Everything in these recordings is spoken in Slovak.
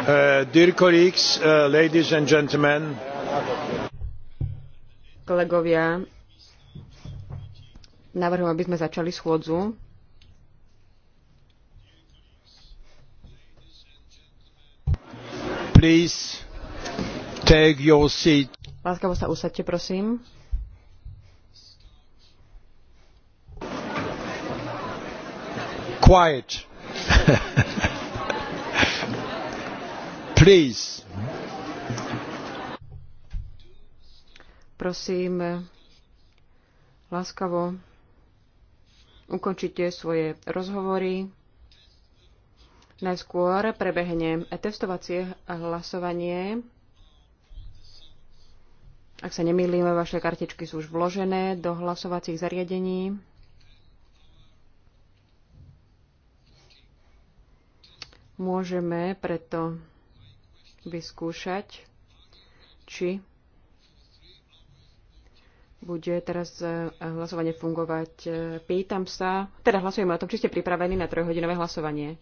Uh, dear colleagues, uh, ladies and gentlemen. Kolegovia, navrhujem, aby sme začali schôdzu. Please take your seat. Láskavo sa usadte, prosím. Quiet. Please. Prosím, láskavo ukončite svoje rozhovory. Najskôr prebehne testovacie hlasovanie. Ak sa nemýlim, vaše kartičky sú už vložené do hlasovacích zariadení. Môžeme preto vyskúšať, či bude teraz e, hlasovanie fungovať. E, pýtam sa, teda hlasujeme o tom, či ste pripravení na trojhodinové hlasovanie.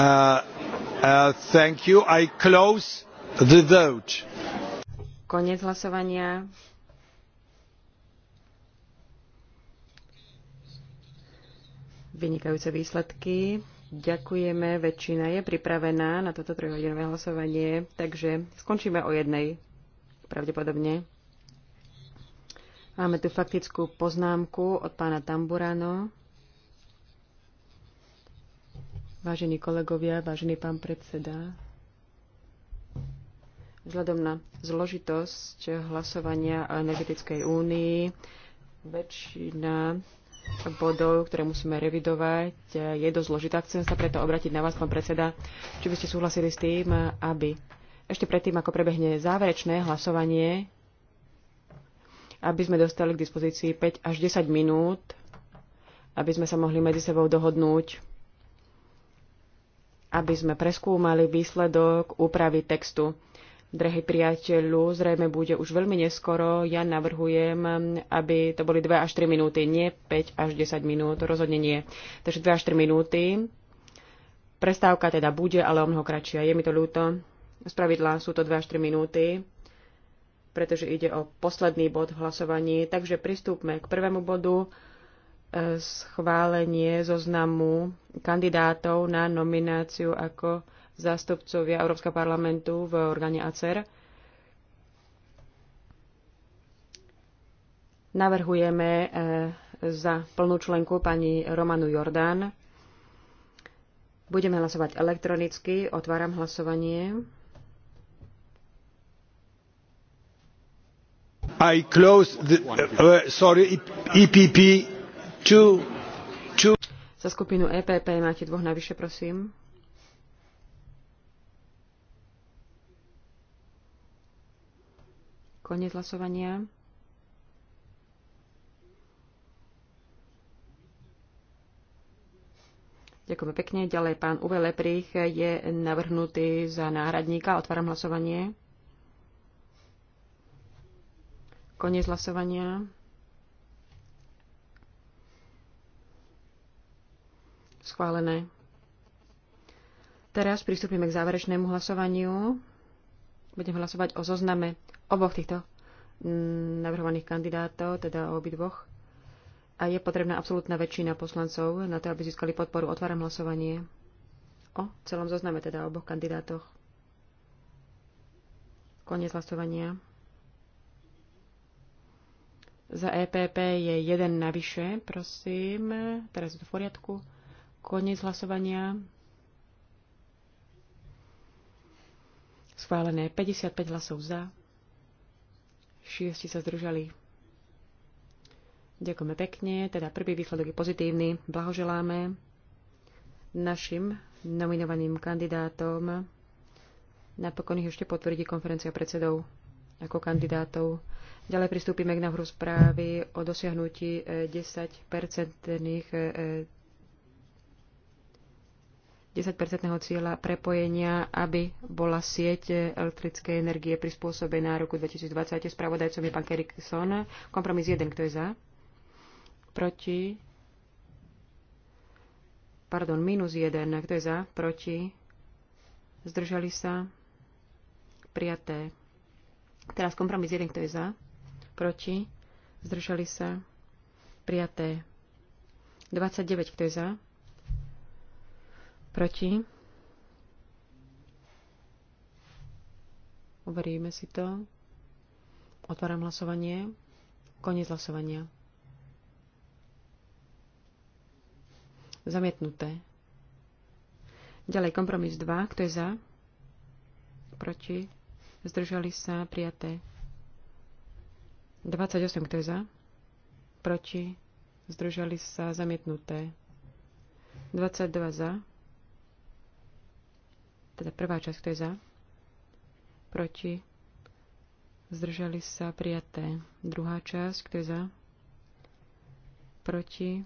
Uh, uh, thank you. I close the vote. Konec hlasovania. Vynikajúce výsledky. Ďakujeme, väčšina je pripravená na toto trojhodinové hlasovanie, takže skončíme o jednej, pravdepodobne. Máme tu faktickú poznámku od pána Tamburano. Vážení kolegovia, vážený pán predseda, vzhľadom na zložitosť hlasovania o energetickej únii, väčšina bodov, ktoré musíme revidovať, je dosť zložitá. Chcem sa preto obratiť na vás, pán predseda, či by ste súhlasili s tým, aby ešte predtým, ako prebehne záverečné hlasovanie, aby sme dostali k dispozícii 5 až 10 minút, aby sme sa mohli medzi sebou dohodnúť, aby sme preskúmali výsledok úpravy textu drahý priateľu, zrejme bude už veľmi neskoro. Ja navrhujem, aby to boli 2 až 3 minúty, nie 5 až 10 minút, rozhodne nie. Takže 2 až 3 minúty. Prestávka teda bude, ale o mnoho kratšia. Je mi to ľúto. Z pravidla sú to 2 až 3 minúty, pretože ide o posledný bod v hlasovaní. Takže pristúpme k prvému bodu e, schválenie zoznamu kandidátov na nomináciu ako zástupcovia Európskeho parlamentu v orgáne ACER. Navrhujeme e, za plnú členku pani Romanu Jordán. Budeme hlasovať elektronicky. Otváram hlasovanie. I close the, uh, uh sorry, EPP Za skupinu EPP máte dvoch navyše, prosím. Konec hlasovania. Ďakujeme pekne. Ďalej pán Uwe Leprich je navrhnutý za náhradníka. Otváram hlasovanie. Koniec hlasovania. Schválené. Teraz pristúpime k záverečnému hlasovaniu. Budem hlasovať o zozname oboch týchto mm, navrhovaných kandidátov, teda obidvoch. A je potrebná absolútna väčšina poslancov na to, aby získali podporu. Otváram hlasovanie o celom zozname, teda oboch kandidátoch. Koniec hlasovania. Za EPP je jeden navyše, prosím. Teraz je to v poriadku. Koniec hlasovania. Schválené 55 hlasov za. Šiesti sa zdržali. Ďakujeme pekne. Teda prvý výsledok je pozitívny. Blahoželáme našim nominovaným kandidátom. Napokon ich ešte potvrdí konferencia predsedov ako kandidátov. Ďalej pristúpime k návrhu správy o dosiahnutí 10-percentných eh, 10-percentného cieľa prepojenia, aby bola sieť elektrickej energie prispôsobená roku 2020. Spravodajcom je pán Kerikson. Kompromis 1, kto je za? Proti? Pardon, minus 1, kto je za? Proti? Zdržali sa? Prijaté. Teraz kompromis 1, kto je za? Proti? Zdržali sa? Prijaté. 29, kto je za? Proti? Uveríme si to. Otváram hlasovanie. Koniec hlasovania. Zamietnuté. Ďalej kompromis 2. Kto je za? Proti? Zdržali sa? Prijaté. 28. Kto je za? Proti? Zdržali sa? Zamietnuté. 22 za. Teda prvá časť, kto je za? Proti? Zdržali sa prijaté. Druhá časť, kto je za? Proti?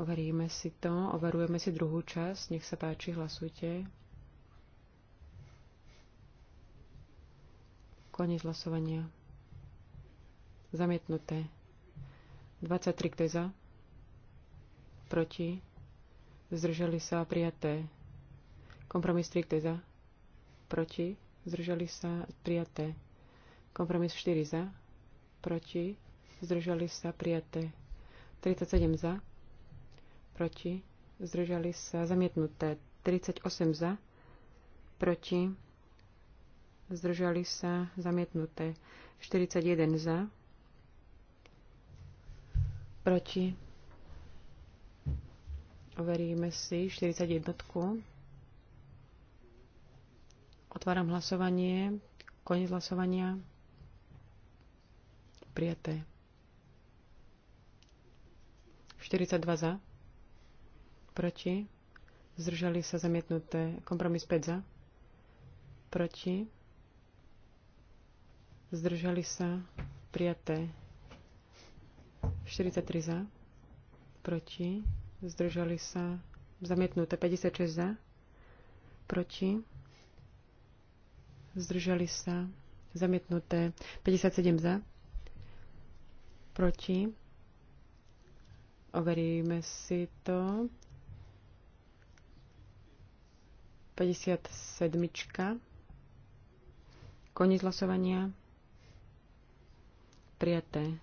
Overíme si to. Overujeme si druhú časť. Nech sa páči, hlasujte. Koniec hlasovania. Zamietnuté. 23, kto je za? Proti? zdržali sa prijaté. Kompromis 3, kto je za? Proti, zdržali sa prijaté. Kompromis 4 za, proti, zdržali sa prijaté. 37 za, proti, zdržali sa zamietnuté. 38 za, proti, zdržali sa zamietnuté. 41 za, proti, Overíme si 41. Otváram hlasovanie. Koniec hlasovania. Prijaté. 42 za. Proti. Zdržali sa zamietnuté. Kompromis 5 za. Proti. Zdržali sa. Prijaté. 43 za. Proti zdržali sa, zamietnuté 56 za, proti, zdržali sa, zamietnuté 57 za, proti, overíme si to, 57. Koniec hlasovania. Prijaté.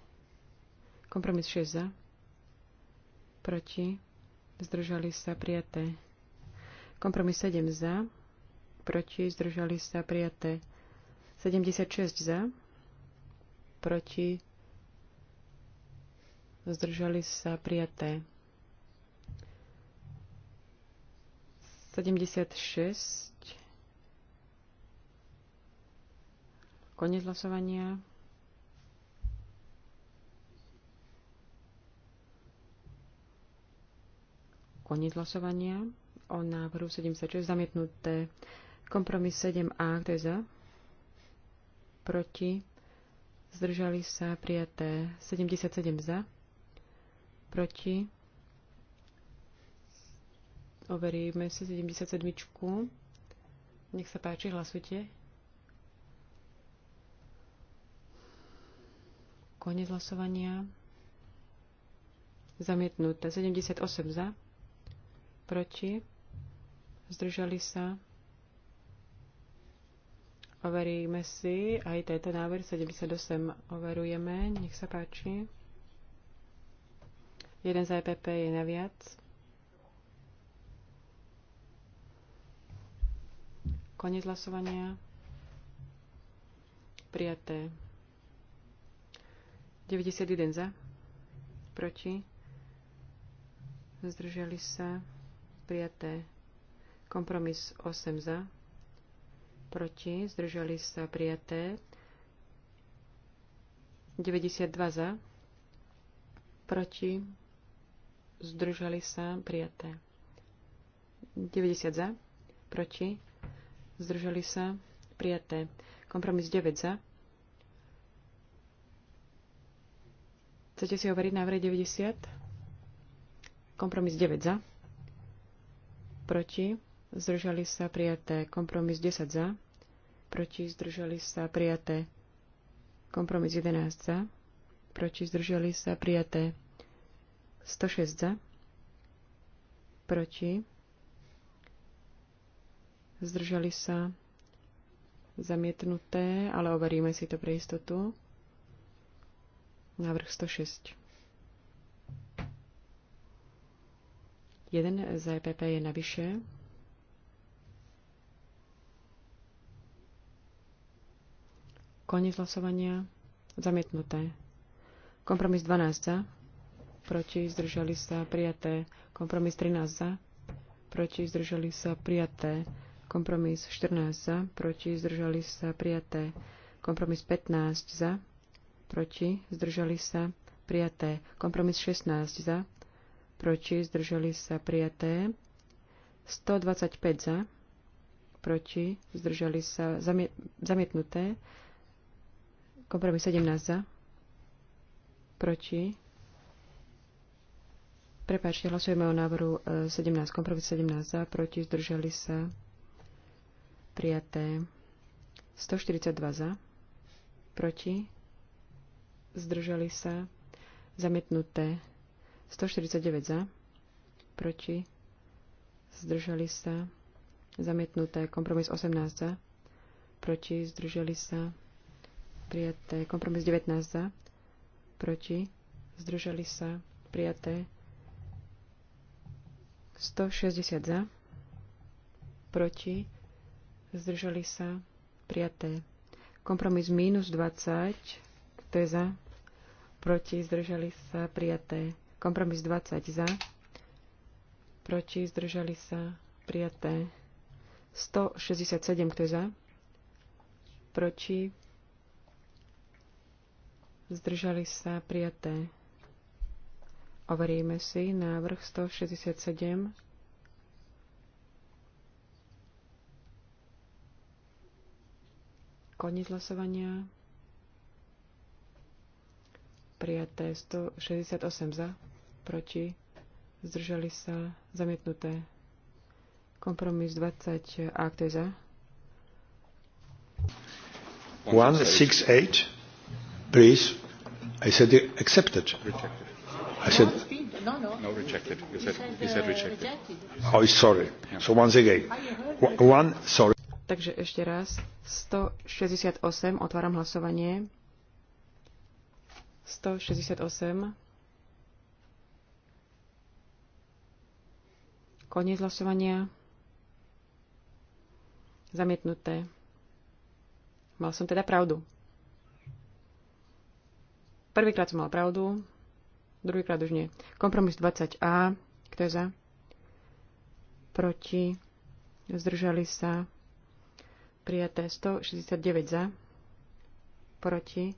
Kompromis 6 za proti, zdržali sa prijaté. Kompromis 7 za, proti, zdržali sa prijaté. 76 za, proti, zdržali sa prijaté. 76. Konec hlasovania. Koniec hlasovania o návrhu 76 zamietnuté. Kompromis 7a, kto je za? Proti? Zdržali sa prijaté 77 za. Proti? Overíme si 77. Nech sa páči, hlasujte. Koniec hlasovania. Zamietnuté 78 za proti, zdržali sa. Overíme si aj tento návrh 78. Overujeme, nech sa páči. Jeden z EPP je naviac. Konec hlasovania. Prijaté. 91 za. Proti. Zdržali sa prijaté. Kompromis 8 za, proti, zdržali sa prijaté. 92 za, proti, zdržali sa prijaté. 90 za, proti, zdržali sa prijaté. Kompromis 9 za. Chcete si overiť návrh 90? Kompromis 9 za proti, zdržali sa prijaté. Kompromis 10 za, proti, zdržali sa prijaté. Kompromis 11 za, proti, zdržali sa prijaté. 106 za, proti, zdržali sa zamietnuté, ale overíme si to pre istotu. Návrh 106. Jeden z EPP je navyše. Koniec hlasovania. Zamietnuté. Kompromis 12 za. Proti zdržali sa prijaté. Kompromis 13 za. Proti zdržali sa prijaté. Kompromis 14 za. Proti zdržali sa prijaté. Kompromis 15 za. Proti zdržali sa prijaté. Kompromis 16 za proti, zdržali sa prijaté. 125 za, proti, zdržali sa zamietnuté. Kompromis 17 za, proti. Prepáčte, hlasujeme o návrhu 17. E, Kompromis 17 za, proti, zdržali sa prijaté. 142 za, proti, zdržali sa zamietnuté. 149 za, proti, zdržali sa, zamietnuté, kompromis 18 za, proti, zdržali sa, prijaté, kompromis 19 za, proti, zdržali sa, prijaté, 160 za, proti, zdržali sa, prijaté. Kompromis minus 20, to je za, proti, zdržali sa, prijaté. Kompromis 20 za, proti, zdržali sa, prijaté. 167, kto je za, proti, zdržali sa, prijaté. Overíme si návrh 167. Koniec hlasovania prijaté 168 za, proti, zdržali sa, zamietnuté. Kompromis 20, a kto je za? 168, please. I said accepted. Rejected. I said no, no, no. No, rejected. You said, you said uh, rejected. Oh, sorry. So once again. One, sorry. Takže ešte raz. 168, otváram hlasovanie. 168. Koniec hlasovania. Zamietnuté. Mal som teda pravdu. Prvýkrát som mal pravdu, druhýkrát už nie. Kompromis 20a. Kto je za? Proti. Zdržali sa. Prijaté 169 za. Proti.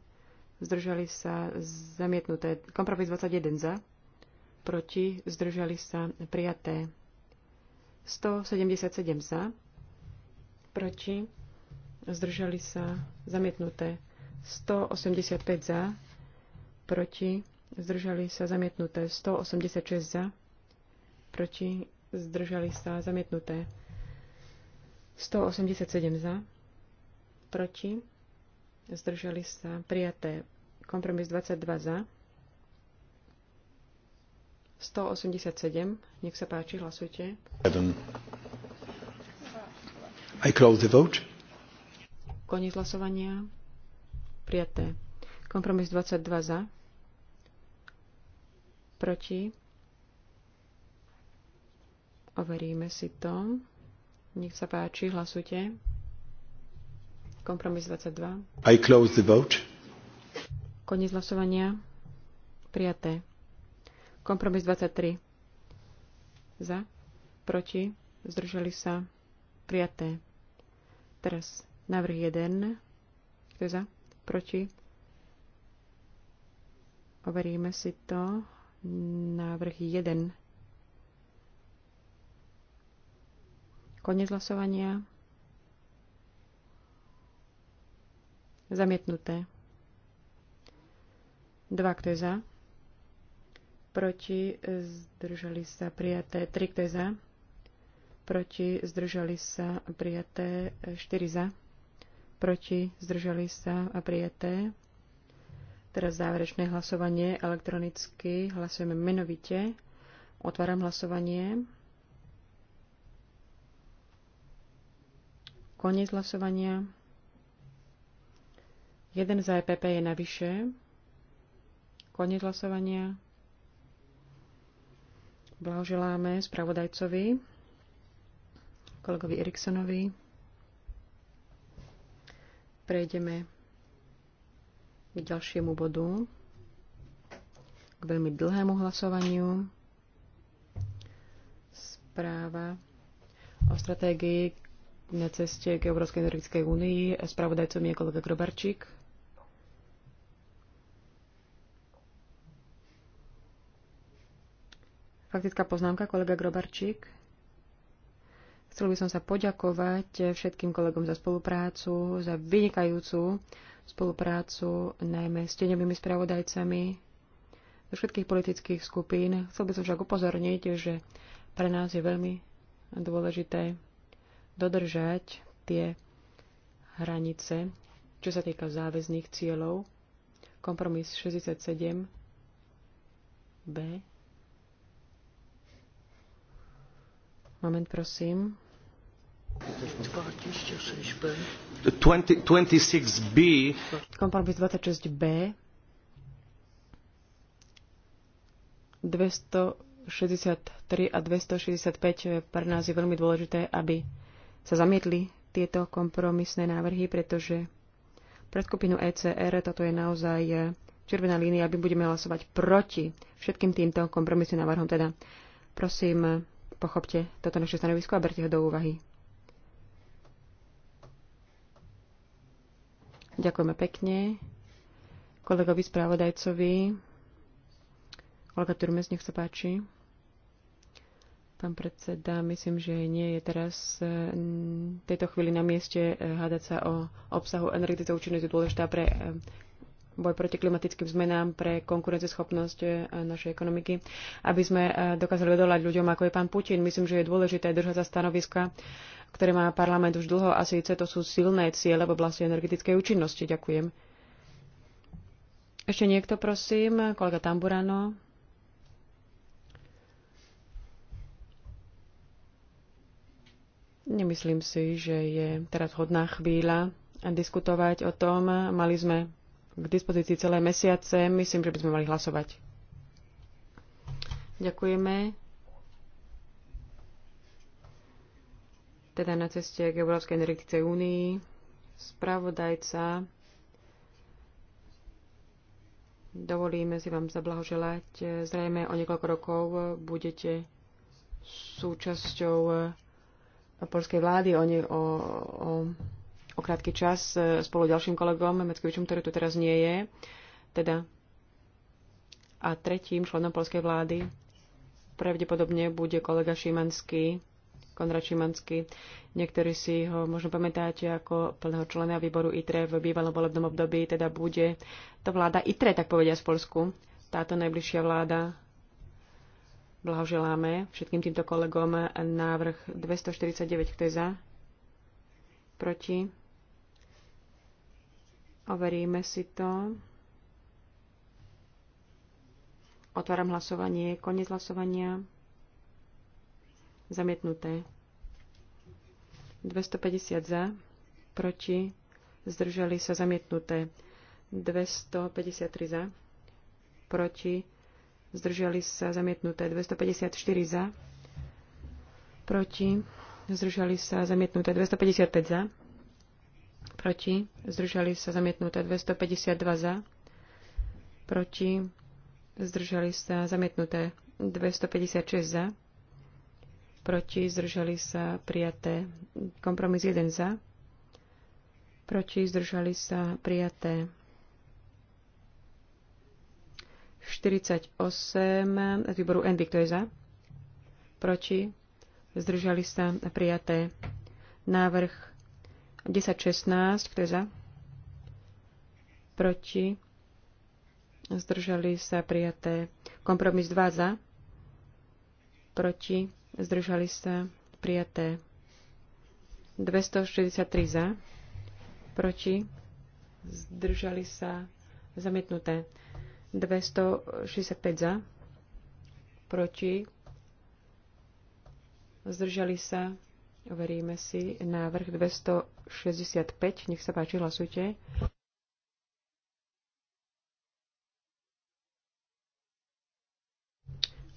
Zdržali sa. Zamietnuté. Kompromis 21 za. Proti. Zdržali sa. Prijaté 177 za, proti, zdržali sa, zamietnuté. 185 za, proti, zdržali sa, zamietnuté. 186 za, proti, zdržali sa, zamietnuté. 187 za, proti, zdržali sa, prijaté. Kompromis 22 za, 187. Nech sa páči, hlasujte. I close the vote. Koniec hlasovania. Prijaté. Kompromis 22 za. Proti. Overíme si to. Nech sa páči, hlasujte. Kompromis 22. I close the vote. Koniec hlasovania. Prijaté. Kompromis 23. Za, proti, zdržali sa, prijaté. Teraz návrh 1. Kto je za? Proti? Overíme si to. Návrh 1. Konec hlasovania. Zamietnuté. 2. Kto je za? proti, zdržali sa prijaté 3, kto je za, proti, zdržali sa prijaté 4 za, proti, zdržali sa a prijaté. Teraz záverečné hlasovanie elektronicky. Hlasujeme menovite. Otváram hlasovanie. Koniec hlasovania. Jeden za EPP je navyše. Koniec hlasovania. Blahoželáme spravodajcovi, kolegovi Eriksonovi. Prejdeme k ďalšiemu bodu, k veľmi dlhému hlasovaniu. Správa o stratégii na ceste k Európskej energetickej únii. Spravodajcom je kolega Grobarčík. Faktická poznámka, kolega Grobarčík. Chcel by som sa poďakovať všetkým kolegom za spoluprácu, za vynikajúcu spoluprácu, najmä s tenevými spravodajcami zo všetkých politických skupín. Chcel by som však upozorniť, že pre nás je veľmi dôležité dodržať tie hranice, čo sa týka záväzných cieľov. Kompromis 67b Moment, prosím. 26b. Kompromis 26b. 263 a 265 eh, pre nás je veľmi dôležité, aby sa zamietli tieto kompromisné návrhy, pretože pre skupinu ECR toto je naozaj eh, červená línia, aby budeme hlasovať proti všetkým týmto kompromisným návrhom. Teda prosím, eh, Pochopte toto naše stanovisko a berte ho do úvahy. Ďakujeme pekne kolegovi správodajcovi. Olga Turmes, nech sa páči. Pán predseda, myslím, že nie je teraz v e, tejto chvíli na mieste e, hádať sa o obsahu energetického účinnosti dôležitá pre e, boj proti klimatickým zmenám, pre konkurenceschopnosť e, našej ekonomiky, aby sme e, dokázali odolať ľuďom, ako je pán Putin. Myslím, že je dôležité držať sa stanoviska, ktoré má parlament už dlho a síce to sú silné ciele v oblasti energetickej účinnosti. Ďakujem. Ešte niekto, prosím? Kolega Tamburano. Nemyslím si, že je teraz hodná chvíľa diskutovať o tom. Mali sme k dispozícii celé mesiace, myslím, že by sme mali hlasovať. Ďakujeme. Teda na ceste k Európskej energetickej únii spravodajca dovolíme si vám zablahoželať. Zrejme o niekoľko rokov budete súčasťou polskej vlády. Oni o, o o krátky čas e, spolu ďalším kolegom Meckovičom, ktorý tu teraz nie je, teda a tretím členom polskej vlády pravdepodobne bude kolega Šimanský, Konrad Šimanský. Niektorí si ho možno pamätáte ako plného člena výboru ITRE v bývalom volebnom období, teda bude to vláda ITRE, tak povedia z Polsku. Táto najbližšia vláda blahoželáme všetkým týmto kolegom návrh 249, kto je za? Proti? Overíme si to. Otváram hlasovanie. Koniec hlasovania. Zamietnuté. 250 za, proti, zdržali sa zamietnuté. 253 za, proti, zdržali sa zamietnuté. 254 za, proti, zdržali sa zamietnuté. 255 za, proti, zdržali sa zamietnuté 252 za, proti, zdržali sa zamietnuté 256 za, proti, zdržali sa prijaté kompromis 1 za, proti, zdržali sa prijaté 48 z výboru Endy, kto je za, proti, zdržali sa prijaté návrh 10.16, kto je za? Proti? Zdržali sa prijaté. Kompromis 2 za? Proti? Zdržali sa prijaté. 263 za? Proti? Zdržali sa zamietnuté. 265 za? Proti? Zdržali sa Overíme si návrh 265. Nech sa páči, hlasujte.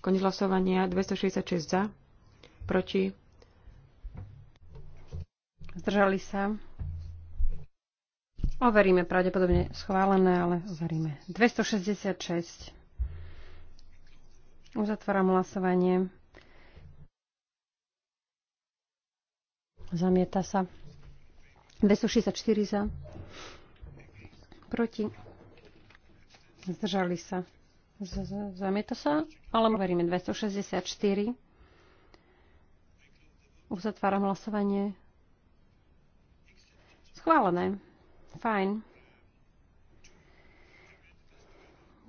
Koniec hlasovania 266 za, proti. Zdržali sa. Overíme, pravdepodobne schválené, ale overíme. 266. Uzatváram hlasovanie. Zamieta sa. 264 za. Proti. Zdržali sa. Z -z Zamieta sa. Ale veríme 264. Uzatváram hlasovanie. Schválené. Fajn.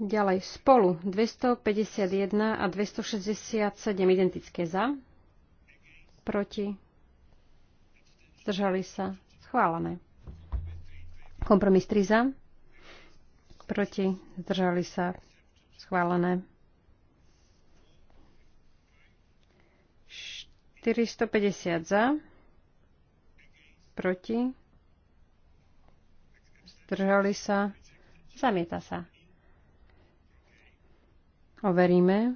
Ďalej spolu 251 a 267 identické za, proti zdržali sa, schválené. Kompromis 3 za, proti, zdržali sa, schválené. 450 za, proti, zdržali sa, zamieta sa. Overíme.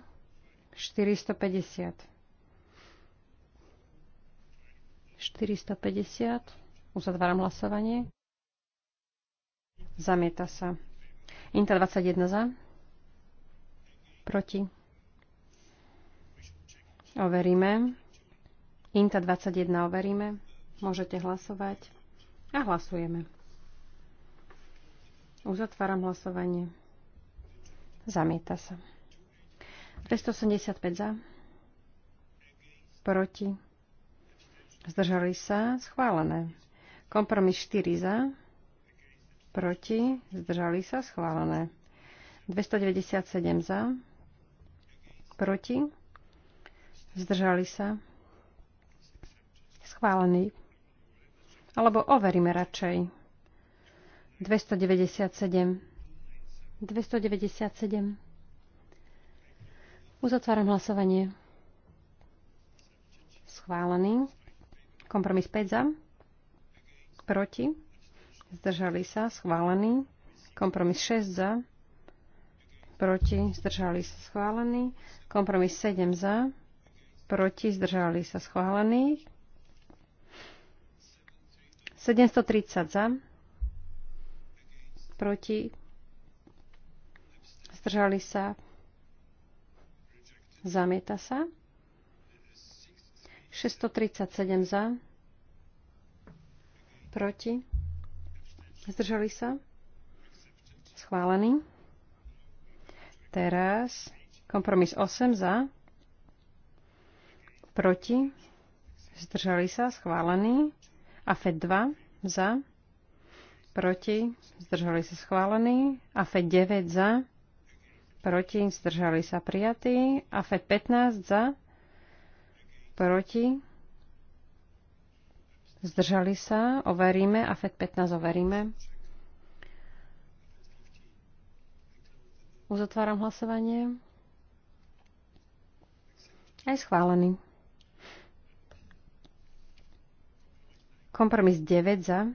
450. 450. Uzatváram hlasovanie. Zamieta sa. Inta 21 za. Proti. Overíme. Inta 21 overíme. Môžete hlasovať. A hlasujeme. Uzatváram hlasovanie. Zamieta sa. 275 za. Proti. Zdržali sa? Schválené. Kompromis 4 za. Proti? Zdržali sa? Schválené. 297 za. Proti? Zdržali sa? Schválený. Alebo overíme radšej. 297. 297. Uzatváram hlasovanie. Schválený. Kompromis 5 za. Proti. Zdržali sa. Schválený. Kompromis 6 za. Proti. Zdržali sa. Schválený. Kompromis 7 za. Proti. Zdržali sa. Schválený. 730 za. Proti. Zdržali sa. Zamieta sa. 637 za, proti, zdržali sa, schválený. Teraz kompromis 8 za, proti, zdržali sa, schválený. a FED 2 za, proti, zdržali sa, schválený. a FED 9 za, proti, zdržali sa, prijatý. FED 15 za, proti, zdržali sa, overíme, a FED 15 overíme. Uzatváram hlasovanie. Aj schválený. Kompromis 9 za,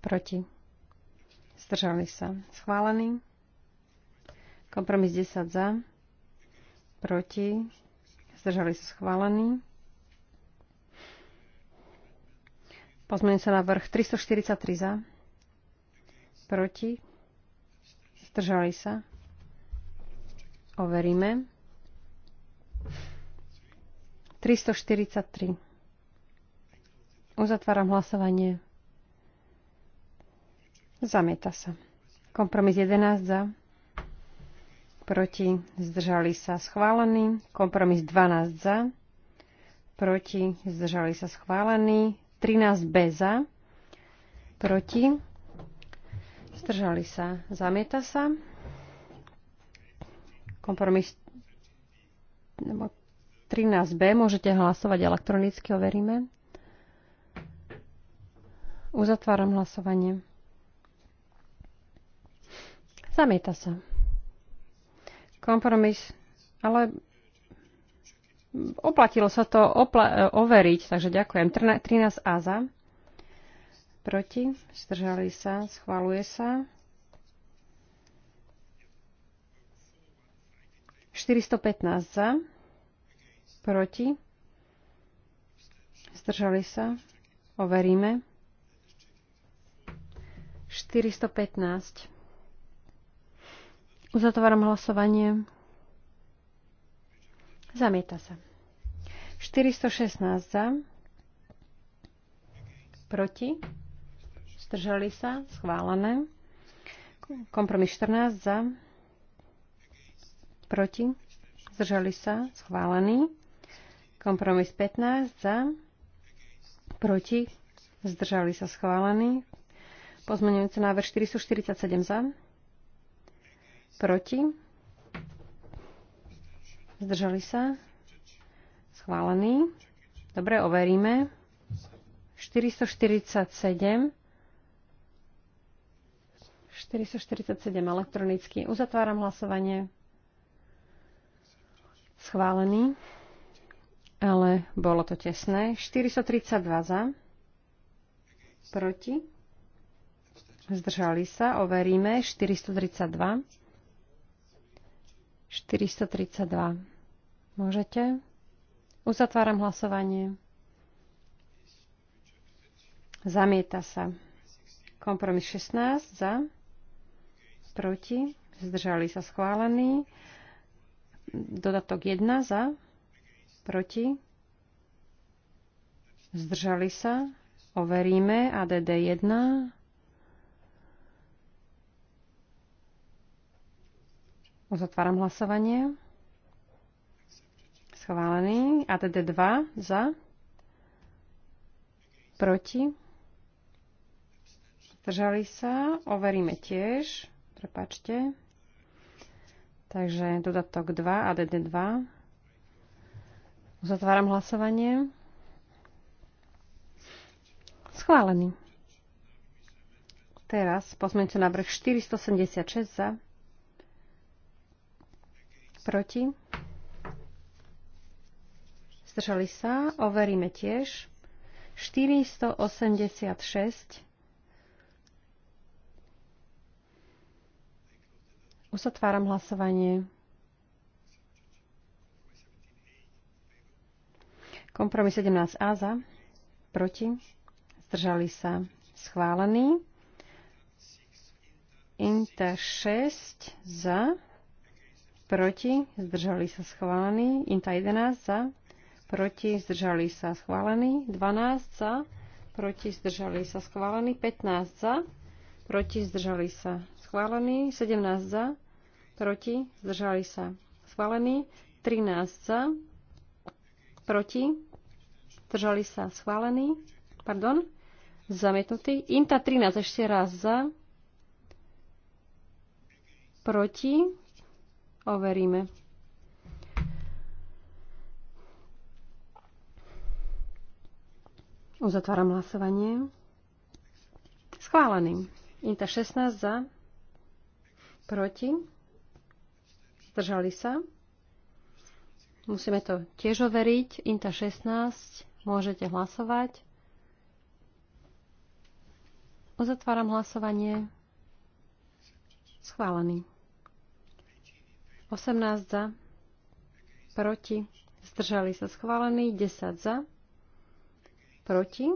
proti, zdržali sa, schválený. Kompromis 10 za, proti, zdržali sa schválený. Pozmeňujem sa na vrch 343 za, proti, zdržali sa, overíme. 343. Uzatváram hlasovanie. Zamieta sa. Kompromis 11 za proti, zdržali sa schválený, kompromis 12 za, proti, zdržali sa schválený, 13b za, proti, zdržali sa, zamieta sa, kompromis 13b, môžete hlasovať elektronicky, overíme. Uzatváram hlasovanie. Zamieta sa kompromis, ale oplatilo sa to opla- overiť, takže ďakujem. 13 A za, proti, zdržali sa, schváluje sa. 415 za, proti, zdržali sa, overíme. 415. Uzatváram hlasovanie. Zamieta sa. 416 za. Proti. Zdržali sa. Schválené. Kompromis 14 za. Proti. Zdržali sa. Schválený. Kompromis 15 za. Proti. Zdržali sa. Schválený. Pozmenujúci návrh 447 za Proti? Zdržali sa? Schválený. Dobre, overíme. 447. 447 elektronicky. Uzatváram hlasovanie. Schválený. Ale bolo to tesné. 432 za. Proti. Zdržali sa. Overíme. 432. 432. Môžete? Uzatváram hlasovanie. Zamieta sa. Kompromis 16 za. Proti. Zdržali sa schválení. Dodatok 1 za. Proti. Zdržali sa. Overíme. ADD 1. Uzatváram hlasovanie. Schválený. A teda 2 za. Proti. Zdržali sa. Overíme tiež. Prepačte. Takže dodatok 2, ADD 2. Uzatváram hlasovanie. Schválený. Teraz pozmeňte návrh 476 za Proti? Zdržali sa. Overíme tiež. 486. Uzatváram hlasovanie. Kompromis 17a za. Proti. Zdržali sa. Schválený. Inta 6 za proti, zdržali sa schválení, inta 11 za, proti, zdržali sa schválení, 12 za, proti, zdržali sa schválení, 15 za, proti, zdržali sa schválení, 17 za, proti, zdržali sa schválení, 13 za, proti, zdržali sa schválení, pardon, zamietnutý, inta 13 ešte raz za, proti, overíme. Uzatváram hlasovanie. Schválený. Inta 16 za. Proti. Zdržali sa. Musíme to tiež overiť. Inta 16. Môžete hlasovať. Uzatváram hlasovanie. Schválený. 18 za, proti, zdržali sa schválení, 10 za, proti,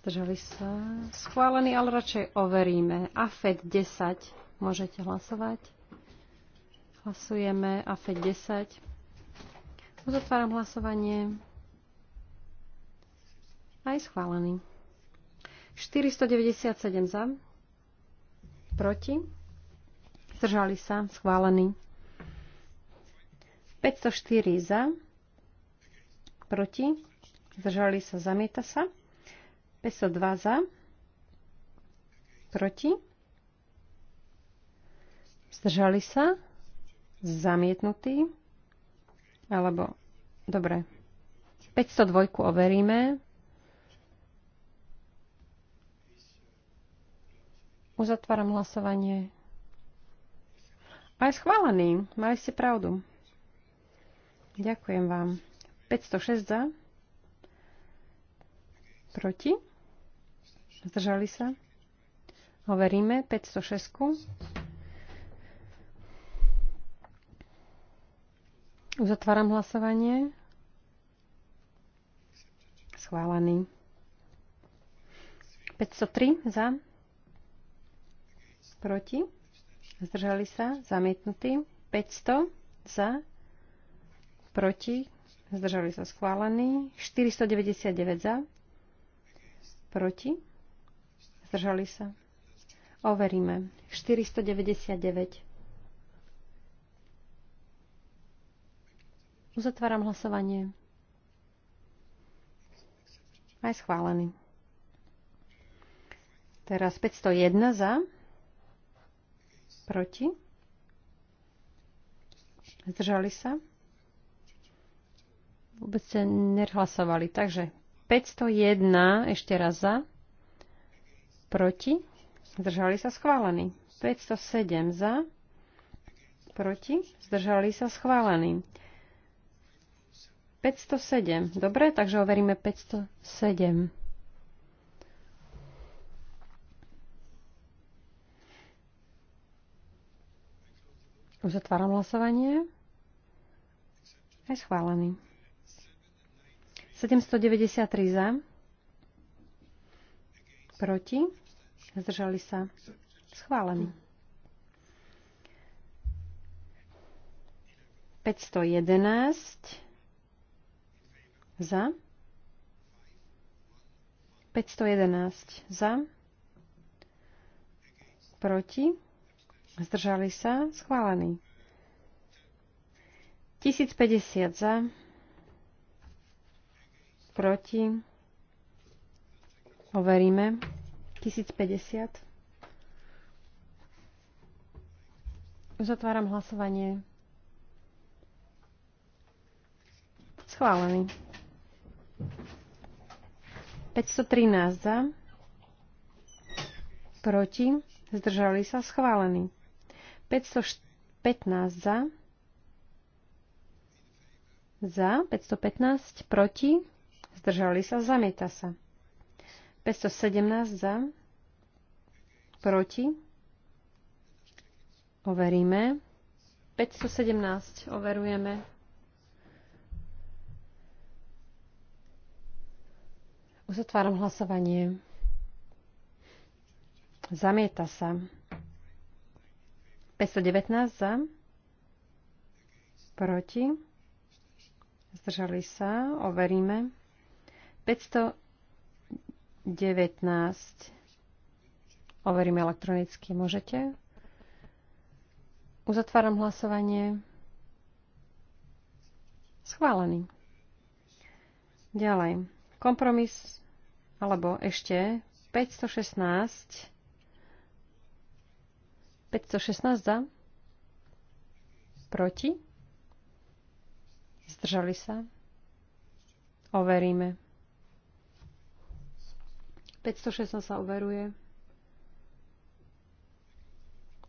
zdržali sa schválení, ale radšej overíme. AFED 10, môžete hlasovať. Hlasujeme AFED 10. Uzatváram hlasovanie. Aj schválený. 497 za, proti, zdržali sa, schválený. 504 za, proti, zdržali sa, zamieta sa. 502 za, proti, zdržali sa, zamietnutý, alebo, dobre, 502 overíme. Uzatváram hlasovanie. A je schválený. Mali ste pravdu. Ďakujem vám. 506 za. Proti. Zdržali sa. Overíme 506. Uzatváram hlasovanie. Schválený. 503 za. Proti. Zdržali sa? Zamietnutý. 500 za. Proti. Zdržali sa schválený. 499 za. Proti. Zdržali sa. Overíme. 499. Uzatváram hlasovanie. Aj schválený. Teraz 501 za. Proti? Zdržali sa? Vôbec sa nehlasovali. Takže 501 ešte raz za. Proti? Zdržali sa schválený. 507 za. Proti? Zdržali sa schválený. 507. Dobre, takže overíme 507. Uzatváram hlasovanie. Aj schválený. 793 za. Proti. Zdržali sa. Schválený. 511 za. 511 za. Proti. Zdržali sa? Schválený. 1050 za. Proti. Overíme. 1050. Uzatváram hlasovanie. Schválený. 513 za. Proti. Zdržali sa. Schválený. 515 za. Za. 515 proti. Zdržali sa. Zamieta sa. 517 za. Proti. Overíme. 517 overujeme. Uzatváram hlasovanie. Zamieta sa. 519 za, proti, zdržali sa, overíme. 519, overíme elektronicky, môžete. Uzatváram hlasovanie. Schválený. Ďalej. Kompromis, alebo ešte 516 516 za. Proti. Zdržali sa. Overíme. 516 sa overuje.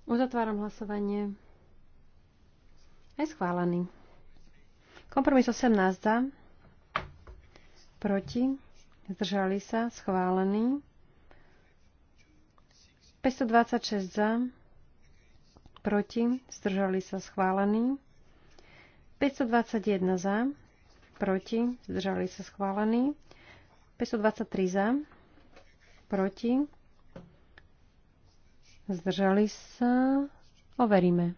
Uzatváram hlasovanie. Aj schválený. Kompromis 18 za. Proti. Zdržali sa. Schválený. 526 za proti, zdržali sa schválení. 521 za, proti, zdržali sa schválení. 523 za, proti, zdržali sa, overíme.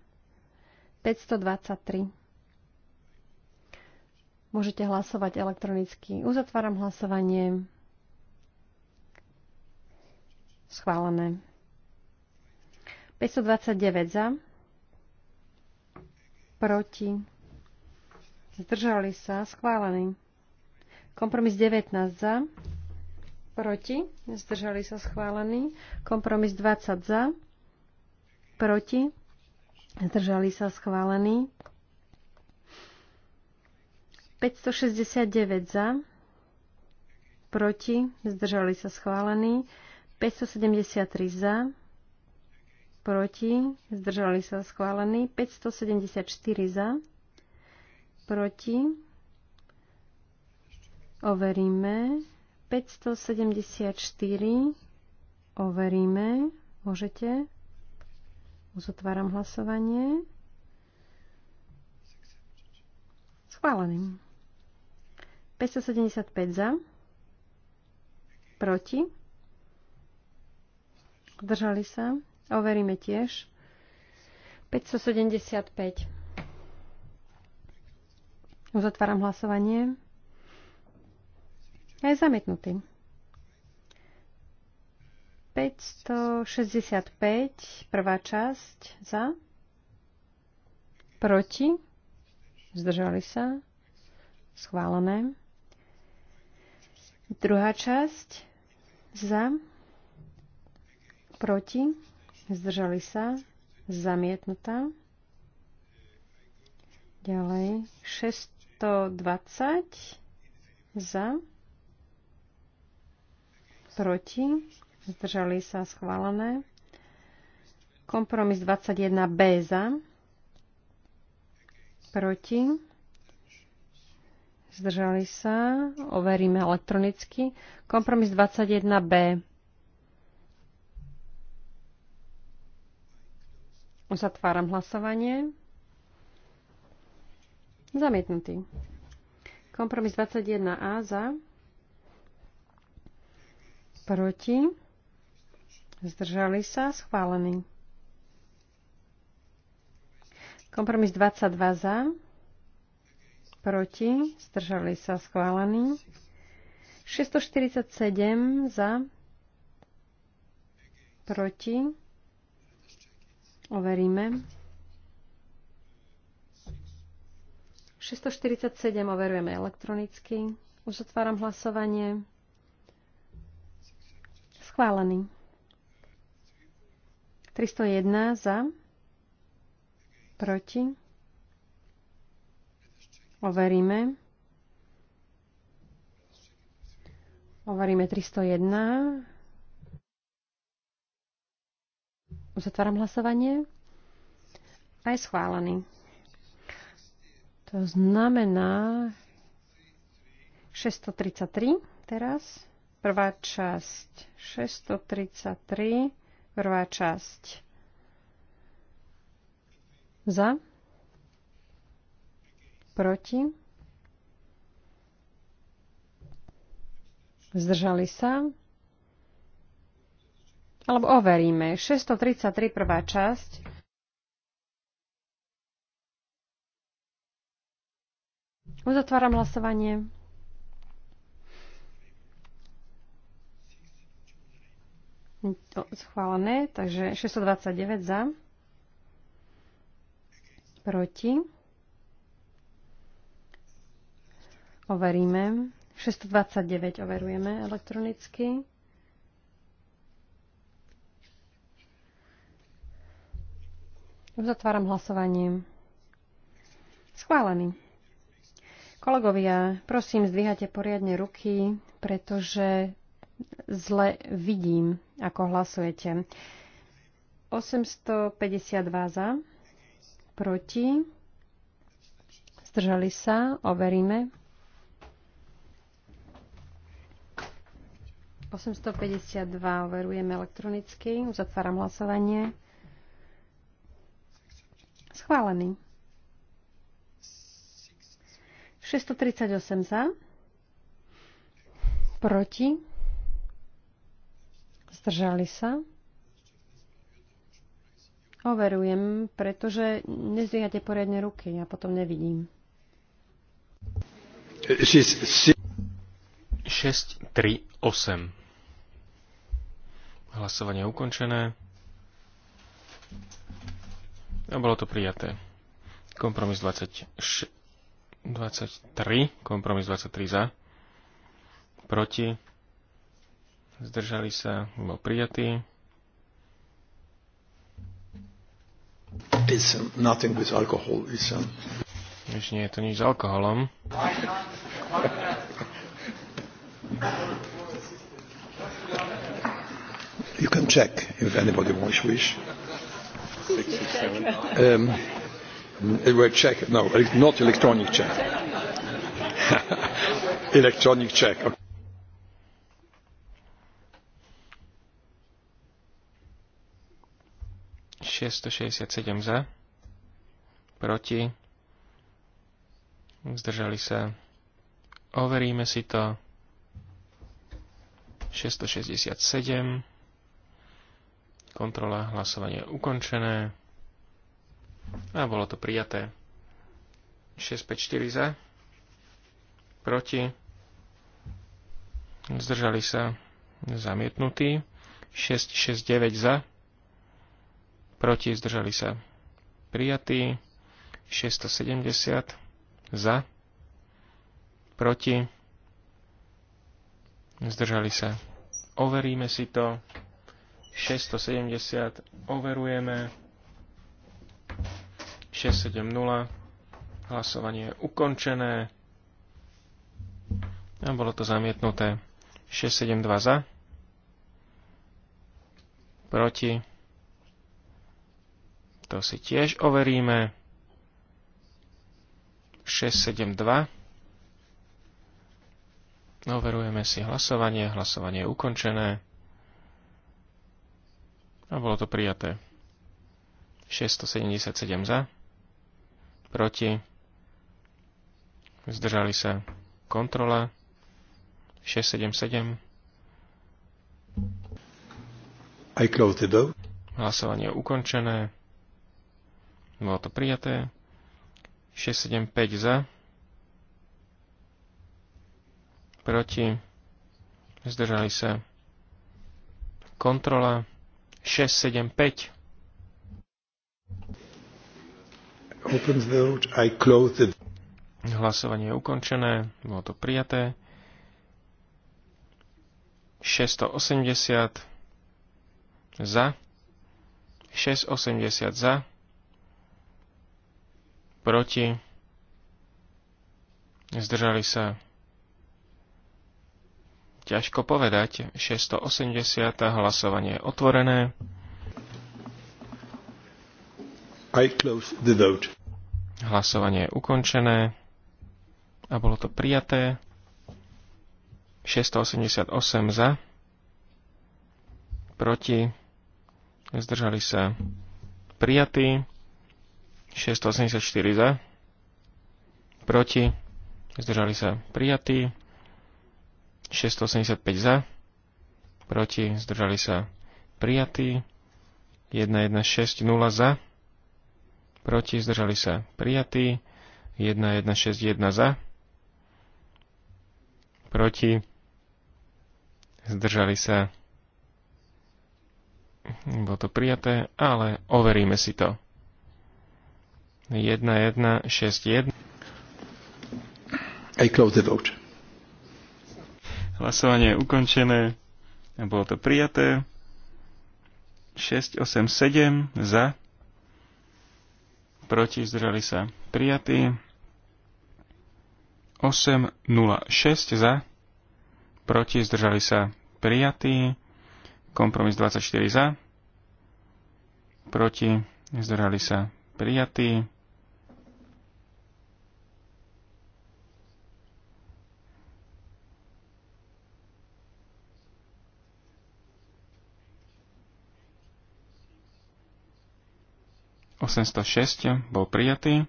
523. Môžete hlasovať elektronicky. Uzatváram hlasovanie. Schválené. 529 za, proti, zdržali sa, schválený. Kompromis 19 za, proti, zdržali sa, schválený. Kompromis 20 za, proti, zdržali sa, schválený. 569 za, proti, zdržali sa, schválený. 573 za, proti, zdržali sa schválení, 574 za, proti, overíme, 574, overíme, môžete, uzatváram hlasovanie, schváleným. 575 za, proti, zdržali sa, Overíme tiež. 575. Uzatváram hlasovanie. Aj zamietnutý. 565, prvá časť, za, proti, zdržali sa, schválené. Druhá časť, za, proti, Zdržali sa. Zamietnutá. Ďalej. 620 za. Proti. Zdržali sa. Schválené. Kompromis 21B za. Proti. Zdržali sa. Overíme elektronicky. Kompromis 21B. Uzatváram hlasovanie. Zamietnutý. Kompromis 21a za. Proti. Zdržali sa. Schválený. Kompromis 22 za. Proti. Zdržali sa. Schválený. 647 za. Proti Overíme. 647 overujeme elektronicky. Už otváram hlasovanie. Schválený. 301 za. Proti. Overíme. Overíme 301. Uzatváram hlasovanie. A je schválený. To znamená 633 teraz. Prvá časť 633. Prvá časť za, proti, zdržali sa, alebo overíme. 633 prvá časť. Uzatváram hlasovanie. Schválené, takže 629 za. Proti. Overíme. 629 overujeme elektronicky. Uzatváram hlasovanie. Schválený. Kolegovia, prosím, zdvíhate poriadne ruky, pretože zle vidím, ako hlasujete. 852 za, proti, zdržali sa, overíme. 852 overujeme elektronicky, uzatváram hlasovanie. Schválený. 638 za. Proti. Zdržali sa. Overujem, pretože nezdvíhate poriadne ruky. Ja potom nevidím. 638. Hlasovanie ukončené. A bolo to prijaté. Kompromis 26, 23, kompromis 23 za, proti, zdržali sa, bol prijatý. It's nothing with alcohol. It's, um... Už nie je to nič s alkoholom. You can check if anybody wants wish six, six, seven. Um, it were check. No, not electronic check. electronic check. Okay. za, proti, zdržali sa. Overíme si to. 667. Kontrola hlasovanie ukončené. A bolo to prijaté. 654 za. Proti. Zdržali sa zamietnutí. 669 za. Proti zdržali sa prijatí. 670 za. Proti. Zdržali sa. Overíme si to. 670 overujeme. 670. Hlasovanie je ukončené. A bolo to zamietnuté. 672 za. Proti. To si tiež overíme. 672. Overujeme si hlasovanie. Hlasovanie je ukončené. A bolo to prijaté. 677 za, proti, zdržali sa kontrola, 677. I the door. Hlasovanie je ukončené. Bolo to prijaté. 675 za. Proti. Zdržali sa. Kontrola. 675. Hlasovanie je ukončené, bolo to prijaté. 680 za, 680 za, proti, zdržali sa ťažko povedať. 680. hlasovanie je otvorené. I close the vote. Hlasovanie je ukončené a bolo to prijaté. 688 za, proti, zdržali sa prijatí, 684 za, proti, zdržali sa prijatí, 685 za, proti, zdržali sa prijatí, 1160 za, proti, zdržali sa prijatí, 1161 za, proti, zdržali sa, bolo to prijaté, ale overíme si to. 1161 I close the vote. Hlasovanie je ukončené. A bolo to prijaté. 6, 8, 7 za. Proti zdržali sa prijatí. 8, 0, 6 za. Proti zdržali sa prijatí. Kompromis 24 za. Proti zdržali sa prijatí. 806 bol prijatý.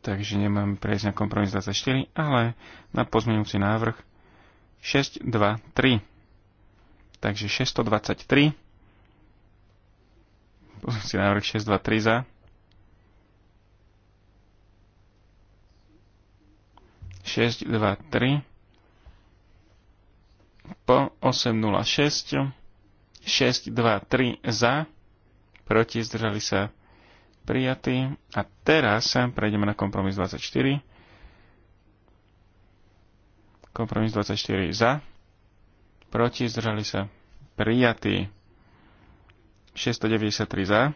Takže nemám prejsť na kompromis 24, ale na pozmeňujúci návrh 623. Takže 623. Pozmeňujúci návrh 623 za. 6, 2, po 806 6, za proti, zdržali sa prijatí. A teraz prejdeme na kompromis 24. Kompromis 24 za, proti, zdržali sa prijatí. 693 za,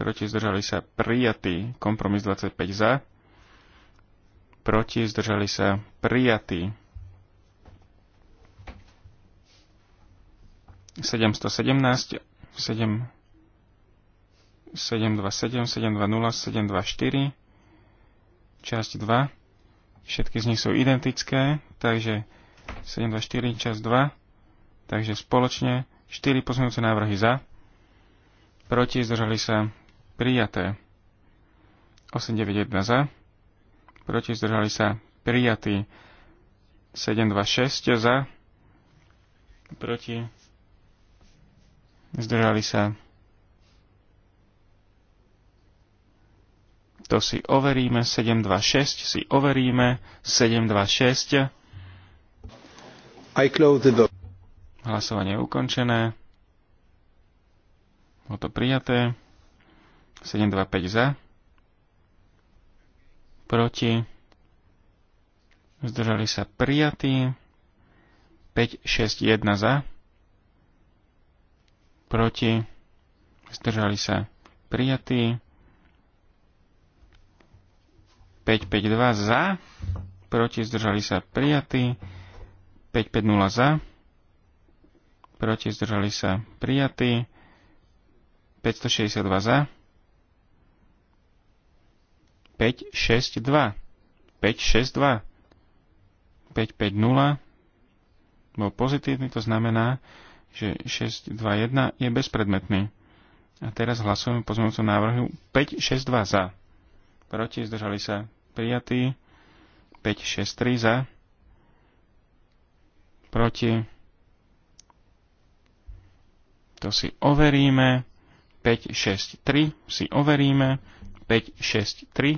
proti, zdržali sa prijatí. Kompromis 25 za, proti, zdržali sa prijatí. 717, 7, 727, 720, 724, časť 2. Všetky z nich sú identické, takže 724, časť 2. Takže spoločne 4 pozmeňujúce návrhy za, proti zdržali sa prijaté. 891 za, proti zdržali sa prijatí. 726 za, proti zdržali sa to si overíme, 726 si overíme, 726. I close the Hlasovanie je ukončené. Bolo to prijaté. 725 za. Proti. Zdržali sa prijatí. 561 za. Proti. Zdržali sa prijatí. 5-5-2 za, proti zdržali sa prijatí, 550 za, proti zdržali sa prijatí, 562 za, 5, 5, 550 bol pozitívny, to znamená, že 621 je bezpredmetný. A teraz hlasujeme pozmeňujúcom návrhu 2 za. Proti zdržali sa prijatý. 5, 6, 3 za. Proti. To si overíme. 5, 6, 3 si overíme. 5, 6, 3.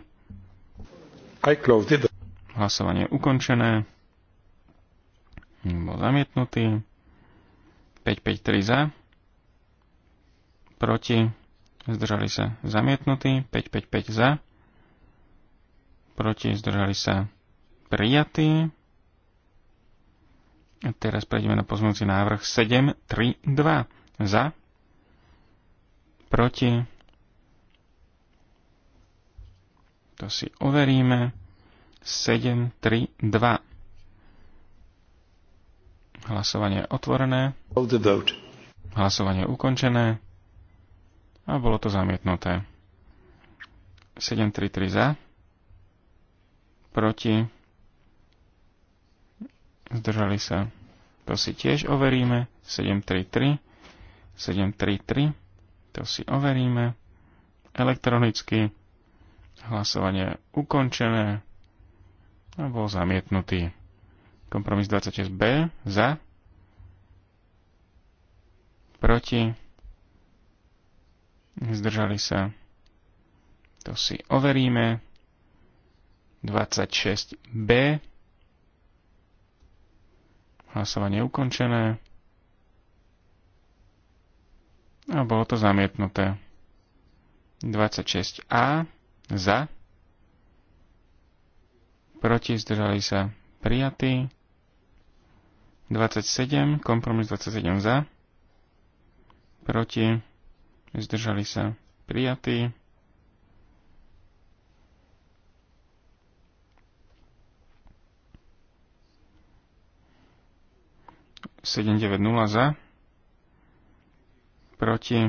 I closed it. Hlasovanie je ukončené. Bol zamietnutý. 5, 5, 3 za. Proti. Zdržali sa zamietnutí. 5, 5, 5 za proti, zdržali sa prijatí. A teraz prejdeme na pozmúci návrh 7, 3, 2. Za, proti, to si overíme, 7, 3, 2. Hlasovanie je otvorené. Hlasovanie ukončené. A bolo to zamietnuté. 7, 3, 3 za proti, zdržali sa. To si tiež overíme. 733, 733, to si overíme. Elektronicky hlasovanie ukončené a bol zamietnutý. Kompromis 26b za, proti, zdržali sa. To si overíme. 26b. Hlasovanie ukončené. A bolo to zamietnuté. 26a za. Proti zdržali sa prijatí. 27, kompromis 27 za. Proti zdržali sa prijatí. 790 za, proti,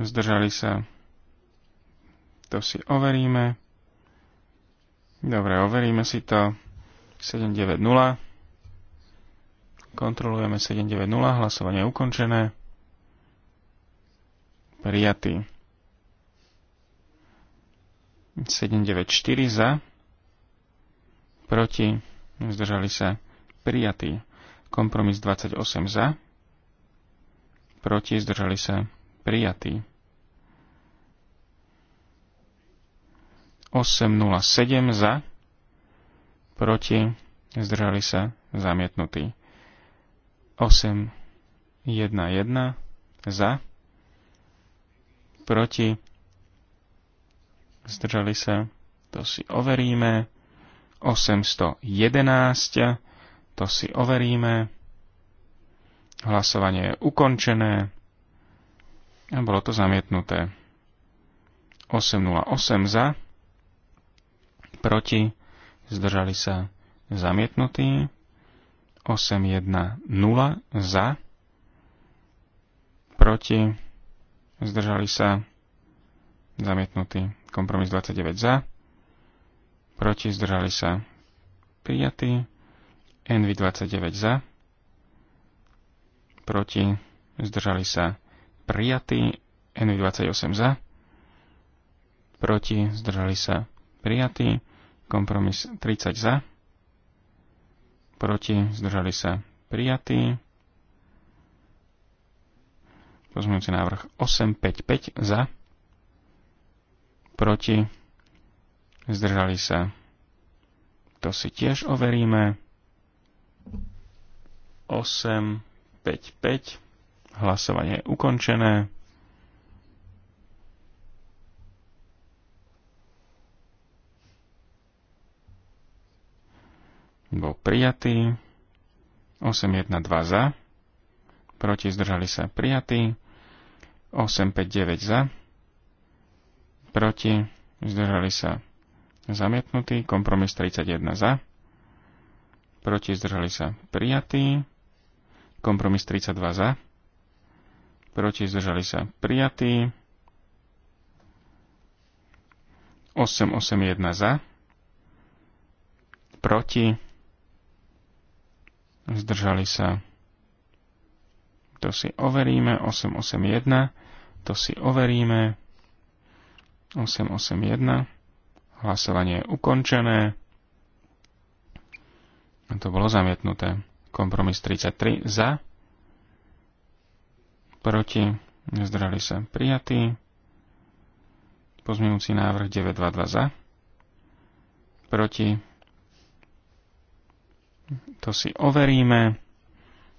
zdržali sa, to si overíme, dobre, overíme si to, 790, kontrolujeme 790, hlasovanie je ukončené, prijatý, 794 za, proti, zdržali sa, prijatý. Kompromis 28 za. Proti zdržali sa prijatí. 807 za. Proti zdržali sa zamietnutí. 811 za. Proti zdržali sa. To si overíme. 811 to si overíme. Hlasovanie je ukončené. A bolo to zamietnuté. 808 za, proti, zdržali sa zamietnutí. 810 za, proti, zdržali sa zamietnutí. Kompromis 29 za, proti, zdržali sa prijatí. NV29 za, proti, zdržali sa prijatí, NV28 za, proti, zdržali sa prijatí, kompromis 30 za, proti, zdržali sa prijatí, pozmeňujúci návrh 855 za, proti, zdržali sa, to si tiež overíme, 8, 5, 5. Hlasovanie je ukončené. Bol prijatý. 8, 1, 2 za. Proti zdržali sa prijatý. 8, 5, 9 za. Proti zdržali sa zamietnutý. Kompromis 31 za. Proti zdržali sa prijatý. Kompromis 32 za. Proti zdržali sa prijatý, 881 za. Proti. Zdržali sa. To si overíme. 881. To si overíme. 881. Hlasovanie je ukončené. A to bolo zamietnuté. Kompromis 33 za. Proti. Zdržali sa prijatí. Pozmienujúci návrh 922 za. Proti. To si overíme.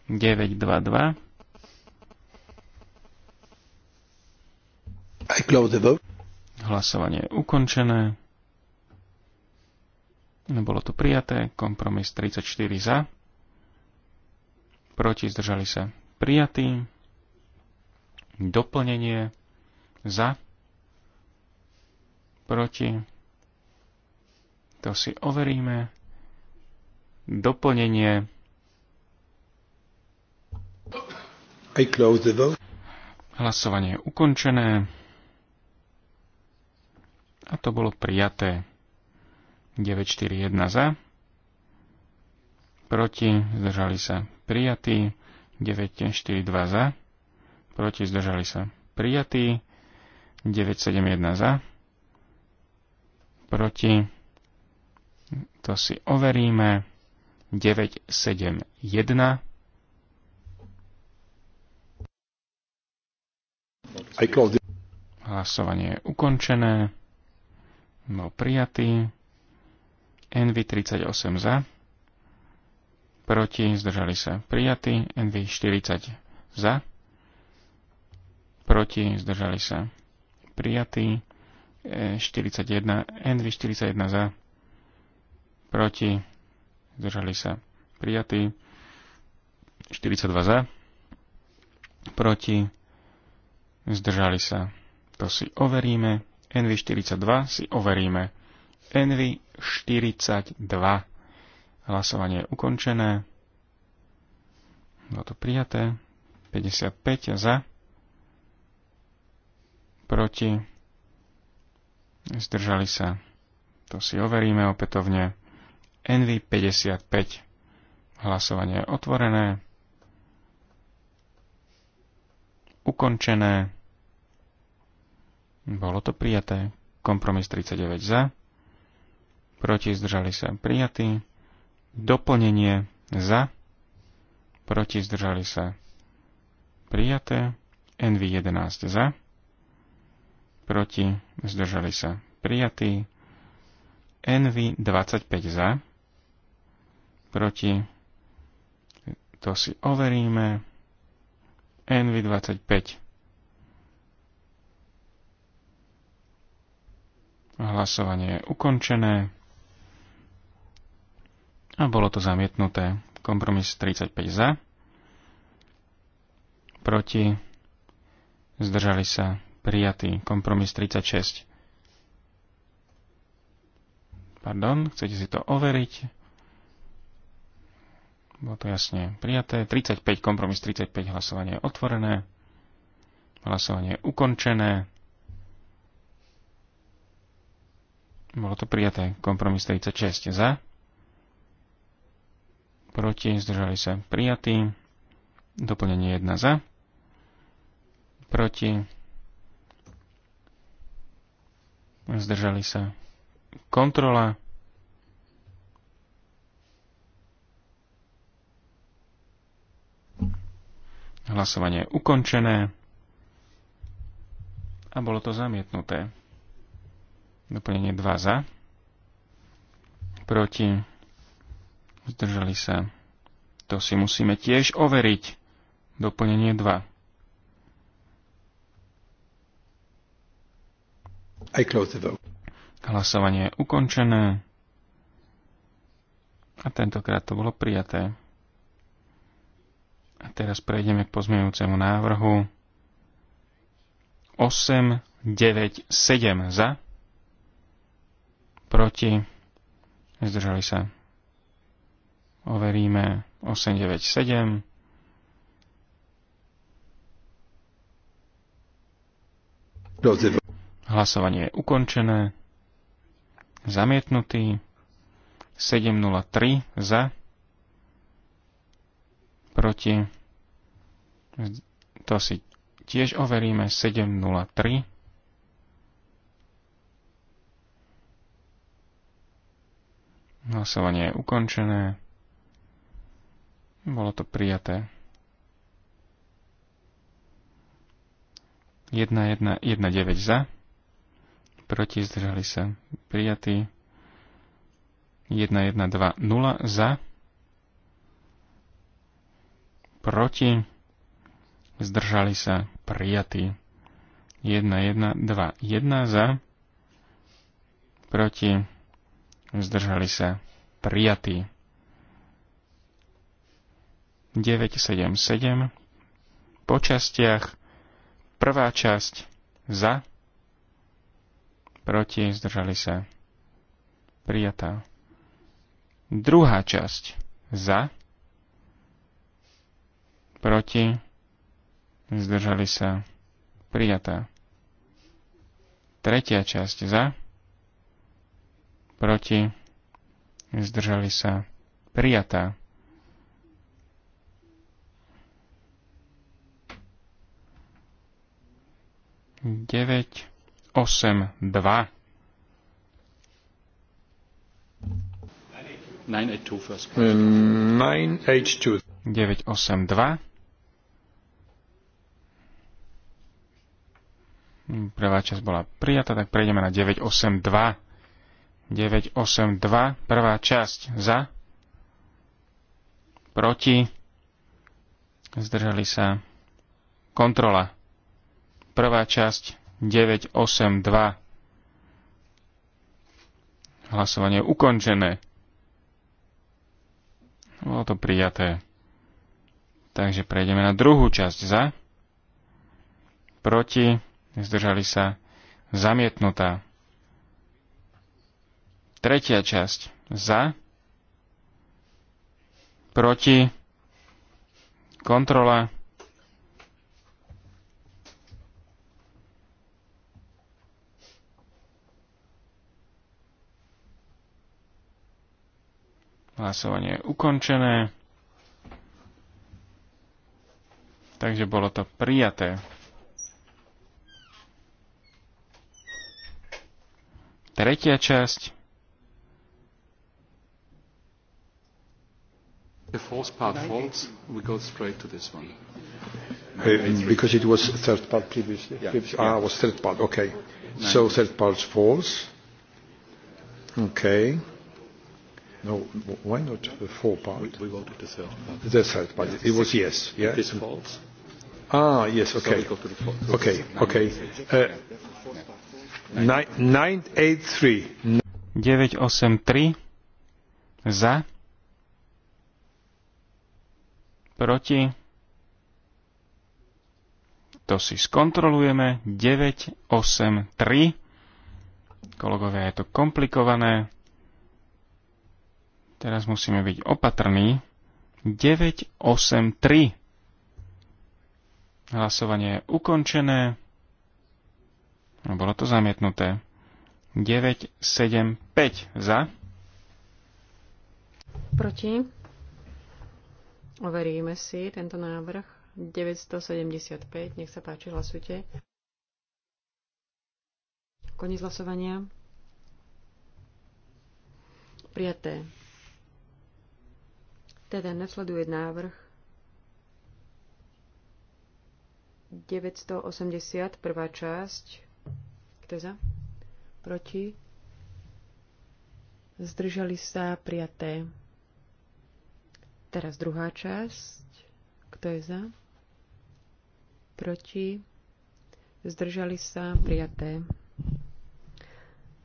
922. Hlasovanie je ukončené. Nebolo to prijaté. Kompromis 34 za proti, zdržali sa prijatí. Doplnenie za, proti, to si overíme. Doplnenie I close the vote. Hlasovanie je ukončené a to bolo prijaté. 941 za, proti, zdržali sa prijatý, 942 za, proti zdržali sa prijatý, 971 za, proti, to si overíme, 971 Hlasovanie je ukončené. Bol prijatý. NV 38 za proti, zdržali sa prijatí, NV 40 za, proti, zdržali sa prijatí, 41, NV 41 za, proti, zdržali sa prijatí, 42 za, proti, zdržali sa. To si overíme, NV 42 si overíme, NV 42 Hlasovanie je ukončené. Bolo to prijaté. 55 za. Proti. Zdržali sa. To si overíme opätovne. NV 55. Hlasovanie je otvorené. Ukončené. Bolo to prijaté. Kompromis 39 za. Proti zdržali sa prijatí doplnenie za, proti zdržali sa prijaté, NV11 za, proti zdržali sa prijatí, NV25 za, proti to si overíme, NV25 Hlasovanie je ukončené a bolo to zamietnuté. Kompromis 35 za, proti, zdržali sa prijatý. Kompromis 36. Pardon, chcete si to overiť? Bolo to jasne prijaté. 35, kompromis 35, hlasovanie je otvorené. Hlasovanie je ukončené. Bolo to prijaté. Kompromis 36 za proti, zdržali sa prijatí. Doplnenie 1 za, proti, zdržali sa kontrola. Hlasovanie je ukončené a bolo to zamietnuté. Doplnenie 2 za, proti, zdržali sa. To si musíme tiež overiť. Doplnenie 2. I close the vote. Hlasovanie je ukončené. A tentokrát to bolo prijaté. A teraz prejdeme k pozmeňujúcemu návrhu. 8, 9, 7 za. Proti. Zdržali sa overíme 897. Hlasovanie je ukončené. Zamietnutý. 703 za. Proti. To si tiež overíme. 703. Hlasovanie je ukončené. Bolo to prijaté. 1-1-1-9 za. Proti zdržali sa. Prijatý. 1-1-2-0 za. Proti. Zdržali sa. Prijatý. 1-1-2-1 za. Proti. Zdržali sa. Prijatý. 977 po častiach. Prvá časť za, proti, zdržali sa, prijatá. Druhá časť za, proti, zdržali sa, prijatá. Tretia časť za, proti, zdržali sa, prijatá. 9, 8, 2. Prvá časť bola prijatá, tak prejdeme na 982. 982, Prvá časť za. Proti. Zdržali sa. Kontrola. Prvá časť 982. Hlasovanie ukončené. Bolo to prijaté. Takže prejdeme na druhú časť za. Proti. Zdržali sa. Zamietnutá. Tretia časť za. Proti. Kontrola. Hlasovanie je ukončené. Takže bolo to prijaté. Tretia časť. The fourth part falls, we go straight to this one. Uh, because it was third part previously. Yeah. previously. Ah, it was third part, okay. So third part falls. Okay. No, why not the four part? We, we voted the third part. The third part. Yes, it was yes. Yeah? It is false. Ah, yes, okay. So we go to the four, okay, okay. Uh, 983. 983 za proti to si skontrolujeme 983 kolegovia je to komplikované Teraz musíme byť opatrní. 983. Hlasovanie je ukončené. Bolo to zamietnuté. 975 za. Proti. Overíme si tento návrh. 975. Nech sa páči, hlasujte. Koniec hlasovania. Prijaté. Teda nasleduje návrh 980, prvá časť. Kto za? Proti? Zdržali sa prijaté. Teraz druhá časť. Kto je za? Proti? Zdržali sa prijaté.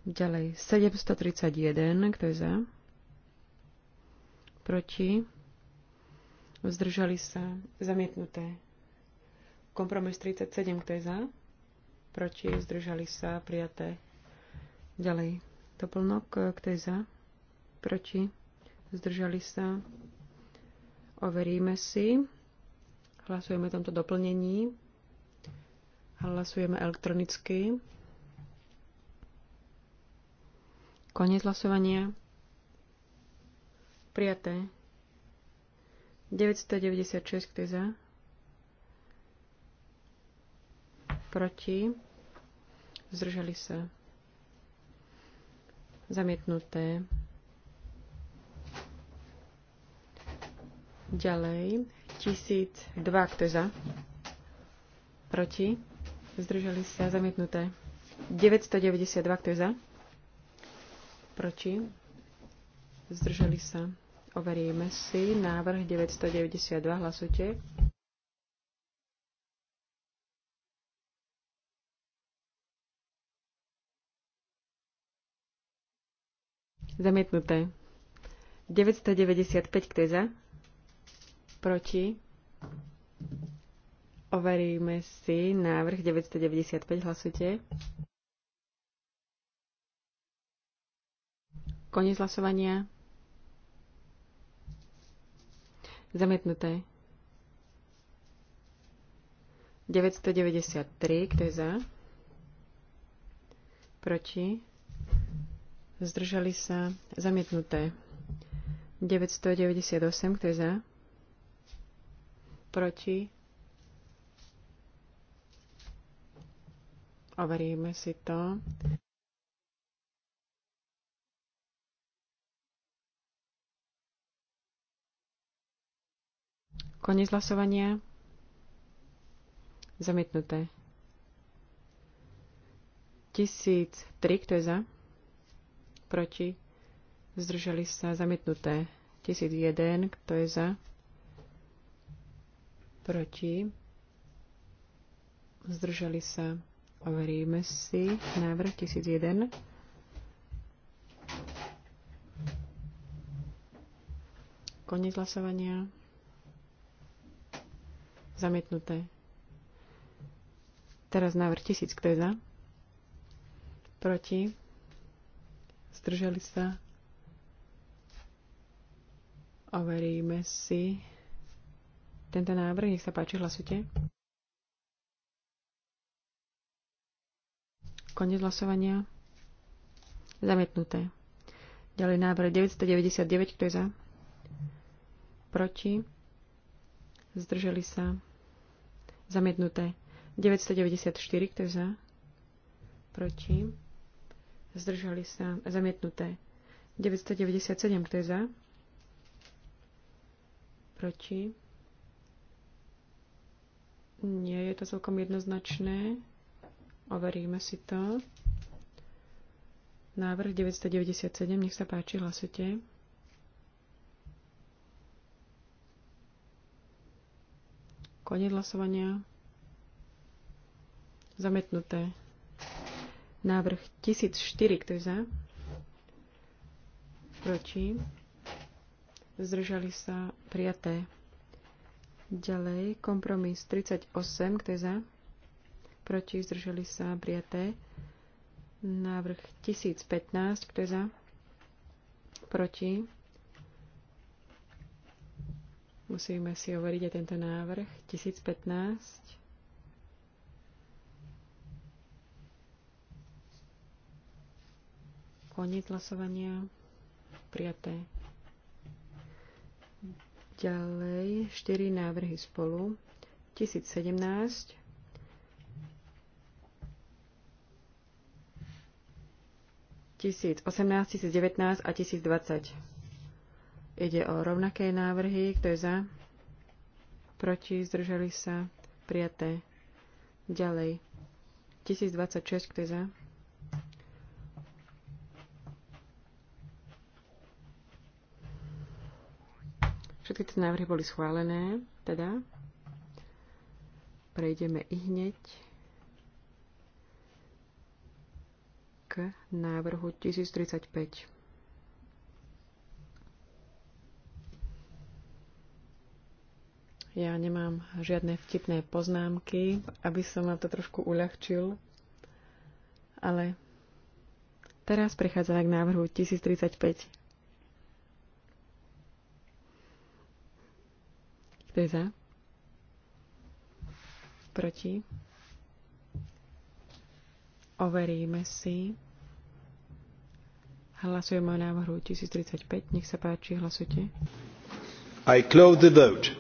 Ďalej 731. Kto je za? Proti? Zdržali sa. Zamietnuté. Kompromis 37, kto je za? Proti. Zdržali sa. Prijaté. Ďalej. Toplnok, kto je za? Proti. Zdržali sa. Overíme si. Hlasujeme tomto doplnení. Hlasujeme elektronicky. Koniec hlasovania. Prijaté. 996, kto je za? Proti? Zdržali sa. Zamietnuté. Ďalej. 1002, kto je za? Proti? Zdržali sa. Zamietnuté. 992, kto je za? Proti? Zdržali sa. Overíme si návrh 992. Hlasujte. Zamietnuté. 995, kto je za? Proti? Overíme si návrh 995, hlasujte. Koniec hlasovania. Zamietnuté. 993, kto je za? Proti? Zdržali sa? Zamietnuté. 998, kto je za? Proti? Overíme si to. Koniec hlasovania. Zamietnuté. 1003, kto je za? Proti? Zdržali sa zamietnuté. 1001, kto je za? Proti? Zdržali sa. Overíme si návrh 1001. Koniec hlasovania. Zamietnuté. Teraz návrh tisíc, kto je za? Proti? Zdržali sa? Overíme si tento návrh. Nech sa páči, hlasujte. Konec hlasovania. Zamietnuté. Ďalej návrh 999, kto je za? Proti? Zdržali sa? Zamietnuté. 994, kto je za? Proti. Zdržali sa. Zamietnuté. 997, kto je za? Proti. Nie je to celkom jednoznačné. Overíme si to. Návrh 997, nech sa páči, hlasujte. Konec hlasovania. Zametnuté. Návrh 1004, kto je za? Proti? Zdržali sa prijaté. Ďalej, kompromis 38, kto je za? Proti? Zdržali sa prijaté. Návrh 1015, kto je za? Proti? Musíme si overiť aj tento návrh. 1015. Koniec hlasovania. Prijaté. Ďalej 4 návrhy spolu. 1017. tisíc 1019 a 1020. Ide o rovnaké návrhy. Kto je za? Proti? Zdržali sa? Prijaté. Ďalej. 1026. Kto je za? Všetky tie návrhy boli schválené, teda prejdeme i hneď k návrhu 1035. Ja nemám žiadne vtipné poznámky, aby som vám to trošku uľahčil. Ale teraz prechádzame k návrhu 1035. Kto je za? Proti? Overíme si. Hlasujeme o návrhu 1035. Nech sa páči, hlasujte. I close the vote.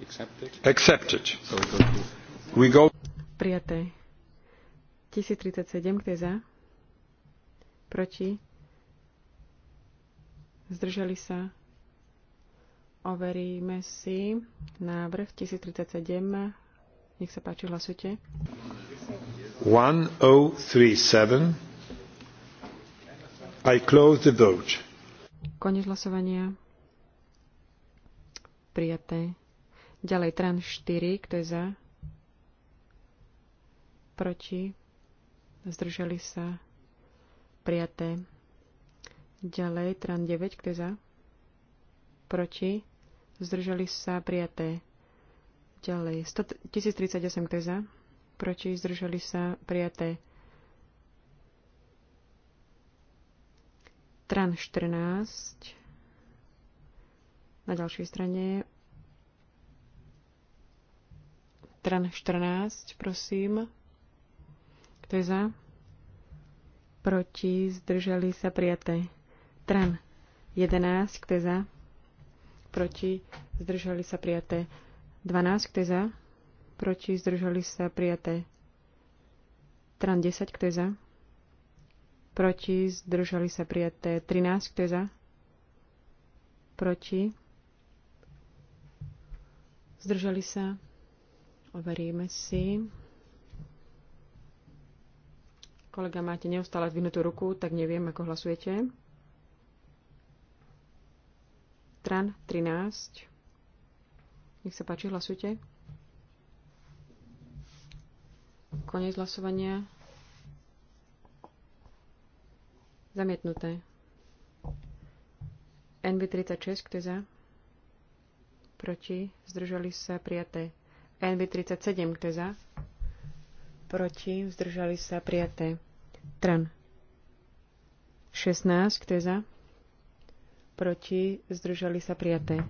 Accepted. Accepted. So we Prijaté. 1037, kto je za? Proti? Zdržali sa? Overíme si návrh 1037. Nech sa páči, hlasujte. 1037. I close the vote. Konec hlasovania. Prijaté. Ďalej tran 4, kto je za? Proti? Zdržali sa? Prijaté. Ďalej tran 9, kto je za? Proti? Zdržali sa? Prijaté. Ďalej 100, 1038, kto je za? Proti? Zdržali sa? Prijaté. Tran 14 na ďalšej strane Tran 14, prosím. Kto je za? Proti, zdržali sa prijaté. Tran 11, kto je za? Proti, zdržali sa prijaté. 12, kto je za? Proti, zdržali sa prijaté. Tran 10, kto je za? Proti, zdržali sa prijaté. 13, kto je za? Proti, zdržali sa prijaté. Overíme si. Kolega, máte neustále zvinutú ruku, tak neviem, ako hlasujete. Tran 13. Nech sa páči, hlasujte. Konec hlasovania. Zamietnuté. NB36, kto je za? Proti? Zdržali sa prijaté. NB37, kto je za? Proti, zdržali sa, prijaté. Tran. 16, kto je za? Proti, zdržali sa, prijaté.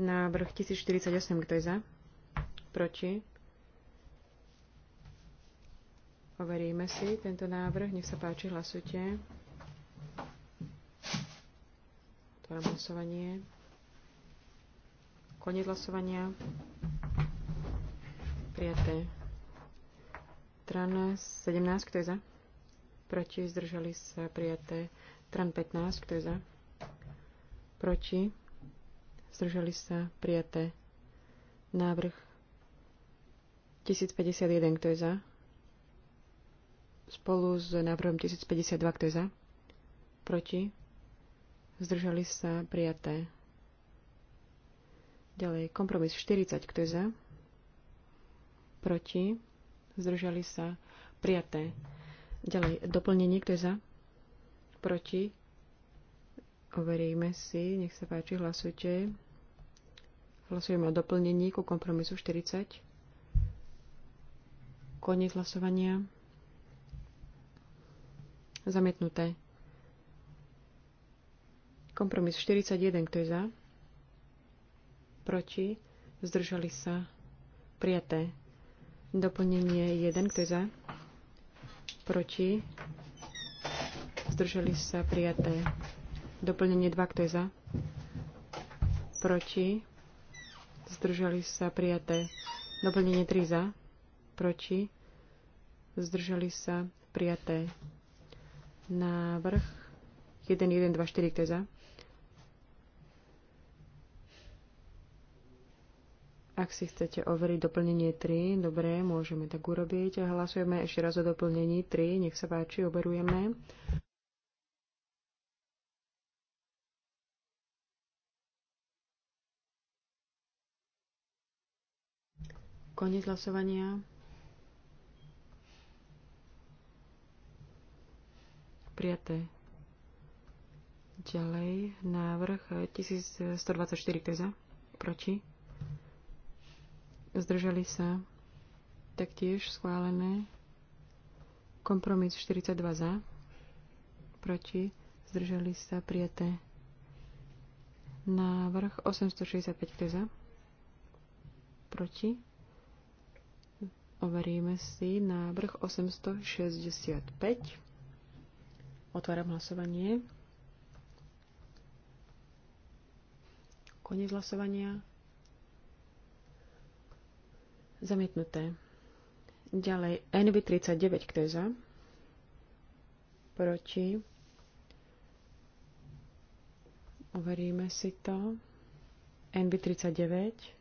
Návrh 1048, kto je za? Proti. Overíme si tento návrh, nech sa páči, hlasujte. Hlasujte. Otváram hlasovanie. Konec hlasovania. Prijaté. Tran 17, kto je za? Proti, zdržali sa, prijaté. Tran 15, kto je za? Proti, zdržali sa, prijaté. Návrh 1051, kto je za? Spolu s návrhom 1052, kto je za? Proti, zdržali sa prijaté. Ďalej, kompromis 40, kto je za? Proti, zdržali sa prijaté. Ďalej, doplnenie, kto je za? Proti, overíme si, nech sa páči, hlasujte. Hlasujeme o doplnení ku kompromisu 40. Koniec hlasovania. Zamietnuté. Kompromis 41, kto je za? Proti? Zdržali sa? Prijaté. Doplnenie 1, kto je za? Proti? Zdržali sa? Prijaté. Doplnenie 2, kto je za? Proti? Zdržali sa? Prijaté. Doplnenie 3 za? Proti? Zdržali sa? Prijaté. Návrh 1, 1, 2, 4, kto je za? Ak si chcete overiť doplnenie 3, dobre, môžeme tak urobiť. Hlasujeme ešte raz o doplnení 3. Nech sa páči, overujeme. Koniec hlasovania. Prijaté. Ďalej návrh 1124, kto je za? Proti? zdržali sa, taktiež schválené. Kompromis 42 za, proti, zdržali sa, prijaté. Návrh 865 kto za, proti. Overíme si návrh 865. Otváram hlasovanie. Koniec hlasovania. Zamietnuté. Ďalej NB39, kto je za? Proti. Overíme si to. NB39.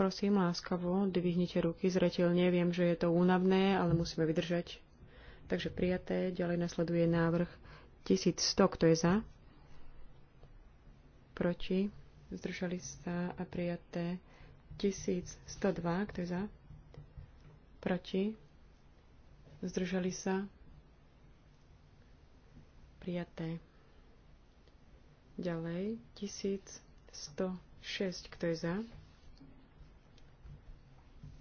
Prosím láskavo, dvihnite ruky zretelne. Viem, že je to únavné, ale musíme vydržať. Takže prijaté. Ďalej nasleduje návrh 1100. Kto je za? Proti? Zdržali sa a prijaté 1102. Kto je za? Proti? Zdržali sa? Prijaté. Ďalej 1106. Kto je za?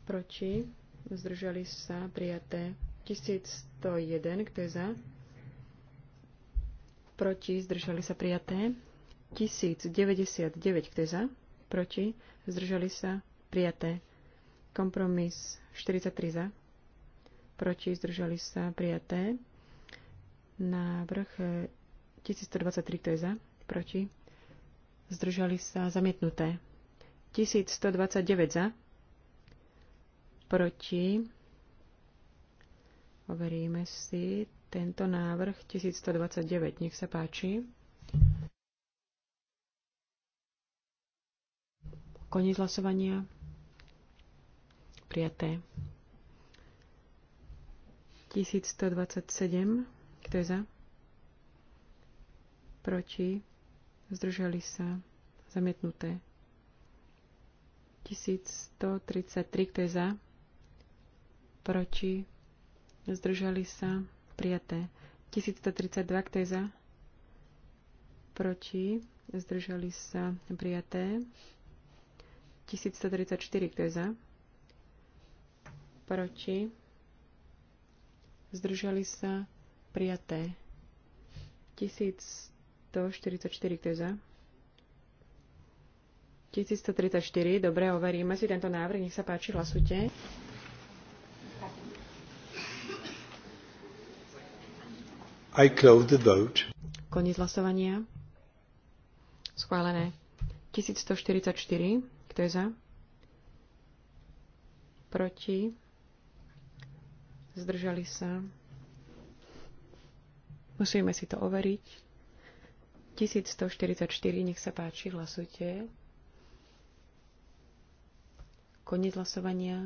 Proti? Zdržali sa? Prijaté 1101, kto je za? Proti, zdržali sa prijaté. 1099, kto je za? Proti, zdržali sa prijaté. Kompromis 43 za. Proti, zdržali sa prijaté. Návrh 1123, eh, kto je za? Proti, zdržali sa zamietnuté. 1129 za. Proti, Overíme si tento návrh 1129. Nech sa páči. Koniec hlasovania. Prijaté. 1127. Kto je za? Proti. Zdržali sa. Zamietnuté. 1133. Kto je za? Proti zdržali sa, prijaté. 1132, kto je za, proti, zdržali sa, prijaté. 1134, kto je za, proti, zdržali sa, prijaté. 1144, kto je za? 1134, dobre, overíme si tento návrh, nech sa páči, hlasujte. I close the vote. Koniec hlasovania. Schválené. 1144. Kto je za? Proti? Zdržali sa? Musíme si to overiť. 1144. Nech sa páči, hlasujte. Koniec hlasovania.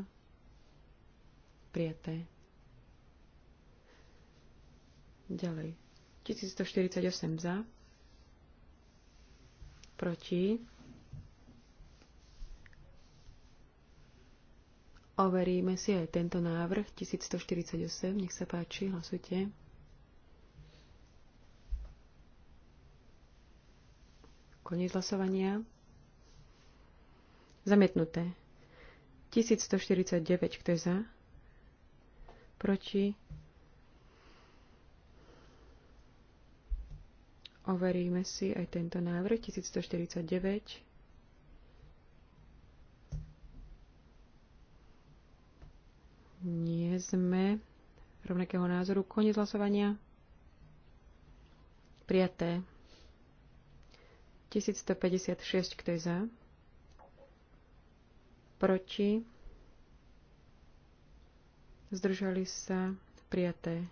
Prijaté. Ďalej. 1148 za. Proti. Overíme si aj tento návrh 1148. Nech sa páči, hlasujte. Koniec hlasovania. Zamietnuté. 1149, kto je za? Proti? Overíme si aj tento návrh 1149. Nie sme rovnakého názoru. Koniec hlasovania. Prijaté. 1156, kto je za? Proti? Zdržali sa? Prijaté.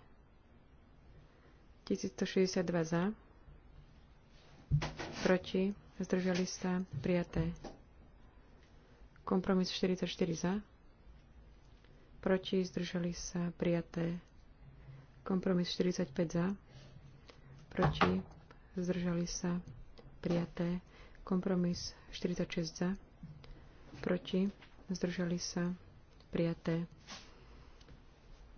1162 za proti, zdržali sa, prijaté. Kompromis 44 za, proti, zdržali sa, prijaté. Kompromis 45 za, proti, zdržali sa, prijaté. Kompromis 46 za, proti, zdržali sa, prijaté.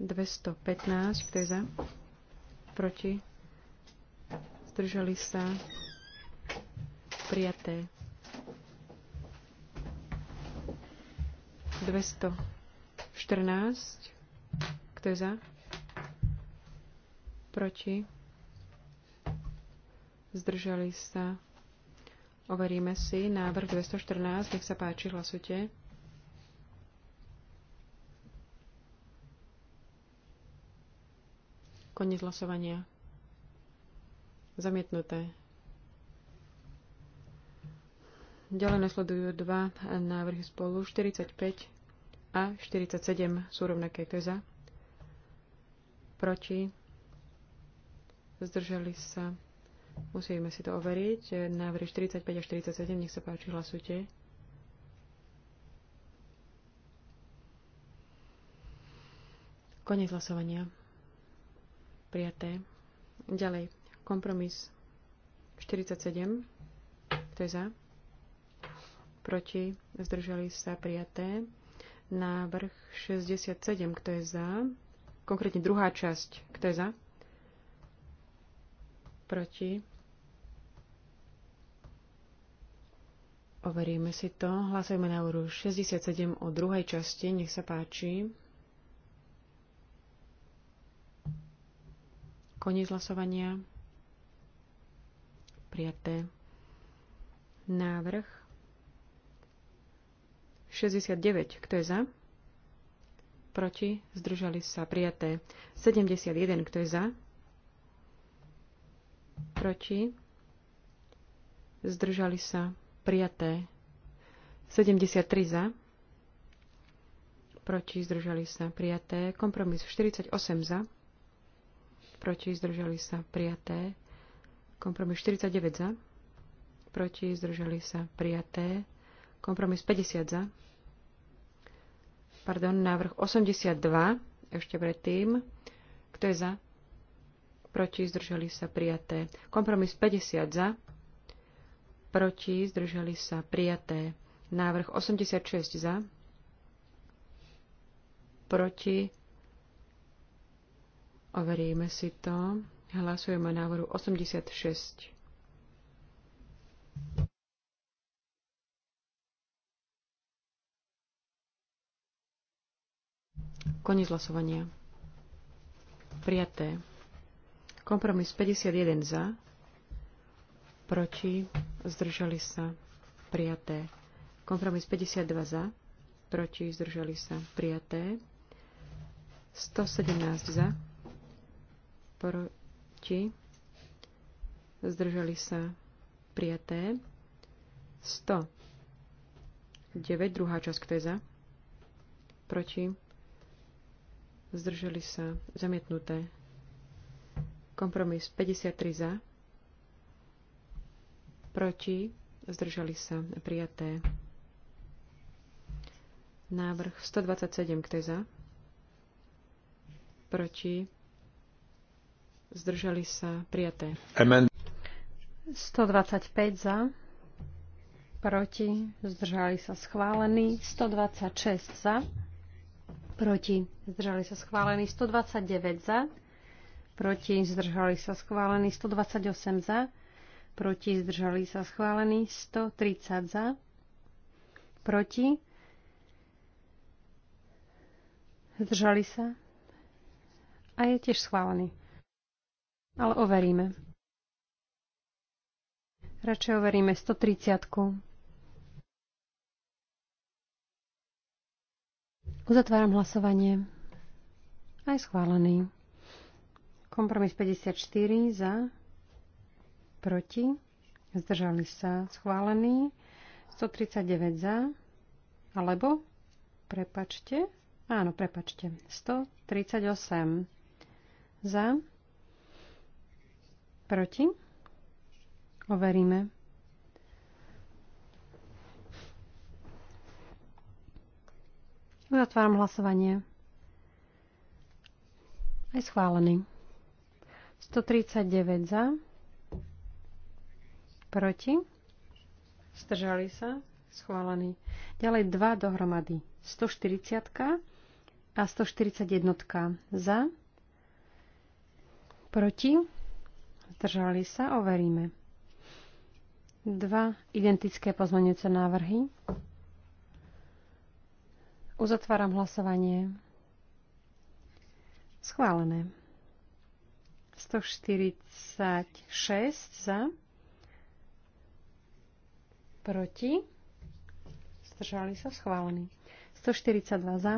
215, kto je za? Proti? Zdržali sa? prijaté. 214. Kto je za? Proti? Zdržali sa. Overíme si návrh 214. Nech sa páči, hlasujte. Koniec hlasovania. Zamietnuté. Ďalej nasledujú dva návrhy spolu, 45 a 47 sú rovnaké. To je za. Proti. Zdržali sa. Musíme si to overiť. Návrhy 45 a 47, nech sa páči, hlasujte. Konec hlasovania. Prijaté. Ďalej. Kompromis 47. Kto je za? proti, zdržali sa prijaté. Návrh 67, kto je za? Konkrétne druhá časť, kto je za? Proti. Overíme si to. Hlasujeme na úru 67 o druhej časti. Nech sa páči. Koniec hlasovania. Prijaté. Návrh 69. Kto je za? Proti? Zdržali sa. Prijaté. 71. Kto je za? Proti? Zdržali sa. Prijaté. 73 za. Proti? Zdržali sa. Prijaté. Kompromis 48 za. Proti? Zdržali sa. Prijaté. Kompromis 49 za. Proti? Zdržali sa. Prijaté. Kompromis 50 za. Pardon, návrh 82 ešte predtým. Kto je za? Proti zdržali sa prijaté. Kompromis 50 za. Proti zdržali sa prijaté. Návrh 86 za. Proti. Overíme si to. Hlasujeme návrhu 86. Koniec hlasovania. Prijaté. Kompromis 51 za. Proti. Zdržali sa. Prijaté. Kompromis 52 za. Proti. Zdržali sa. Prijaté. 117 za. Proti. Zdržali sa. Prijaté. 100. 9. Druhá časť, kto je za? Proti zdržali sa, zamietnuté. Kompromis 53 za, proti, zdržali sa, prijaté. Návrh 127, kto je za? Proti, zdržali sa, prijaté. Amen. 125 za, proti, zdržali sa, schválený. 126 za, proti, zdržali sa schválení 129 za, proti, zdržali sa schválení 128 za, proti, zdržali sa schválení 130 za, proti, zdržali sa a je tiež schválený. Ale overíme. Radšej overíme 130. Uzatváram hlasovanie. Aj schválený. Kompromis 54 za, proti, zdržali sa, schválený. 139 za, alebo, prepačte, áno, prepačte, 138 za, proti, overíme. Uzatváram hlasovanie. Aj schválený. 139 za. Proti. stržali sa. Schválený. Ďalej dva dohromady. 140 a 141 za. Proti. Zdržali sa. Overíme. Dva identické pozmeňujúce návrhy. Uzatváram hlasovanie. Schválené. 146 za. Proti. Zdržali sa schválení. 142 za.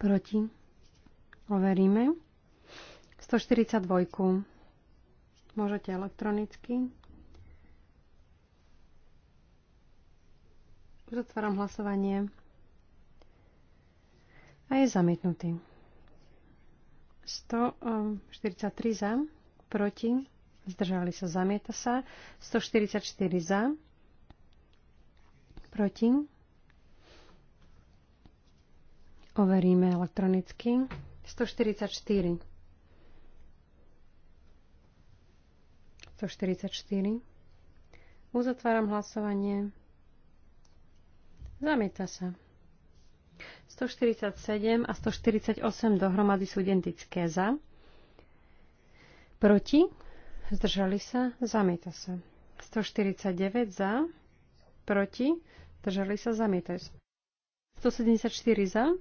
Proti. Overíme. 142. Môžete elektronicky. Zatváram hlasovanie. A je zamietnutý. 143 eh, za, proti, zdržali sa, zamieta sa. 144 za, proti. Overíme elektronicky. 144. 144. Uzatváram hlasovanie. Zamieta sa. 147 a 148 dohromady sú identické za. Proti. Zdržali sa. Zamieta sa. 149 za. Proti. Zdržali sa. Zamietajú sa. 174 za.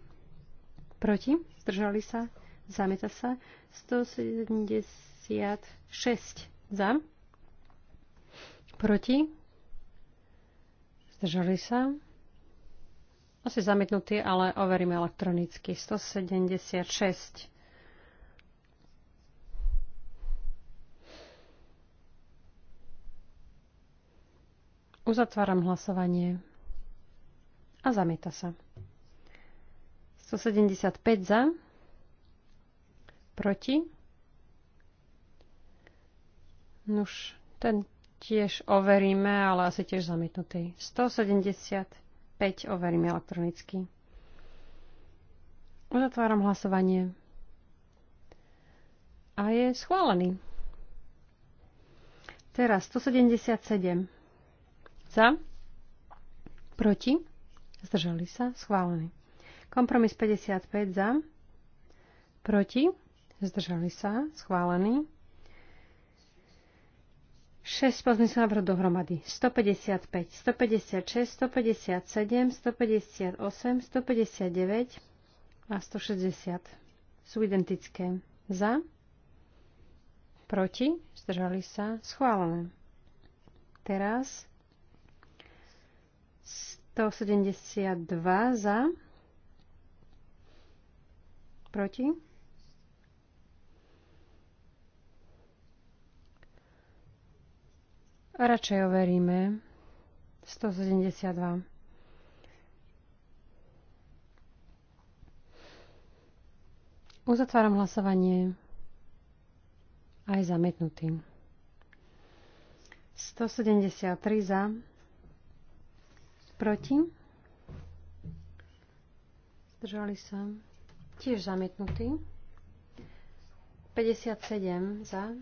Proti. Zdržali sa. Zamieta sa. 176 za. Proti. Zdržali sa. Asi zamietnutý, ale overíme elektronicky. 176. Uzatváram hlasovanie. A zamieta sa. 175 za. Proti. Nuž, ten tiež overíme, ale asi tiež zamietnutý. 170. 5 overím elektronicky. Uzatváram hlasovanie. A je schválený. Teraz 177. Za. Proti. Zdržali sa. Schválený. Kompromis 55 za. Proti. Zdržali sa. Schválený. 6 sa návrhu dohromady. 155, 156, 157, 158, 159 a 160 sú identické. Za, proti, zdržali sa, schválené. Teraz 172 za, proti, radšej overíme. 172. Uzatváram hlasovanie aj zamietnutý. 173 za, proti, zdržali sa, tiež zamietnutý. 57 za,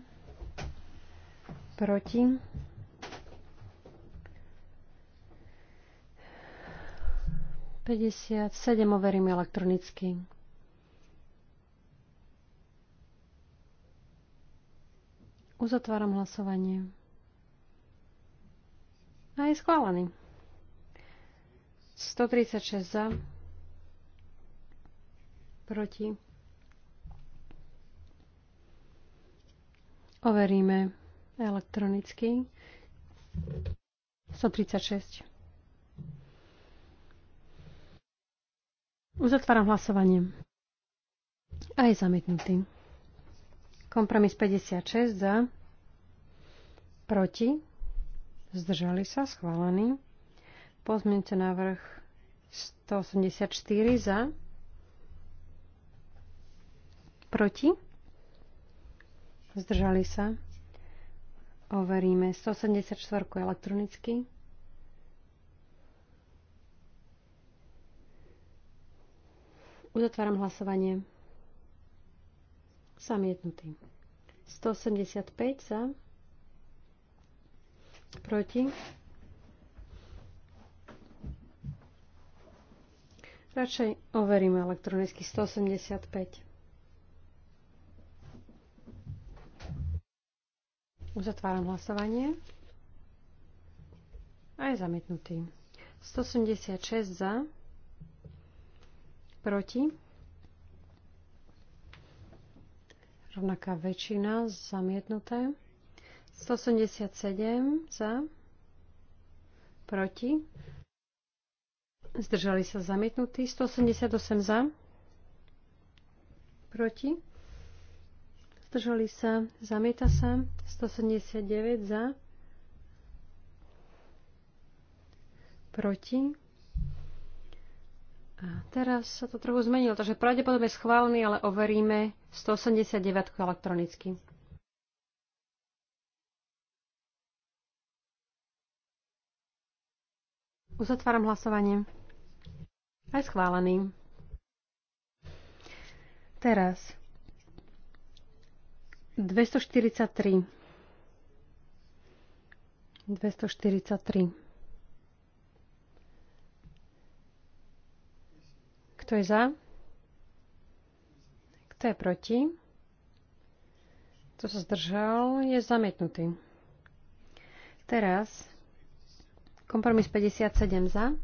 proti, 57 overím elektronicky. Uzatváram hlasovanie. A je schválený. 136 za. Proti. Overíme elektronicky. 136. Uzatváram hlasovanie. A je zamietnutý. Kompromis 56 za. Proti. Zdržali sa. Schválený. Pozmienite návrh 184 za. Proti. Zdržali sa. Overíme 174 elektronicky. Uzatváram hlasovanie. Samietnutý. 185 za. Proti. Radšej overíme elektronicky 185. Uzatváram hlasovanie. A je zamietnutý. 176 za proti. Rovnaká väčšina zamietnuté. 187 za, proti. Zdržali sa zamietnutí. 188 za, proti. Zdržali sa, zamieta sa. 179 za, proti teraz sa to trochu zmenilo, takže pravdepodobne schválny, ale overíme 189 elektronicky. Uzatváram hlasovanie. Aj schválený. Teraz 243. 243. Kto je za? Kto je proti? Kto sa zdržal, je zamietnutý. Teraz kompromis 57 za,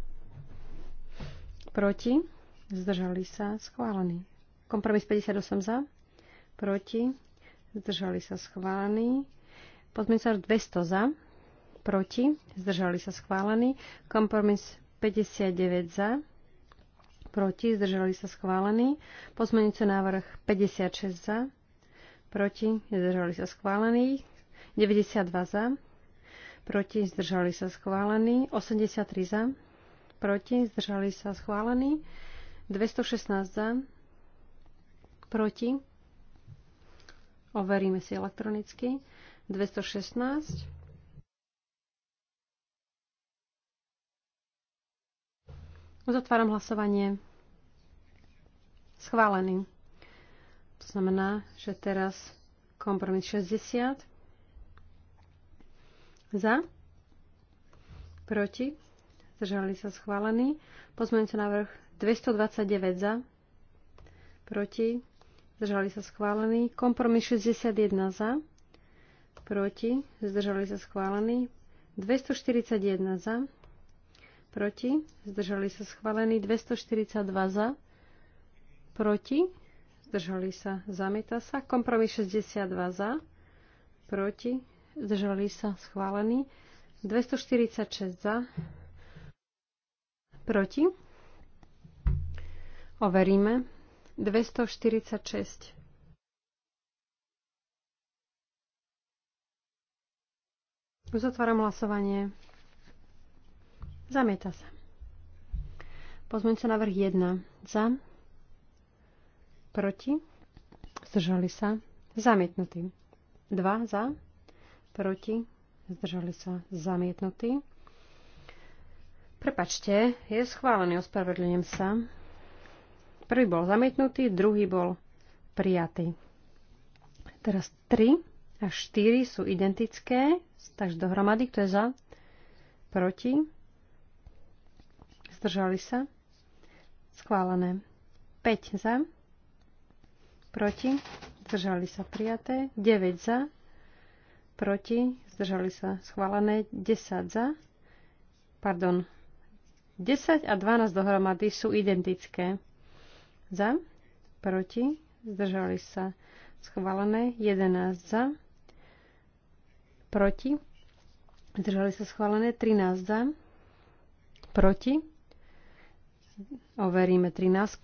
proti, zdržali sa, schválený. Kompromis 58 za, proti, zdržali sa, schválený. Pozmeňovací 200 za, proti, zdržali sa, schválený. Kompromis 59 za, proti, zdržali sa schválený. Pozmeňujúci návrh 56 za, proti, zdržali sa schválení. 92 za, proti, zdržali sa schválený. 83 za, proti, zdržali sa schválený. 216 za, proti, overíme si elektronicky. 216 Uzatváram hlasovanie. Schválený. To znamená, že teraz kompromis 60. Za. Proti. Zdržali sa schválený. Pozmeňujúci návrh 229 za. Proti. Zdržali sa schválený. Kompromis 61 za. Proti. Zdržali sa schválený. 241 za proti, zdržali sa schválení 242 za, proti, zdržali sa, zamieta sa, kompromis 62 za, proti, zdržali sa, schválení. 246 za, proti, overíme 246 Uzatváram hlasovanie. Zamieta sa. sa návrh 1. Za. Proti. Zdržali sa. Zamietnutý. 2. Za. Proti. Zdržali sa. Zamietnutý. Prepačte, je schválený, ospravedlňujem sa. Prvý bol zamietnutý, druhý bol prijatý. Teraz 3 a 4 sú identické, takže dohromady, kto je za, proti, Zdržali sa? Schválené. 5 za. Proti. Zdržali sa prijaté. 9 za. Proti. Zdržali sa schválené. 10 za. Pardon. 10 a 12 dohromady sú identické. Za. Proti. Zdržali sa schválené. 11 za. Proti. Zdržali sa schválené. 13 za. Proti. Overíme 13.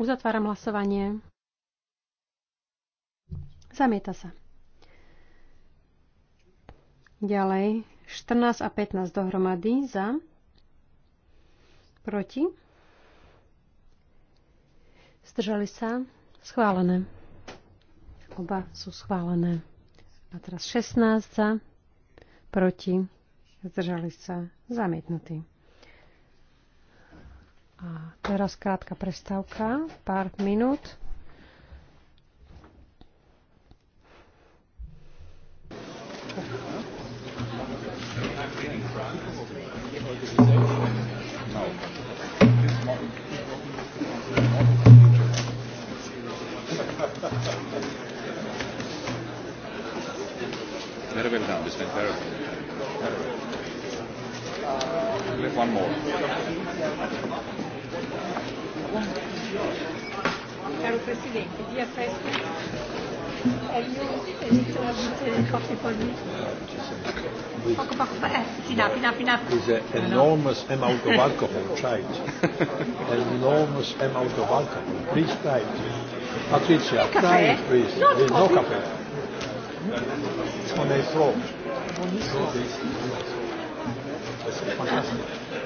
Uzatváram hlasovanie. Zamieta sa. Ďalej 14 a 15 dohromady za, proti, zdržali sa, schválené. Oba sú schválené. A teraz 16 za, proti, zdržali sa, zamietnutí. A teraz krátka prestávka, pár minút. Very well done, Mr. terrible. One more. Caro Presidente, dia presto. Have you a coffee for me? Poco, poco, eh, sì, no, fino a, Is an enormous amount of alcohol, child. an enormous amount of alcohol. Please try it. Patricia, try it, please. Not no coffee. On a floor. Bonisso.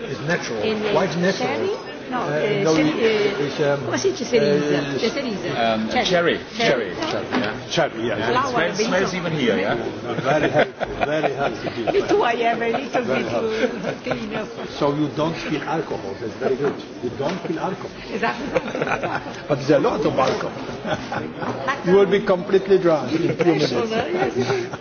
It's natural. In Quite natural. Cherry? No, uh, no cherry, uh, ich, uh, um, come si dice cerise? Uh, yeah, uh, Um, cherry. Cherry. Cherry. Cherry, yeah. Cherry, yeah. yeah. It smells, smells even here, yeah? very healthy. Very healthy. Me too, I am a little very bit uh, So you don't feel alcohol. That's very good. You don't feel alcohol. Exactly. but there's a lot of alcohol. you will be completely drunk in two minutes. Yes,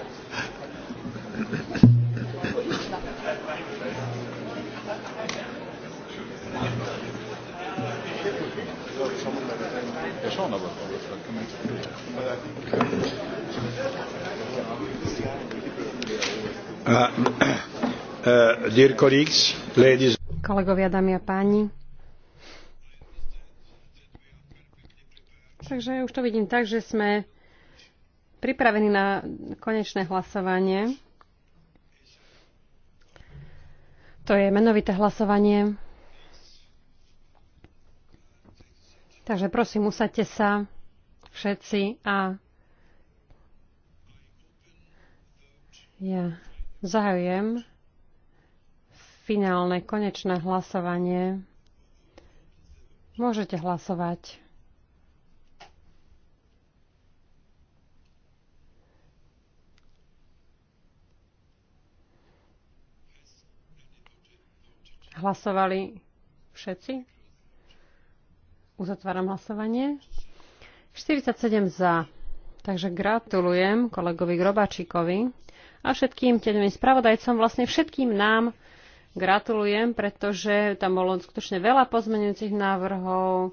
Eh, eh, Kolegovia, dámy a páni. Takže už to vidím tak, že sme pripravení na konečné hlasovanie. To je menovité hlasovanie. Takže prosím, usadte sa všetci a ja Zahajujem finálne, konečné hlasovanie. Môžete hlasovať. Hlasovali všetci? Uzatváram hlasovanie. 47 za. Takže gratulujem kolegovi Grobačíkovi a všetkým tým spravodajcom, vlastne všetkým nám gratulujem, pretože tam bolo skutočne veľa pozmenujúcich návrhov,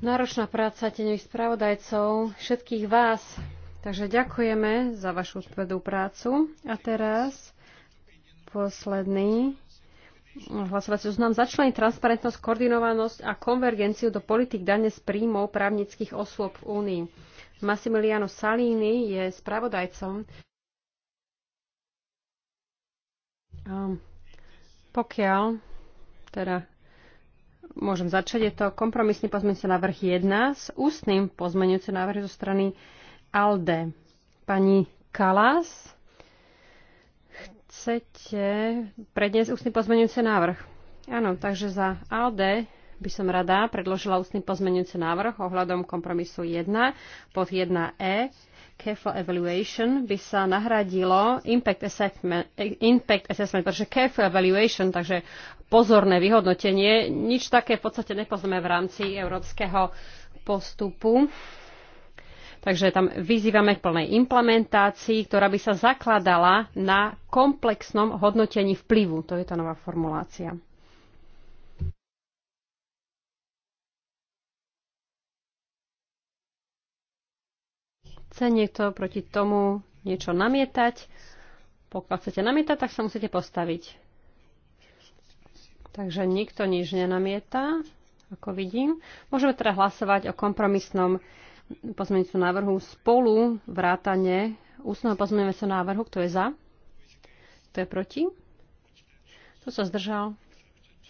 náročná práca tenových spravodajcov, všetkých vás. Takže ďakujeme za vašu tvrdú prácu. A teraz posledný hlasovací zoznam začlení transparentnosť, koordinovanosť a konvergenciu do politik dane z príjmov právnických osôb v Únii. Massimiliano Salini je spravodajcom. Um, pokiaľ, teda môžem začať, je to kompromisný pozmeňujúci návrh 1 s ústnym pozmeňujúcim návrhom zo strany ALDE. Pani Kalas, chcete predniesť ústny pozmeňujúci návrh? Áno, takže za ALDE by som rada predložila ústny pozmeňujúci návrh ohľadom kompromisu 1 pod 1e. Careful evaluation by sa nahradilo impact assessment, impact assessment pretože careful evaluation, takže pozorné vyhodnotenie, nič také v podstate nepoznáme v rámci európskeho postupu. Takže tam vyzývame k plnej implementácii, ktorá by sa zakladala na komplexnom hodnotení vplyvu. To je tá nová formulácia. Chce niekto proti tomu niečo namietať? Pokiaľ chcete namietať, tak sa musíte postaviť. Takže nikto nič nenamieta, ako vidím. Môžeme teda hlasovať o kompromisnom pozmeňujúcom návrhu spolu vrátane ústneho pozmeňujúceho návrhu. Kto je za? Kto je proti? Kto sa zdržal?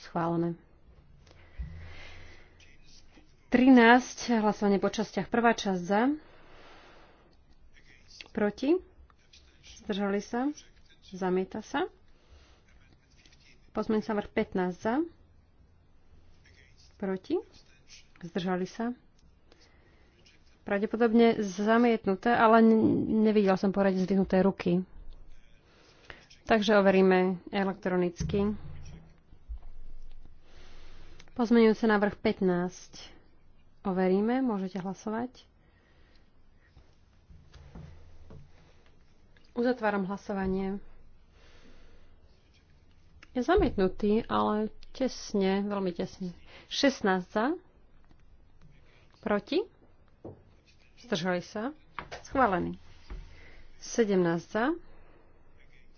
Schválené. 13. Hlasovanie po častiach. Prvá časť za. Proti? Zdržali sa? Zamieta sa. Pozmeň sa vrch 15 za. Proti? Zdržali sa? Pravdepodobne zamietnuté, ale nevidel som porade zdvihnuté ruky. Takže overíme elektronicky. Pozmeňujúce návrh 15. Overíme, môžete hlasovať. Uzatváram hlasovanie. Je zamietnutý, ale tesne, veľmi tesne. 16 za, proti, zdržali sa, schválený. 17 za,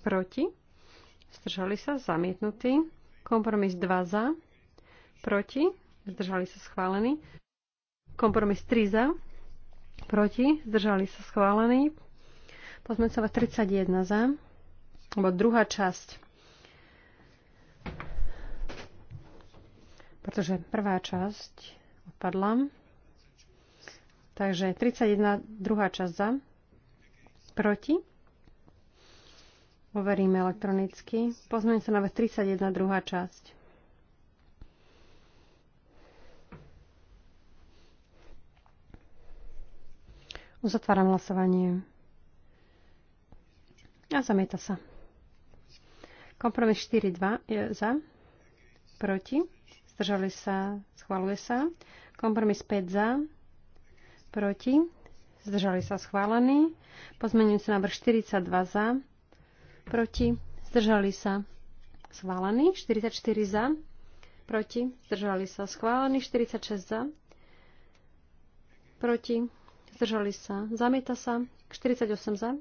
proti, zdržali sa, zamietnutý. Kompromis 2 za, proti, zdržali sa, schválený. Kompromis 3 za, proti, zdržali sa, schválený sa 31 za. Lebo druhá časť. Pretože prvá časť odpadla. Takže 31, druhá časť za. Proti. Overíme elektronicky. Pozmeň sa na 31, druhá časť. Uzatváram hlasovanie. A zamieta sa. Kompromis 4.2 je za, proti, zdržali sa, schváluje sa. Kompromis 5 za, proti, zdržali sa, schválený. Pozmenujúci návrh 42 za, proti, zdržali sa, schválený. 44 za, proti, zdržali sa, schválený. 46 za, proti, zdržali sa, zamieta sa. 48 za,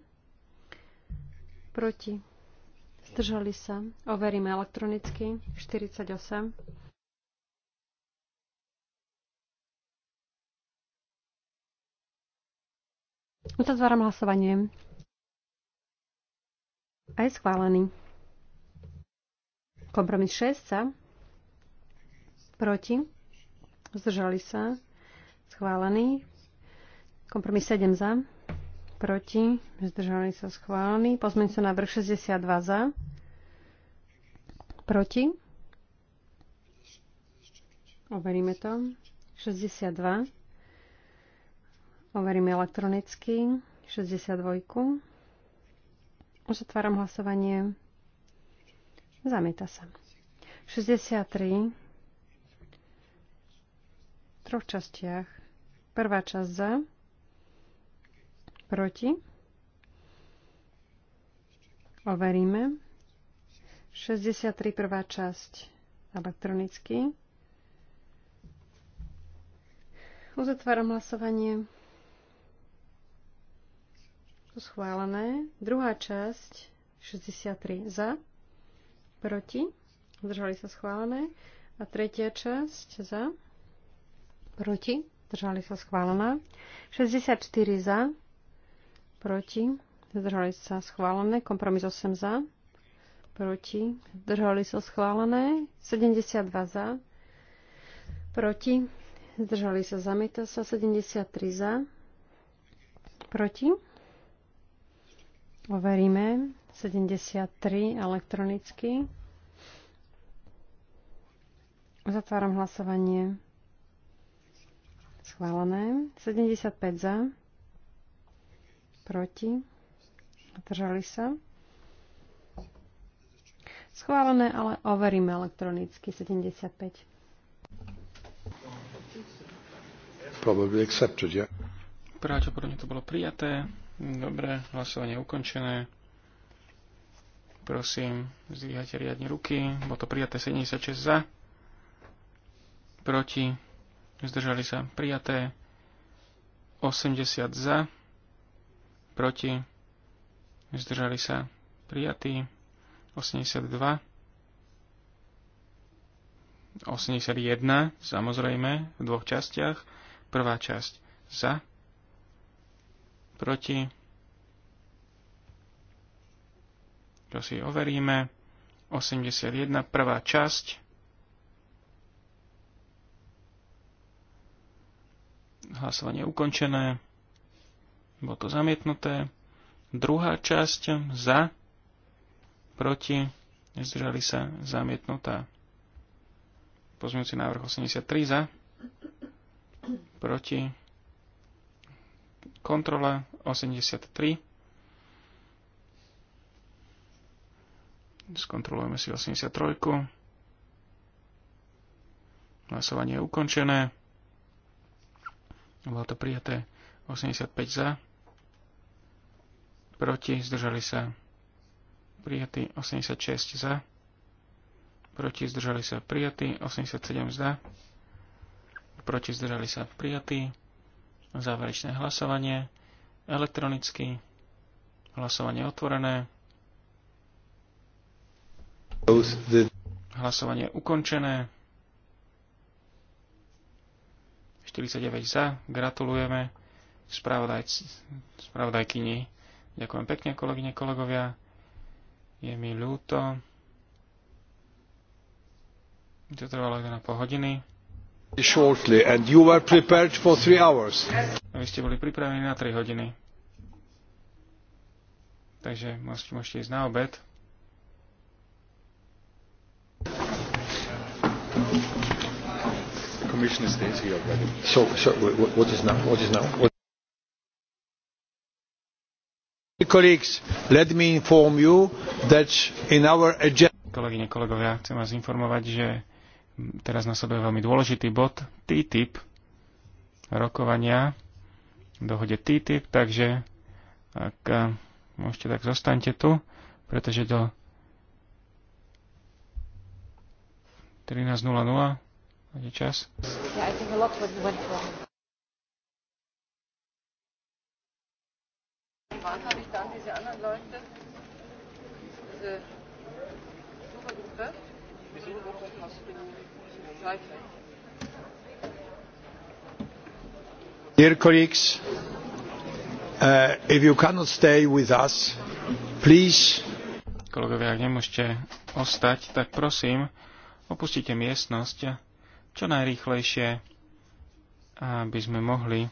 Proti. Zdržali sa. Overíme elektronicky. 48. Uzatváram hlasovanie. A je schválený. Kompromis 6 sa. Proti. Zdržali sa. Schválený. Kompromis 7 za proti, zdržali sa schválení. Pozmeň sa návrh 62 za, proti. Overíme to. 62. Overíme elektronicky. 62. Uzatváram hlasovanie. Zamieta sa. 63. V troch častiach. Prvá časť za Proti? Overíme. 63. prvá časť elektronicky. Uzatváram hlasovanie. Schválené. Druhá časť 63 za, proti, držali sa schválené. A tretia časť za, proti, držali sa schválená. 64 za, proti, zdržali sa schválené, kompromis 8 za, proti, zdržali sa schválené, 72 za, proti, zdržali sa, zamieta sa, 73 za, proti, overíme, 73 elektronicky, Zatváram hlasovanie, schválené, 75 za, proti, zdržali sa. Schválené, ale overíme elektronicky 75. Probably accepted, yeah. Pravdepodobne to bolo prijaté. Dobre, hlasovanie je ukončené. Prosím, zdvíhajte riadne ruky. Bolo to prijaté 76 za. Proti. Zdržali sa prijaté 80 za proti, zdržali sa prijatí, 82, 81, samozrejme, v dvoch častiach, prvá časť za, proti, to si overíme, 81, prvá časť, hlasovanie ukončené, bolo to zamietnuté. Druhá časť za, proti, zdržali sa, zamietnutá. Pozmeňujúci návrh 83 za, proti, kontrola 83. Skontrolujeme si 83. Hlasovanie je ukončené. Bolo to prijaté 85 za proti, zdržali sa prijatí 86 za, proti, zdržali sa prijatí 87 za, proti, zdržali sa prijatí, záverečné hlasovanie, elektronicky, hlasovanie otvorené, hlasovanie ukončené, 49 za, gratulujeme spravodajkyni Ďakujem pekne, kolegyne, kolegovia. Je mi ľúto. To trvalo 1,5 hodiny. Shortly and you were prepared for 3 hours. A vy ste boli pripravení na 3 hodiny. Takže môžete, môžete ísť na obed. commission stays here already. So, so what is now? What is now? What colleagues, let me inform you that in our agenda... Kolegyne, kolegovia, chcem vás informovať, že teraz nasleduje veľmi dôležitý bod TTIP rokovania dohode TTIP, takže ak eh, môžete, tak zostaňte tu, pretože do 13.00 je čas. Yeah, wann habe ich dann diese anderen Leute, diese Supergruppe. Die Suchegruppe hast du Seifeld. Dear colleagues, uh, if you cannot stay with us, please. Kolegovia, ak nemôžete ostať, tak prosím, opustite miestnosť čo najrýchlejšie, aby sme mohli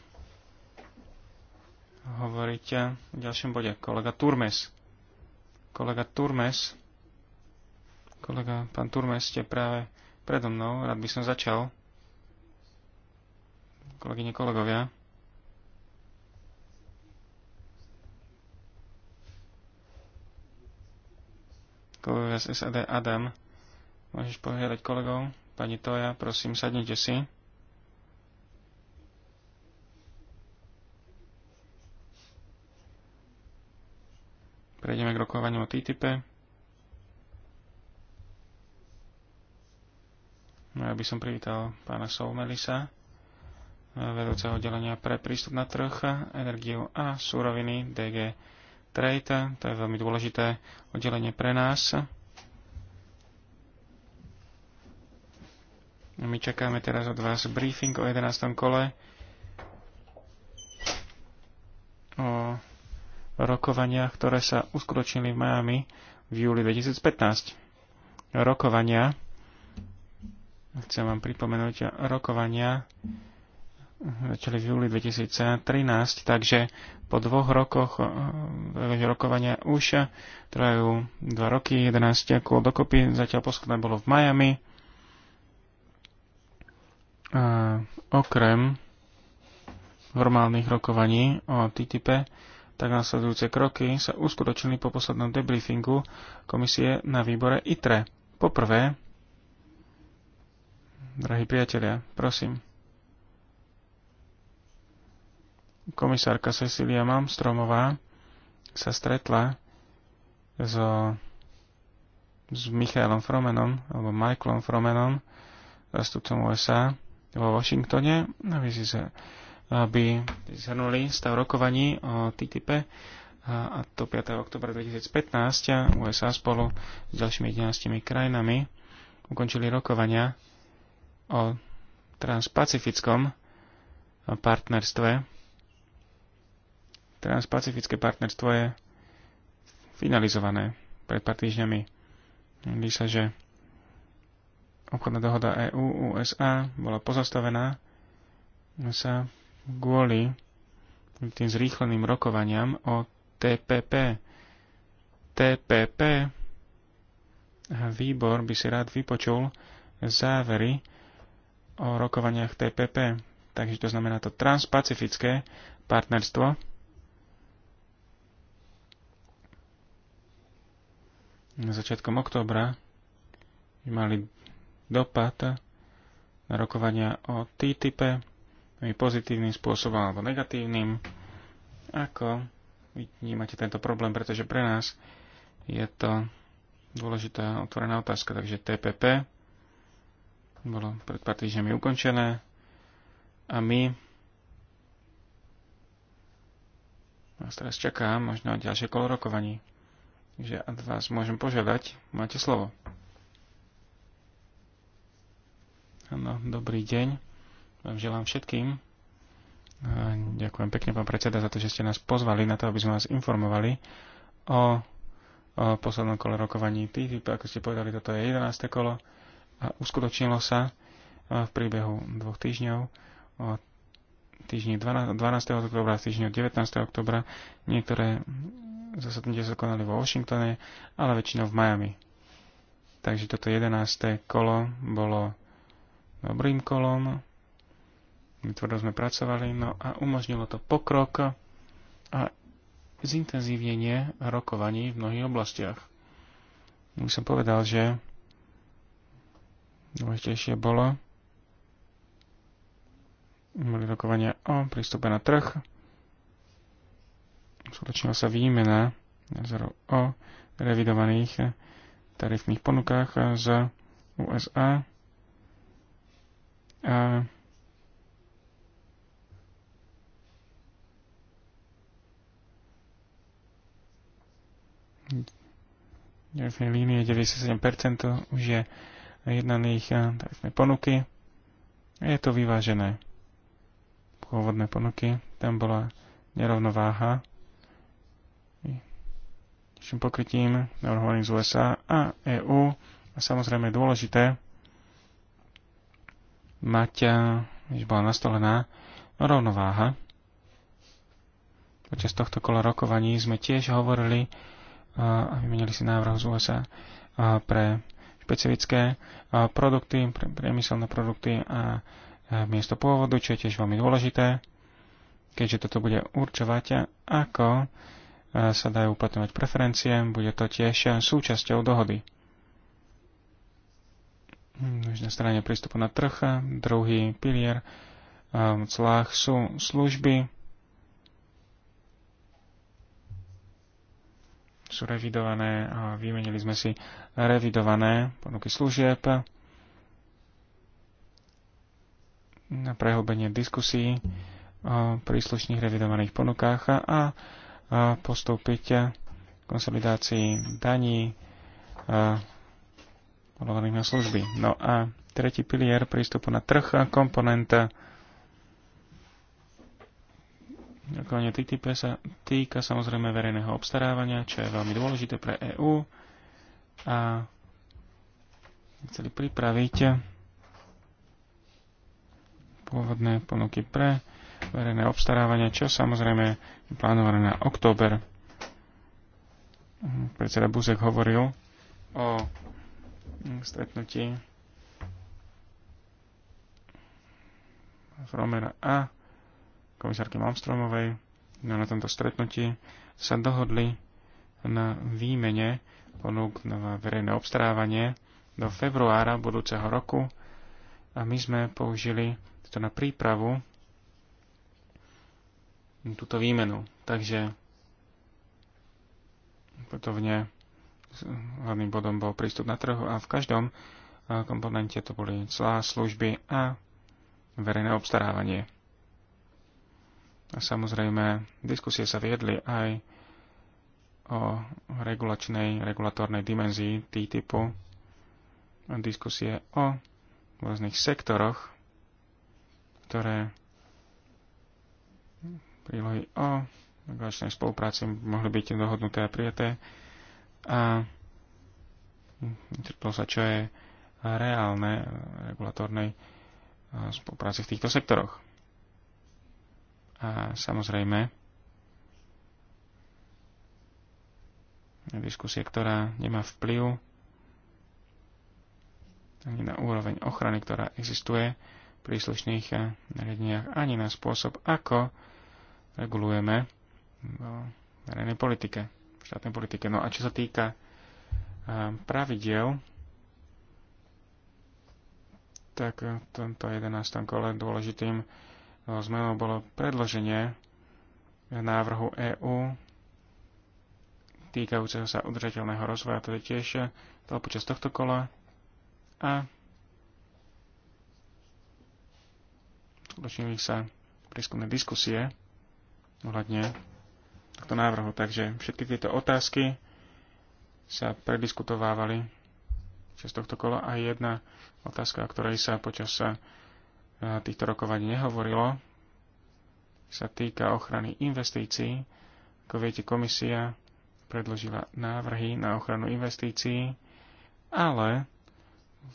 hovoríte v ďalšom bode. Kolega Turmes. Kolega Turmes. Kolega, pán Turmes, ste práve predo mnou. Rád by som začal. Kolegyne, kolegovia. Kolega z SAD Adam. Môžeš požiadať kolegov. Pani Toja, prosím, sadnite si. prejdeme k rokovaniu o TTIP. No, ja by som privítal pána Soumelisa, vedúceho oddelenia pre prístup na trh, energiu a súroviny DG Trade. To je veľmi dôležité oddelenie pre nás. No, my čakáme teraz od vás briefing o 11. kole o rokovania, ktoré sa uskutočnili v Miami v júli 2015. Rokovania, chcem vám pripomenúť, rokovania začali v júli 2013, takže po dvoch rokoch eh, eh, rokovania už trvajú dva roky, 11 ako dokopy, zatiaľ posledné bolo v Miami. A okrem normálnych rokovaní o TTIP tak následujúce kroky sa uskutočnili po poslednom debriefingu komisie na výbore ITRE. Poprvé, drahí priatelia, prosím, komisárka Cecilia Malmstromová sa stretla so, s Michailom Fromenom, alebo Michaelom Fromenom, zastupcom USA vo Washingtone, aby si sa aby zhrnuli stav rokovaní o TTIP a to 5. oktobra 2015 USA spolu s ďalšími 11 krajinami ukončili rokovania o transpacifickom partnerstve. Transpacifické partnerstvo je finalizované pred pár týždňami. Vidí sa, že obchodná dohoda EU-USA bola pozastavená sa kvôli tým zrýchleným rokovaniam o TPP. TPP výbor by si rád vypočul závery o rokovaniach TPP. Takže to znamená to transpacifické partnerstvo. Na začiatkom októbra mali dopad na rokovania o TTIP pozitívnym spôsobom alebo negatívnym. Ako vnímate tento problém, pretože pre nás je to dôležitá otvorená otázka. Takže TPP bolo pred pár týždňami ukončené a my vás teraz čaká možno ďalšie kolo rokovaní. Takže ak vás môžem požiadať, máte slovo. Áno, dobrý deň. Želám všetkým. E, ďakujem pekne, pán predseda, za to, že ste nás pozvali na to, aby sme vás informovali o, o poslednom kole rokovaní TTIP. Ako ste povedali, toto je 11. kolo a uskutočnilo sa e, v priebehu dvoch týždňov o týždni 12. 12. oktobra a týždni 19. oktobra. Niektoré zasadnutia sa konali vo Washingtone, ale väčšinou v Miami. Takže toto 11. kolo bolo dobrým kolom, Tvrdo sme pracovali, no a umožnilo to pokrok a zintenzívnenie rokovaní v mnohých oblastiach. Už som povedal, že dôležitejšie bolo boli rokovania o prístupe na trh. Skutočnila sa výmena názorov o revidovaných tarifných ponukách z USA a Tarifnej línie 97% už je jednaných ich eh, ponuky. Je to vyvážené. Pôvodné ponuky, tam bola nerovnováha nižším pokrytím navrhovaným z USA a EU, A samozrejme je dôležité mať, než eh, bola nastolená, rovnováha. Počas tohto kola rokovaní sme tiež hovorili a vymenili si návrh z USA pre špecifické produkty, pre priemyselné produkty a miesto pôvodu, čo je tiež veľmi dôležité, keďže toto bude určovať, ako sa dajú uplatňovať preferencie, bude to tiež súčasťou dohody. Už na strane prístupu na trh, druhý pilier v clách sú služby, sú revidované a vymenili sme si revidované ponuky služieb na prehlbenie diskusí o príslušných revidovaných ponukách a postúpiť konsolidácii daní podovaných na služby. No a tretí pilier prístupu na trh a komponenta Ďakovanie TTIP sa týka samozrejme verejného obstarávania, čo je veľmi dôležité pre EÚ a chceli pripraviť pôvodné ponuky pre verejné obstarávanie, čo samozrejme je plánované na október. Predseda Buzek hovoril o stretnutí Romera a komisárky Malmstromovej no na tomto stretnutí sa dohodli na výmene ponúk na verejné obstarávanie do februára budúceho roku a my sme použili to na prípravu túto výmenu. Takže potovne hlavným bodom bol prístup na trhu a v každom eh, komponente to boli celá služby a verejné obstarávanie. A samozrejme, diskusie sa viedli aj o regulačnej, regulatórnej dimenzii T-typu, diskusie o rôznych sektoroch, ktoré prílohy o regulačnej spolupráci mohli byť dohodnuté a prijaté. A interpelo sa, čo je reálne regulatórnej spolupráci v týchto sektoroch. A samozrejme, diskusie, ktorá nemá vplyv ani na úroveň ochrany, ktorá existuje v príslušných eh, nariadeniach, ani na spôsob, ako regulujeme vo eh, verejnej politike, v štátnej politike. No a čo sa týka eh, pravidel, tak v tomto 11. kole dôležitým zmenou bolo predloženie návrhu EÚ týkajúceho sa udržateľného rozvoja, to je tiež to počas tohto kola. A skutočnili sa prieskumné diskusie ohľadne tohto návrhu. Takže všetky tieto otázky sa prediskutovávali čas tohto kola a jedna otázka, o ktorej sa počas týchto rokovaní nehovorilo, sa týka ochrany investícií. Ako viete, komisia predložila návrhy na ochranu investícií, ale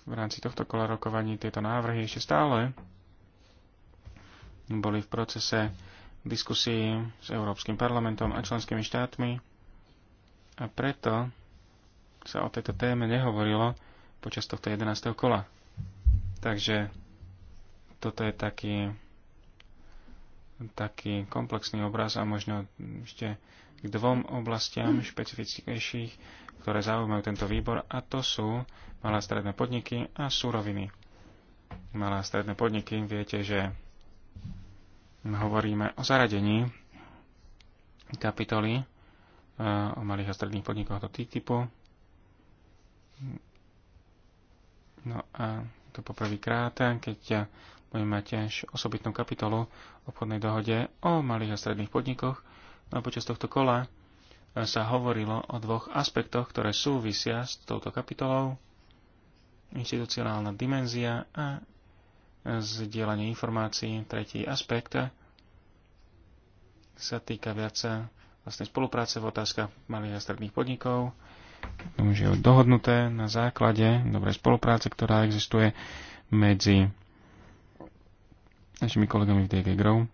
v rámci tohto kola rokovaní tieto návrhy ešte stále boli v procese diskusí s Európskym parlamentom a členskými štátmi a preto sa o tejto téme nehovorilo počas tohto 11. kola. Takže toto je taký, taký komplexný obraz a možno ešte k dvom oblastiam špecifickejších, ktoré zaujímajú tento výbor a to sú malé stredné podniky a súroviny. Malé a stredné podniky, viete, že hovoríme o zaradení kapitoly eh, o malých a stredných podnikoch do TTIPu. No a to poprvýkrát, keď Budeme mať tiež osobitnú kapitolu obchodnej dohode o malých a stredných podnikoch. No a počas tohto kola e, sa hovorilo o dvoch aspektoch, ktoré súvisia s touto kapitolou. Institucionálna dimenzia a e, zdieľanie informácií. Tretí aspekt sa týka viac e, vlastnej spolupráce v otázkach malých a stredných podnikov. Tomu, že je dohodnuté na základe dobrej spolupráce, ktorá existuje medzi našimi kolegami v DG Grow.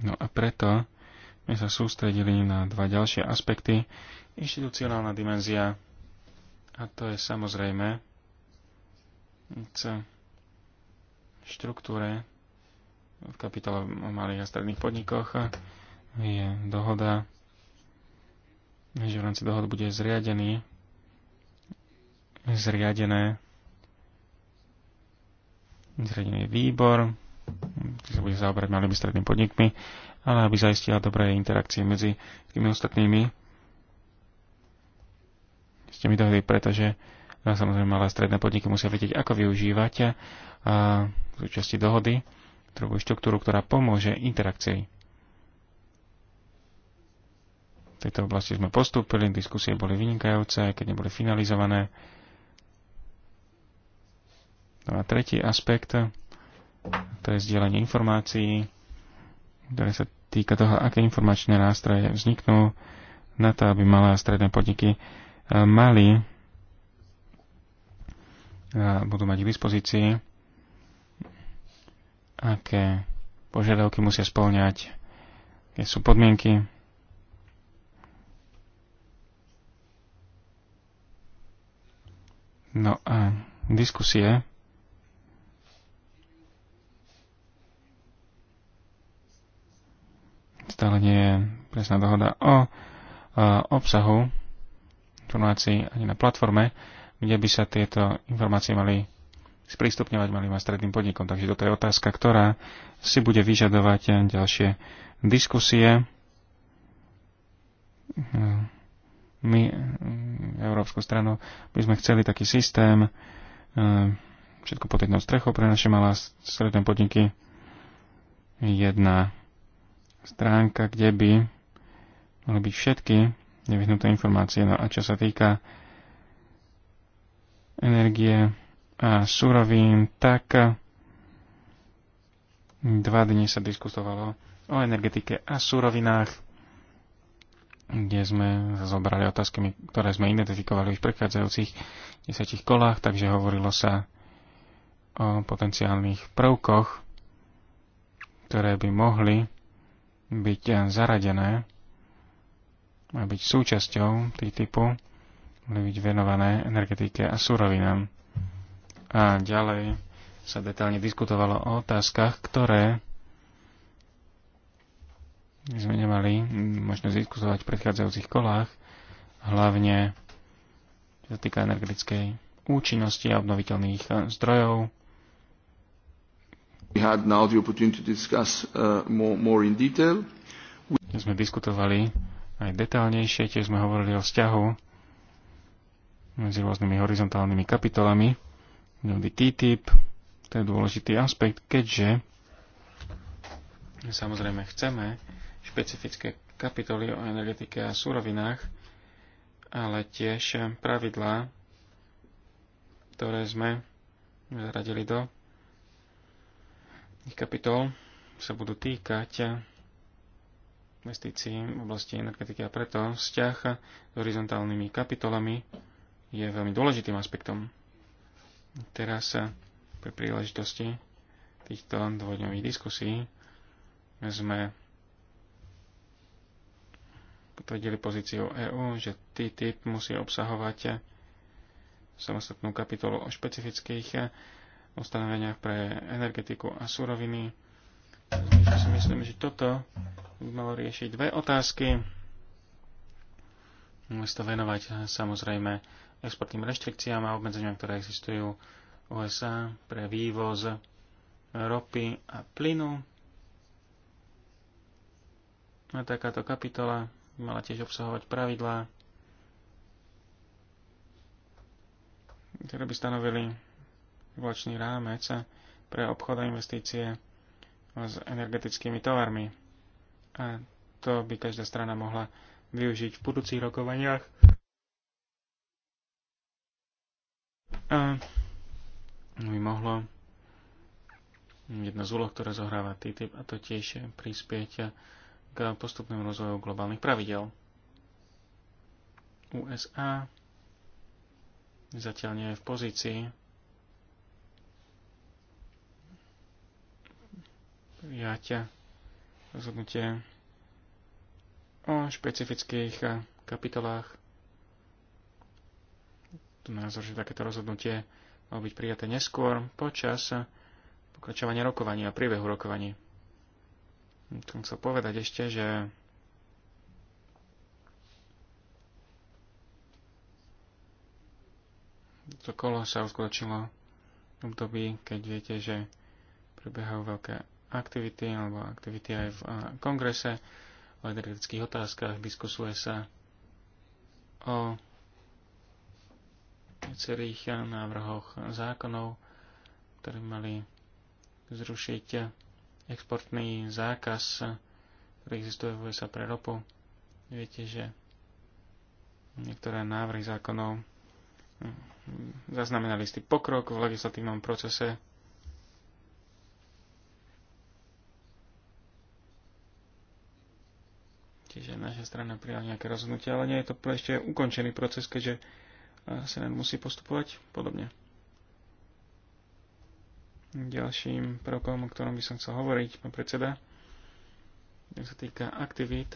No a preto sme sa sústredili na dva ďalšie aspekty. Inštitucionálna dimenzia, a to je samozrejme v štruktúre v kapitole o malých a stredných podnikoch je dohoda, že v rámci dohod bude zriadený, zriadené zriadený výbor, ktorý sa bude zaoberať malými strednými podnikmi, ale aby zaistila dobré interakcie medzi tými ostatnými. Ste mi dohodli, pretože no, samozrejme malé stredné podniky musia vedieť, ako využívať a, v súčasti dohody potrebujú štruktúru, ktorá pomôže interakcii. V tejto oblasti sme postúpili, diskusie boli vynikajúce, keď neboli finalizované. No a tretí aspekt, to je zdieľanie informácií, ktoré sa týka toho, aké informačné nástroje vzniknú na to, aby malé a stredné podniky e, mali a e, budú mať k dispozícii, aké požiadavky musia spĺňať, aké sú podmienky. No a diskusie stále nie je presná dohoda o e, obsahu informácií ani na platforme, kde by sa tieto informácie mali sprístupňovať malým a stredným podnikom. Takže toto je otázka, ktorá si bude vyžadovať ďalšie diskusie. My, Európsku stranu, by sme chceli taký systém, e, všetko pod jednou strechou pre naše malé a stredné podniky. Jedna stránka, kde by mohli byť všetky nevyhnuté informácie. No a čo sa týka energie a surovín, tak dva dni sa diskutovalo o energetike a surovinách, kde sme zobrali otázky, ktoré sme identifikovali v prechádzajúcich desiatich kolách, takže hovorilo sa o potenciálnych prvkoch, ktoré by mohli byť zaradené, a byť súčasťou typu, mohli byť venované energetike a surovinám. A ďalej sa detálne diskutovalo o otázkach, ktoré sme nemali možnosť diskutovať v predchádzajúcich kolách, hlavne čo sa týka energetickej účinnosti a obnoviteľných zdrojov, Uh, sme diskutovali aj detálnejšie, tiež sme hovorili o vzťahu medzi rôznymi horizontálnymi kapitolami. Nový TTIP, to je dôležitý aspekt, keďže samozrejme chceme špecifické kapitoly o energetike a surovinách, ale tiež pravidlá, ktoré sme zaradili do ich kapitol sa budú týkať investícií v oblasti energetiky a preto vzťah s horizontálnymi kapitolami je veľmi dôležitým aspektom. Teraz pri príležitosti týchto dvojdňových diskusí sme potvrdili pozíciu EÚ, že TTIP musí obsahovať samostatnú kapitolu o špecifických ustanoveniach pre energetiku a suroviny. si myslím, že toto by malo riešiť dve otázky. Musí to venovať eh, samozrejme exportným reštrikciám a obmedzeniam, ktoré existujú v USA pre vývoz ropy a plynu. A takáto kapitola by mala tiež obsahovať pravidlá, ktoré by stanovili regulačný rámec pre obchod a investície s energetickými tovarmi. A to by každá strana mohla využiť v budúcich rokovaniach. A by mohlo jedna z úloh, ktoré zohráva TTIP, a to tiež prispieť k postupnému rozvoju globálnych pravidel. USA zatiaľ nie je v pozícii prijatia rozhodnutie o špecifických eh, kapitolách. Tu názor, že takéto rozhodnutie malo byť prijaté neskôr počas eh, pokračovania rokovania a priebehu rokovaní. Tu chcel povedať ešte, že to kolo sa uskutočnilo v období, keď viete, že prebiehajú veľké aktivity alebo aktivity aj v kongrese o energetických otázkach. Diskusuje sa o viacerých návrhoch zákonov, ktoré mali zrušiť exportný zákaz, ktorý existuje v USA pre ropu. Viete, že niektoré návrhy zákonov hm, zaznamenali istý pokrok v legislatívnom procese Čiže naša strana prijala nejaké rozhodnutie, ale nie je to ešte ukončený proces, keďže e, sa len musí postupovať podobne. Ďalším prvkom, o ktorom by som chcel hovoriť, pán predseda, čo sa týka aktivít,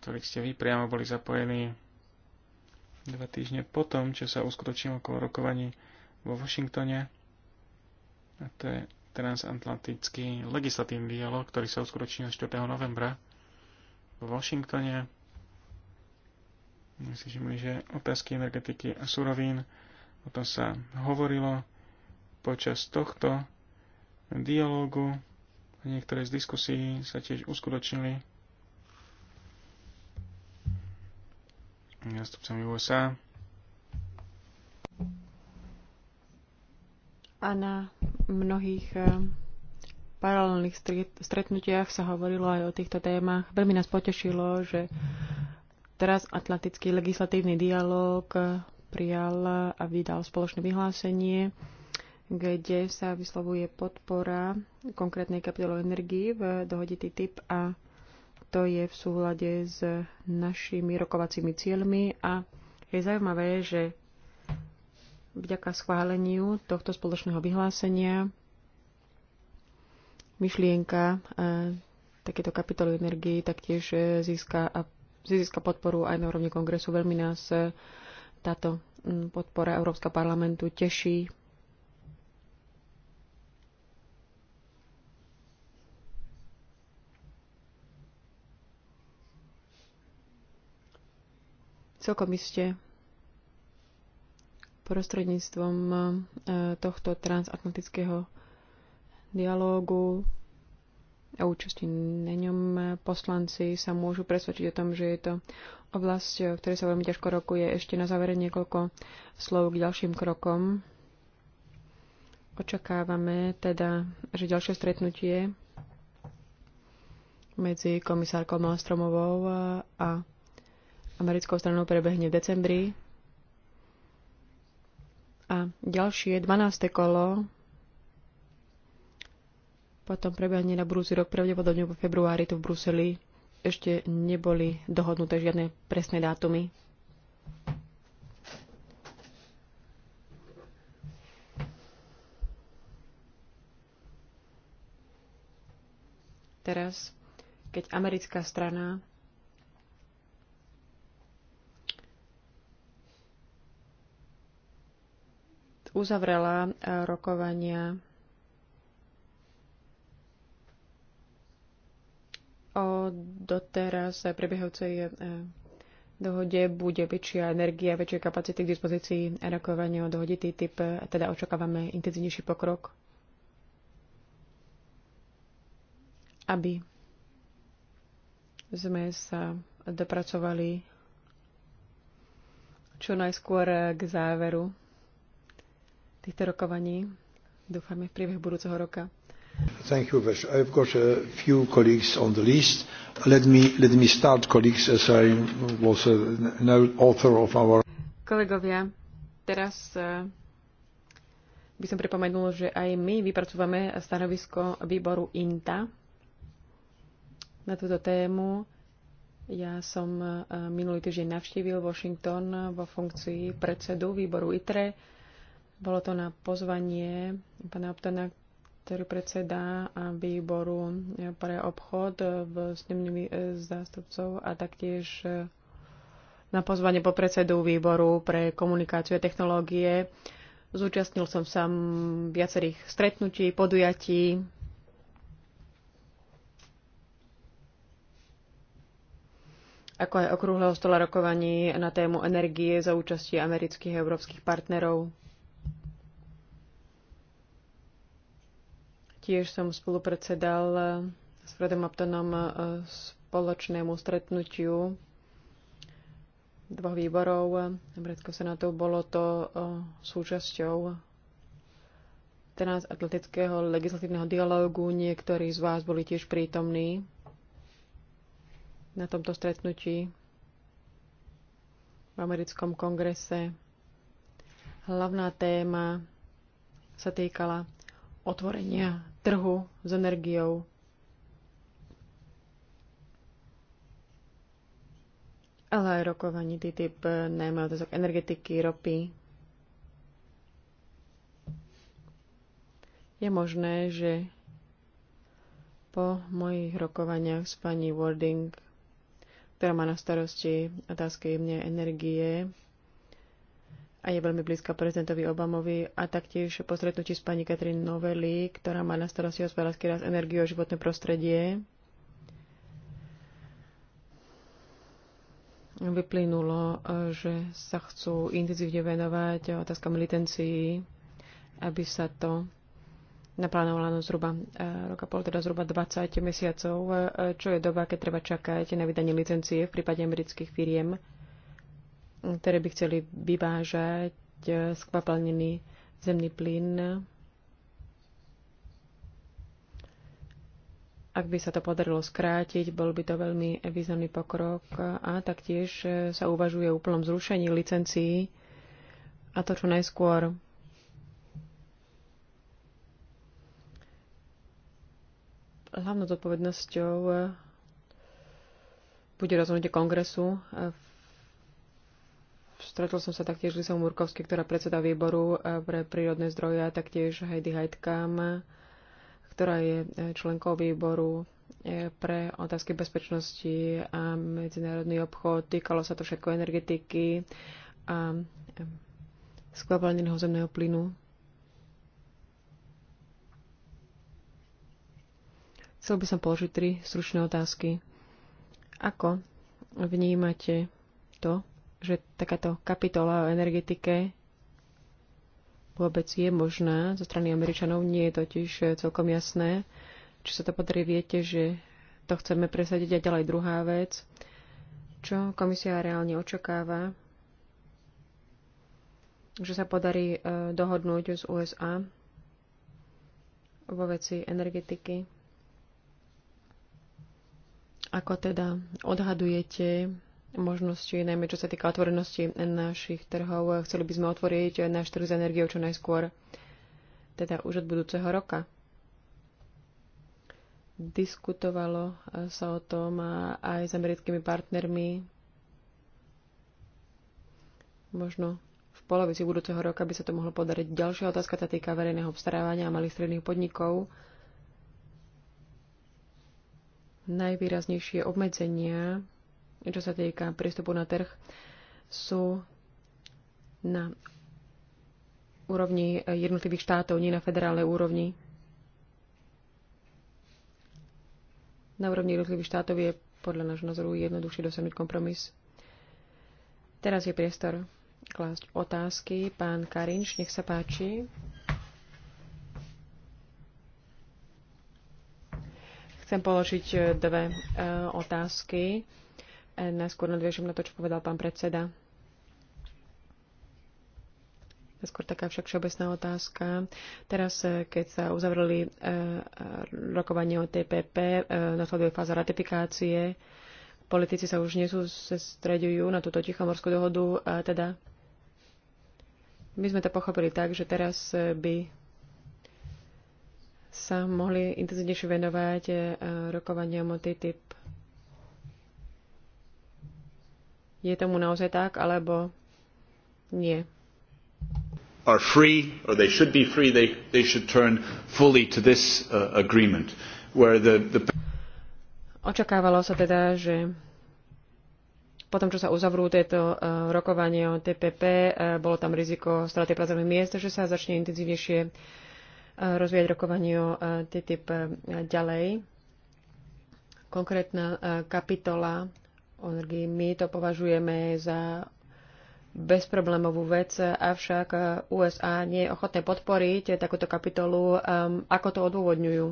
ktorých ste vy priamo boli zapojení dva týždne potom, čo sa uskutočnilo okolo rokovaní vo Washingtone. A to je transatlantický legislatívny dialog, ktorý sa uskutočnil 4. novembra v Washingtone. My si všimli, že otázky energetiky a surovín, o tom sa hovorilo počas tohto dialógu. Niektoré z diskusí sa tiež uskutočnili zástupcami USA. A na mnohých eh, paralelných stretnutiach sa hovorilo aj o týchto témach. Veľmi nás potešilo, že teraz Atlantický legislatívny dialog prijal a vydal spoločné vyhlásenie, kde sa vyslovuje podpora konkrétnej kapitolov energii v dohode TTIP a to je v súhľade s našimi rokovacími cieľmi a je zaujímavé, že vďaka schváleniu tohto spoločného vyhlásenia myšlienka e, takéto kapitoly energii taktiež e, získa, získa podporu aj na úrovni kongresu. Veľmi nás e, táto podpora Európskeho parlamentu teší. Celkom iste prostredníctvom tohto transatlantického dialógu a účasti na ňom poslanci sa môžu presvedčiť o tom, že je to oblasť, v ktorej sa veľmi ťažko rokuje. Ešte na závere niekoľko slov k ďalším krokom. Očakávame teda, že ďalšie stretnutie medzi komisárkou Malstromovou a americkou stranou prebehne v decembri. A ďalšie 12. kolo potom prebehne na budúci rok, pravdepodobne vo februári tu v Bruseli, ešte neboli dohodnuté žiadne presné dátumy. Teraz, keď americká strana uzavrela eh, rokovania o doteraz prebiehajúcej e, dohode bude väčšia energia, väčšie kapacity k dispozícii rokovania o dohode TTIP, teda očakávame intenzívnejší pokrok, aby sme sa dopracovali čo najskôr k záveru týchto rokovaní. Dúfame v priebehu budúceho roka. Thank you, Vesh. I've got a few colleagues on the list. Let me, let me start, colleagues, as I was a, uh, an author of our... Kolegovia, teraz uh, by som pripomenul, že aj my vypracúvame stanovisko výboru INTA na túto tému. Ja som uh, minulý týždeň navštívil Washington vo funkcii predsedu výboru ITRE. Bolo to na pozvanie pána Optona, ktorý predseda výboru pre obchod v snemnými e, zástupcov a taktiež e, na pozvanie po predsedu výboru pre komunikáciu a technológie. Zúčastnil som sa viacerých stretnutí, podujatí. ako aj okrúhleho stola rokovaní na tému energie za účasti amerických a európskych partnerov. Tiež som spolupredsedal s Fredom Aptonom e, spoločnému stretnutiu dvoch výborov Britského senátu. Bolo to e, súčasťou transatlantického legislatívneho dialógu. Niektorí z vás boli tiež prítomní na tomto stretnutí v americkom kongrese. Hlavná téma sa týkala otvorenia trhu s energiou. Ale aj rokovaní typ najmä otázok energetiky, ropy. Je možné, že po mojich rokovaniach s pani Warding, ktorá má na starosti otázky mne energie, a je veľmi blízka prezidentovi Obamovi a taktiež po stretnutí s pani Katrin Novely, ktorá má na starosti hospodársky raz energiu a životné prostredie. Vyplynulo, že sa chcú intenzívne venovať otázkam licencií, aby sa to naplánovalo zhruba e, roka pol, teda zhruba 20 mesiacov, e, čo je doba, keď treba čakať na vydanie licencie v prípade amerických firiem ktoré by chceli vyvážať e, skvapalnený zemný plyn. Ak by sa to podarilo skrátiť, bol by to veľmi významný pokrok a taktiež e, sa uvažuje o úplnom zrušení licencií a to čo najskôr. Hlavnou zodpovednosťou e, bude rozhodnutie kongresu v Stretol som sa taktiež s Lisou Murkovsky, ktorá predseda výboru eh, pre prírodné zdroje a taktiež Heidi Heitkam, eh, ktorá je eh, členkou výboru pre otázky bezpečnosti a medzinárodný obchod. Týkalo sa to všetko energetiky a skvapalneného zemného plynu. Chcel by som položiť tri stručné otázky. Ako vnímate to, že takáto kapitola o energetike vôbec je možná zo strany Američanov. Nie je totiž eh, celkom jasné, či sa to podarí. Viete, že to chceme presadiť a ďalej druhá vec, čo komisia reálne očakáva, že sa podarí eh, dohodnúť z USA vo veci energetiky. Ako teda odhadujete možnosti, najmä čo sa týka otvorenosti našich trhov. Chceli by sme otvoriť náš trh s energiou čo najskôr, teda už od budúceho roka. Diskutovalo sa o tom aj s americkými partnermi. Možno v polovici budúceho roka by sa to mohlo podariť. Ďalšia otázka sa týka verejného obstarávania a malých stredných podnikov. Najvýraznejšie obmedzenia čo sa týka prístupu na trh, sú na úrovni jednotlivých štátov, nie na federálnej úrovni. Na úrovni jednotlivých štátov je podľa nášho názoru jednoduchšie dosiahnuť kompromis. Teraz je priestor klásť otázky. Pán Karinč, nech sa páči. Chcem položiť eh, dve eh, otázky. Najskôr nadviežem na to, čo povedal pán predseda. Skôr taká však všeobecná otázka. Teraz, eh, keď sa uzavreli eh, rokovanie o TPP, eh, nasleduje fáza ratifikácie. Politici sa už nesústreďujú na túto tichomorskú dohodu, a teda my sme to pochopili tak, že teraz by sa mohli intenzívnejšie venovať rokovaniam o TTIP je tomu naozaj tak, alebo nie. Are free, or they should be free, they, they should turn fully to this uh, agreement, where the, the... Očakávalo sa teda, že potom, čo sa uzavrú tieto uh, rokovanie o TPP, uh, bolo tam riziko straty pracovných miest, že sa začne intenzívnejšie uh, rozvíjať rokovanie o uh, TTIP uh, ďalej. Konkrétna uh, kapitola energii. My to považujeme za bezproblémovú vec, avšak USA nie je ochotné podporiť takúto kapitolu. Um, ako to odôvodňujú?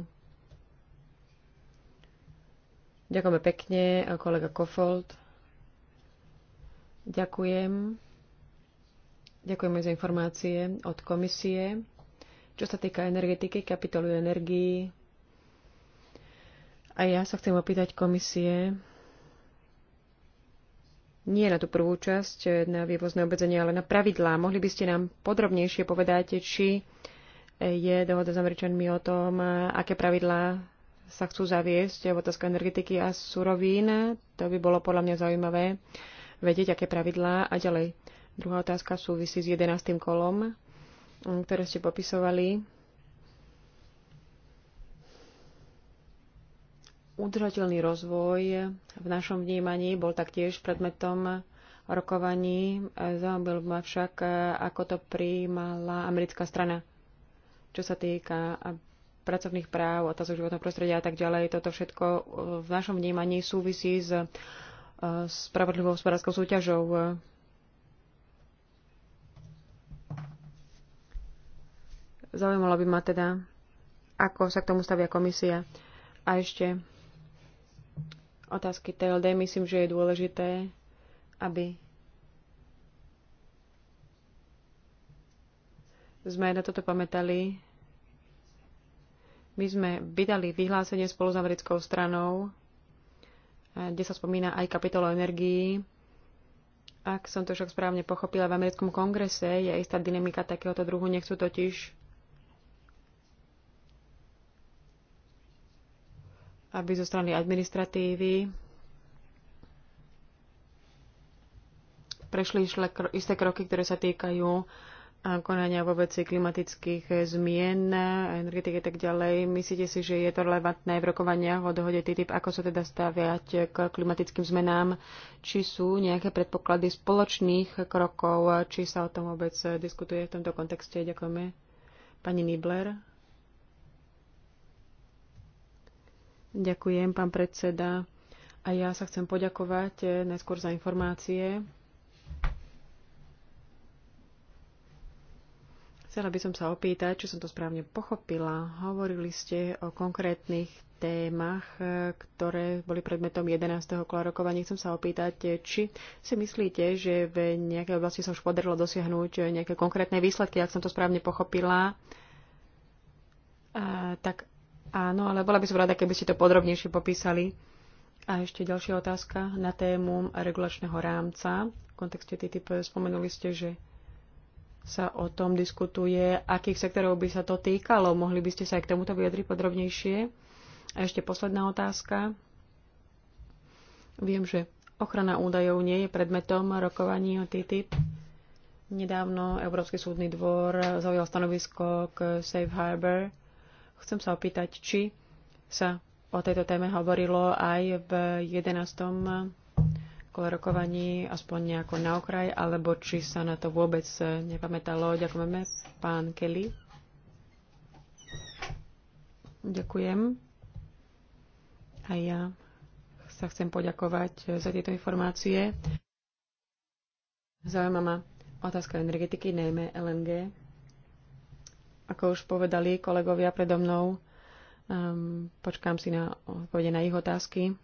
Ďakujeme pekne, kolega Kofold. Ďakujem. Ďakujeme za informácie od komisie. Čo sa týka energetiky, kapitolu energii, a ja sa chcem opýtať komisie, nie na tú prvú časť, eh, na vývozné obmedzenie, ale na pravidlá. Mohli by ste nám podrobnejšie povedať, či eh, je dohoda s Američanmi o tom, eh, aké pravidlá sa chcú zaviesť v otázka energetiky a surovín. To by bolo podľa mňa zaujímavé vedieť, aké pravidlá. A ďalej, druhá otázka súvisí s 11. kolom, ktoré ste popisovali. Udržateľný rozvoj v našom vnímaní bol taktiež predmetom rokovaní. Zaujímal ma však, ako to prijímala americká strana, čo sa týka pracovných práv, otázok životného prostredia a tak ďalej. Toto všetko v našom vnímaní súvisí s e, spravodlivou hospodárskou súťažou. Zaujímalo by ma teda, ako sa k tomu stavia komisia. A ešte otázky TLD, myslím, že je dôležité, aby sme na toto pamätali. My sme vydali vyhlásenie spolu s americkou stranou, kde sa spomína aj kapitola energií. Ak som to však správne pochopila, v americkom kongrese je istá dynamika takéhoto druhu. Nechcú totiž aby zo strany administratívy prešli isté kroky, ktoré sa týkajú konania vo veci klimatických zmien, energetiky a tak ďalej. Myslíte si, že je to relevantné v rokovaniach o dohode TTIP? Ako sa teda staviať k klimatickým zmenám? Či sú nejaké predpoklady spoločných krokov? Či sa o tom vôbec diskutuje v tomto kontexte? Ďakujeme. Pani Nibler. Ďakujem, pán predseda. A ja sa chcem poďakovať eh, najskôr za informácie. Chcela by som sa opýtať, či som to správne pochopila. Hovorili ste o konkrétnych témach, eh, ktoré boli predmetom 11. kola rokovania. Chcem sa opýtať, eh, či si myslíte, že v nejakej oblasti sa už podarilo dosiahnuť nejaké konkrétne výsledky, ak som to správne pochopila, tak Áno, ale bola by som rada, keby ste to podrobnejšie popísali. A ešte ďalšia otázka na tému regulačného rámca. V kontexte TTIP spomenuli ste, že sa o tom diskutuje, akých sektorov by sa to týkalo. Mohli by ste sa aj k tomuto vyjadriť podrobnejšie? A ešte posledná otázka. Viem, že ochrana údajov nie je predmetom rokovaní o TTIP. Nedávno Európsky súdny dvor zaujal stanovisko k Safe Harbor Chcem sa opýtať, či sa o tejto téme hovorilo aj v 11. kolorokovaní, aspoň nejako na okraj, alebo či sa na to vôbec nepamätalo. Ďakujeme, pán Kelly. Ďakujem. A ja sa chcem poďakovať za tieto informácie. Zaujímavá otázka energetiky, najmä LNG. Ako už povedali kolegovia predo mnou, um, počkám si na odpovede na ich otázky.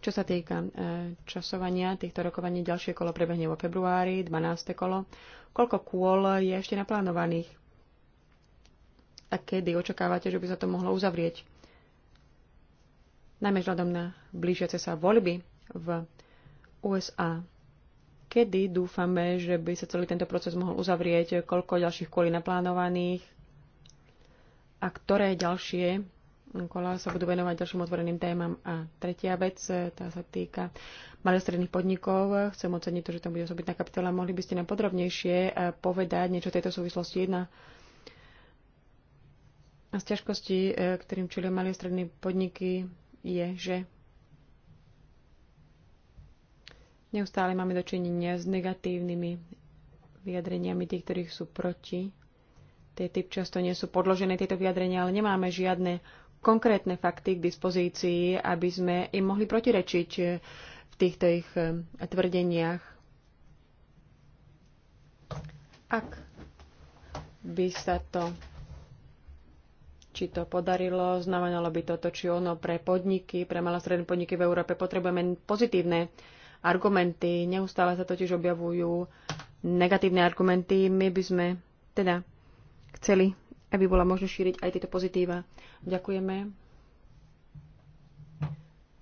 Čo sa týka e, časovania týchto rokovaní, ďalšie kolo prebehne vo februári, 12. kolo. Koľko kôl je ešte naplánovaných? A kedy očakávate, že by sa to mohlo uzavrieť? Najmä vzhľadom na blížiace sa voľby v USA. Kedy dúfame, že by sa celý tento proces mohol uzavrieť, koľko ďalších kolí naplánovaných a ktoré ďalšie kola sa budú venovať ďalším otvoreným témam. A tretia vec, tá sa týka malých stredných podnikov. Chcem oceniť to, že tam bude osobitná kapitola. Mohli by ste nám podrobnejšie eh, povedať niečo tejto súvislosti? Jedna z ťažkostí, eh, ktorým čili malé stredné podniky, je, že Neustále máme dočinenia s negatívnymi vyjadreniami tých, ktorých sú proti. Tie typ často nie sú podložené tieto vyjadrenia, ale nemáme žiadne konkrétne fakty k dispozícii, aby sme im mohli protirečiť v týchto ich eh, tvrdeniach. Ak by sa to či to podarilo, znamenalo by toto či ono pre podniky, pre malé stredné podniky v Európe. Potrebujeme pozitívne argumenty. Neustále sa totiž objavujú negatívne argumenty. My by sme teda chceli, aby bola možno šíriť aj tieto pozitíva. Ďakujeme.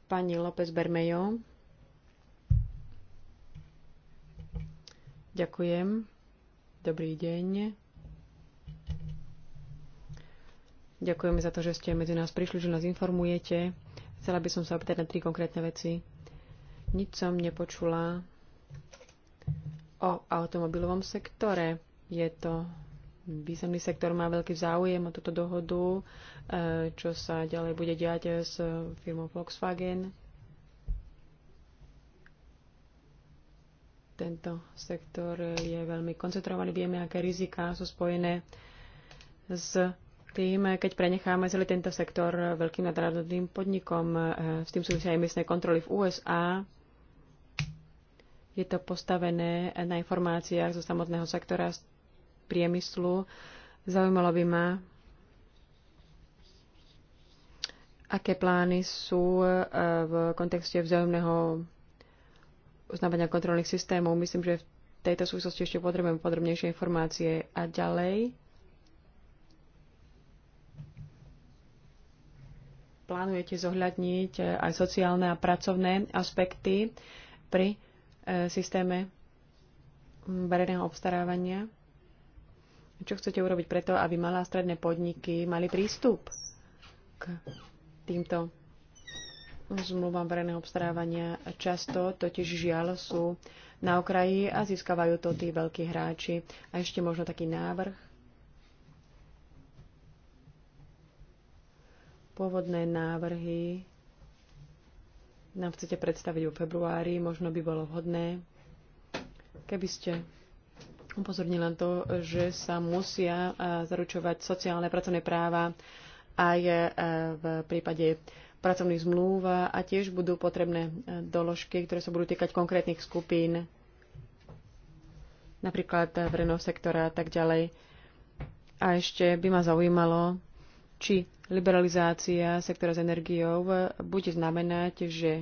Pani López Bermejo. Ďakujem. Dobrý deň. Ďakujeme za to, že ste medzi nás prišli, že nás informujete. Chcela by som sa opýtať na tri konkrétne veci. Nič som nepočula o automobilovom sektore. Je to významný sektor, má veľký záujem o túto dohodu, e, čo sa ďalej bude diať s firmou Volkswagen. Tento sektor je veľmi koncentrovaný, vieme, aké riziká sú spojené s tým, keď prenecháme celý tento sektor veľkým nadradným podnikom. E, s tým sú aj miestne kontroly v USA, je to postavené na informáciách zo samotného sektora priemyslu. Zaujímalo by ma, aké plány sú e, v kontexte vzájomného uznávania kontrolných systémov. Myslím, že v tejto súvislosti ešte potrebujeme podrobnejšie informácie. A ďalej plánujete zohľadniť e, aj sociálne a pracovné aspekty pri systéme verejného obstarávania? Čo chcete urobiť preto, aby malé a stredné podniky mali prístup k týmto zmluvám verejného obstarávania? Často totiž žiaľ sú na okraji a získavajú to tí veľkí hráči. A ešte možno taký návrh. Pôvodné návrhy nám chcete predstaviť vo februári, možno by bolo vhodné, keby ste upozornili na to, že sa musia e, zaručovať sociálne pracovné práva aj e, v prípade pracovných zmluv a tiež budú potrebné e, doložky, ktoré sa budú týkať konkrétnych skupín, napríklad verejného sektora a tak ďalej. A ešte by ma zaujímalo, či liberalizácia sektora s energiou bude znamenať, že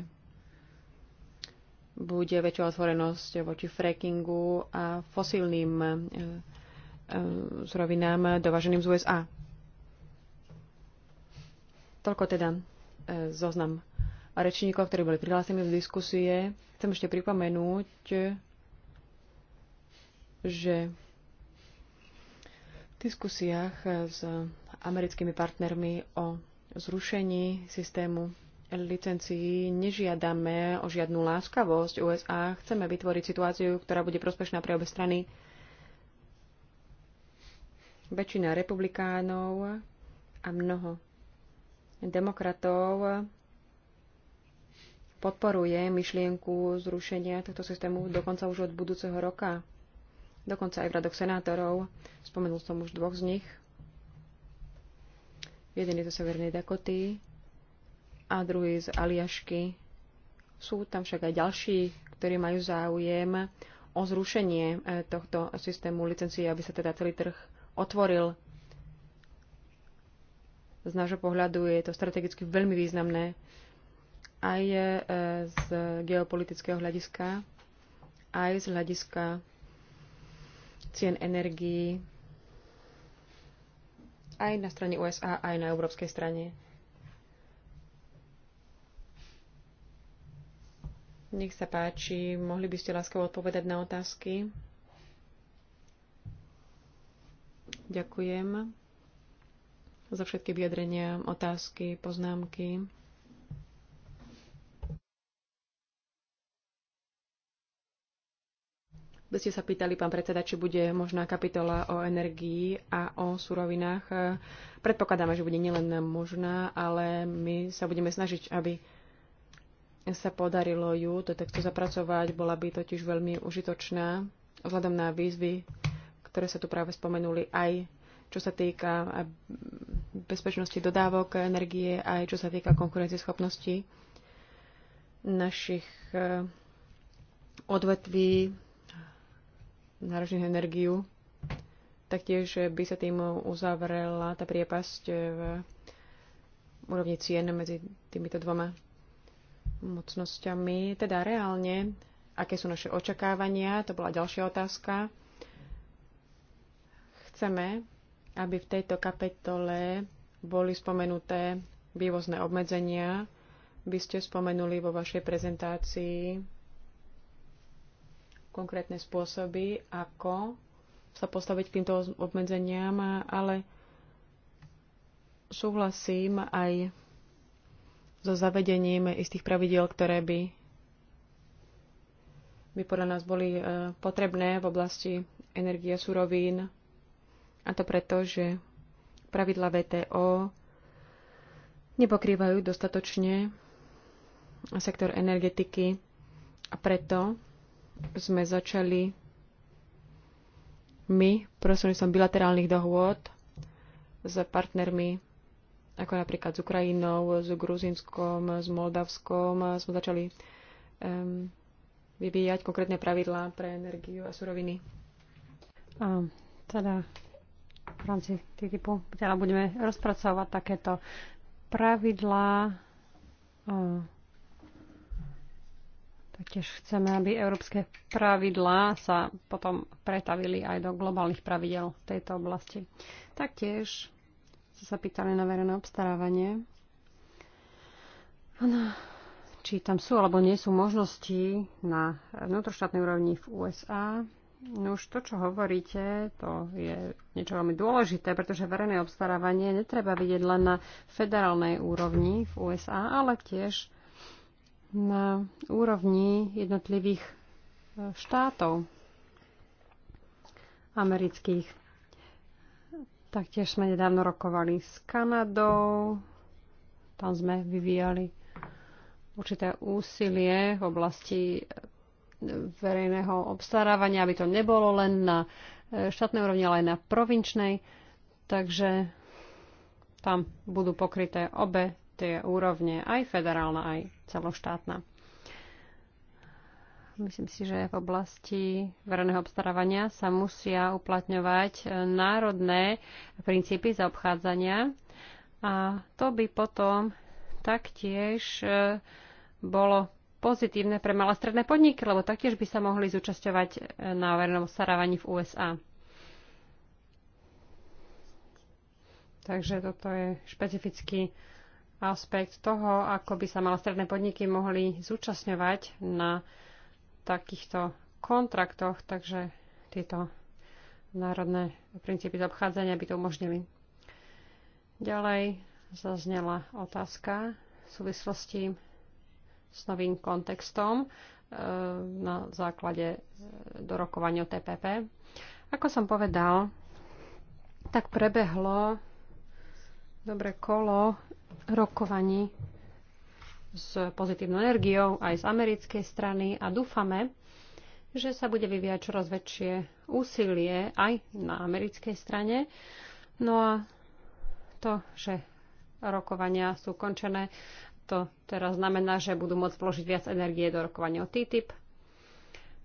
bude väčšia otvorenosť voči frackingu a fosílnym e, e, surovinám dovaženým z USA. Toľko teda e, zoznam rečníkov, ktorí boli prihlásení do diskusie. Chcem ešte pripomenúť, že v diskusiách s americkými partnermi o zrušení systému licencií. Nežiadame o žiadnu láskavosť USA. Chceme vytvoriť situáciu, ktorá bude prospešná pre obe strany. Väčšina republikánov a mnoho demokratov podporuje myšlienku zrušenia tohto systému dokonca už od budúceho roka. Dokonca aj v radoch senátorov, spomenul som už dvoch z nich, Jeden je zo Severnej Dakoty a druhý z Aliašky. Sú tam však aj ďalší, ktorí majú záujem o zrušenie e, tohto systému licencií, aby sa teda celý trh otvoril. Z nášho pohľadu je to strategicky veľmi významné aj e, z geopolitického hľadiska, aj z hľadiska cien energií, aj na strane USA, aj na európskej strane. Nech sa páči, mohli by ste láskavo odpovedať na otázky? Ďakujem za všetky vyjadrenia, otázky, poznámky. Vy ste sa pýtali, pán predseda, či bude možná kapitola o energii a o surovinách. Predpokladáme, že bude nielen možná, ale my sa budeme snažiť, aby sa podarilo ju do textu zapracovať. Bola by totiž veľmi užitočná vzhľadom na výzvy, ktoré sa tu práve spomenuli, aj čo sa týka eh, bezpečnosti dodávok energie, aj čo sa týka konkurencieschopnosti našich eh, odvetví náročných energiu. Taktiež by sa tým uzavrela tá priepasť v úrovni cien medzi týmito dvoma mocnosťami. Teda reálne, aké sú naše očakávania, to bola ďalšia otázka. Chceme, aby v tejto kapitole boli spomenuté vývozné obmedzenia. Vy ste spomenuli vo vašej prezentácii konkrétne spôsoby, ako sa postaviť k týmto obmedzeniam, ale súhlasím aj so zavedením istých pravidiel, ktoré by, by podľa nás boli e, potrebné v oblasti energie surovín. A to preto, že pravidla VTO nepokrývajú dostatočne sektor energetiky a preto sme začali my prostredníctvom bilaterálnych dohôd s partnermi ako napríklad s Ukrajinou, s Gruzinskom, s Moldavskom, sme začali um, vyvíjať konkrétne pravidlá pre energiu a suroviny. A teda v rámci TTIPu teda budeme rozpracovať takéto pravidlá Taktiež chceme, aby európske pravidlá sa potom pretavili aj do globálnych pravidel v tejto oblasti. Taktiež ste sa pýtali na verejné obstarávanie. Ano, či tam sú alebo nie sú možnosti na vnútroštátnej úrovni v USA. No už to, čo hovoríte, to je niečo veľmi dôležité, pretože verejné obstarávanie netreba vidieť len na federálnej úrovni v USA, ale tiež na úrovni jednotlivých e, štátov amerických. Taktiež sme nedávno rokovali s Kanadou. Tam sme vyvíjali určité úsilie v oblasti e, verejného obstarávania, aby to nebolo len na e, štátnej úrovni, ale aj na provinčnej. Takže tam budú pokryté obe tie úrovne, aj federálna, aj celoštátna. Myslím si, že v oblasti verejného obstarávania sa musia uplatňovať eh, národné princípy zaobchádzania a to by potom taktiež eh, bolo pozitívne pre malé stredné podniky, lebo taktiež by sa mohli zúčastňovať eh, na verejnom obstarávaní v USA. Takže toto je špecifický aspekt toho, ako by sa malé stredné podniky mohli zúčastňovať na takýchto kontraktoch, takže tieto národné princípy zobchádzania by to umožnili. Ďalej zaznela otázka v súvislosti s novým kontextom e, na základe e, dorokovania TPP. Ako som povedal, tak prebehlo dobre kolo rokovaní s pozitívnou energiou aj z americkej strany a dúfame, že sa bude vyvíjať čoraz väčšie úsilie aj na americkej strane. No a to, že rokovania sú končené, to teraz znamená, že budú môcť vložiť viac energie do rokovania o TTIP.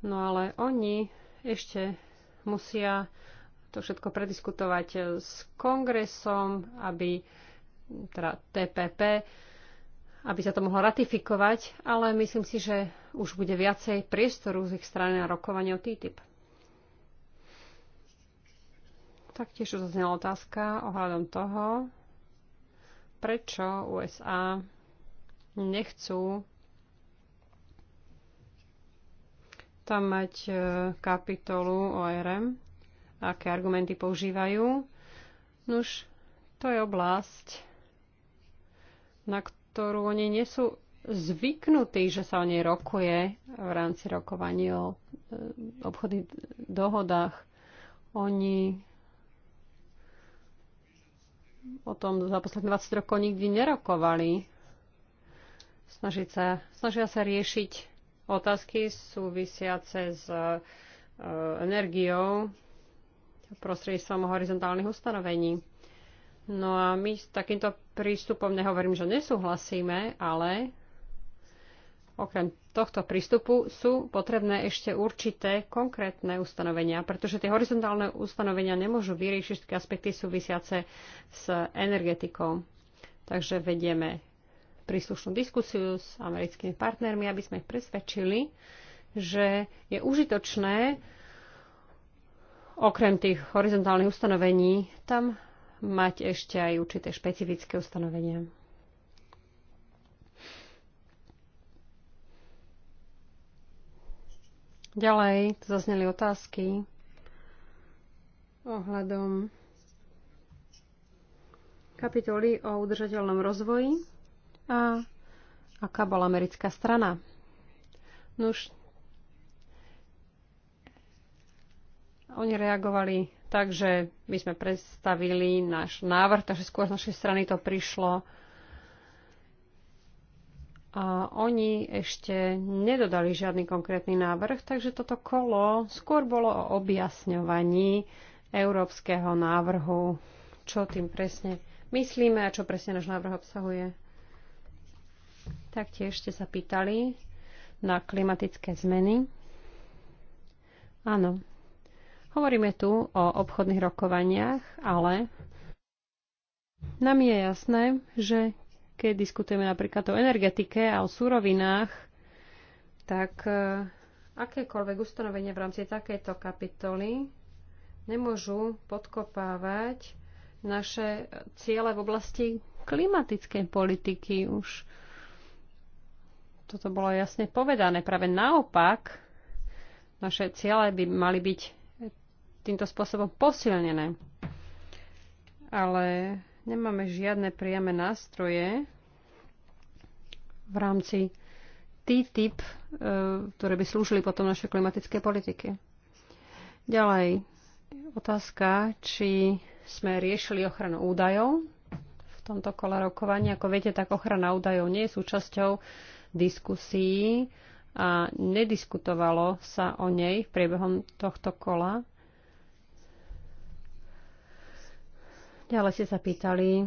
No ale oni ešte musia to všetko prediskutovať s kongresom, aby teda TPP, aby sa to mohlo ratifikovať, ale myslím si, že už bude viacej priestoru z ich strany na rokovanie o TTIP. Taktiež už zaznela otázka ohľadom toho, prečo USA nechcú tam mať e, kapitolu ORM, aké argumenty používajú. Nuž, to je oblasť, na ktorú oni nie sú zvyknutí, že sa o nej rokuje v rámci rokovania o e, obchodných dohodách. Oni o tom za posledných 20 rokov nikdy nerokovali. Snažia sa, snažia sa riešiť otázky súvisiace s e, energiou prostredníctvom horizontálnych ustanovení. No a my s takýmto prístupom nehovorím, že nesúhlasíme, ale okrem tohto prístupu sú potrebné ešte určité konkrétne ustanovenia, pretože tie horizontálne ustanovenia nemôžu vyriešiť všetky aspekty súvisiace s energetikou. Takže vedieme príslušnú diskusiu s americkými partnermi, aby sme ich presvedčili, že je užitočné okrem tých horizontálnych ustanovení tam mať ešte aj určité špecifické ustanovenia. Ďalej tu zazneli otázky ohľadom kapitoly o udržateľnom rozvoji a aká bola americká strana. Nuž, oni reagovali Takže my sme predstavili náš návrh, takže skôr z našej strany to prišlo. A oni ešte nedodali žiadny konkrétny návrh, takže toto kolo skôr bolo o objasňovaní európskeho návrhu, čo tým presne myslíme a čo presne náš návrh obsahuje. Taktiež ste sa pýtali na klimatické zmeny. Áno, Hovoríme tu o obchodných rokovaniach, ale nám je jasné, že keď diskutujeme napríklad o energetike a o súrovinách, tak e, akékoľvek ustanovenie v rámci takejto kapitoly nemôžu podkopávať naše ciele v oblasti klimatickej politiky. Už toto bolo jasne povedané. Práve naopak, naše ciele by mali byť týmto spôsobom posilnené. Ale nemáme žiadne priame nástroje v rámci TTIP, e, ktoré by slúžili potom našej klimatické politike. Ďalej, otázka, či sme riešili ochranu údajov v tomto kole rokovania. Ako viete, tak ochrana údajov nie je súčasťou diskusí a nediskutovalo sa o nej v priebehom tohto kola. Ďalej ste sa pýtali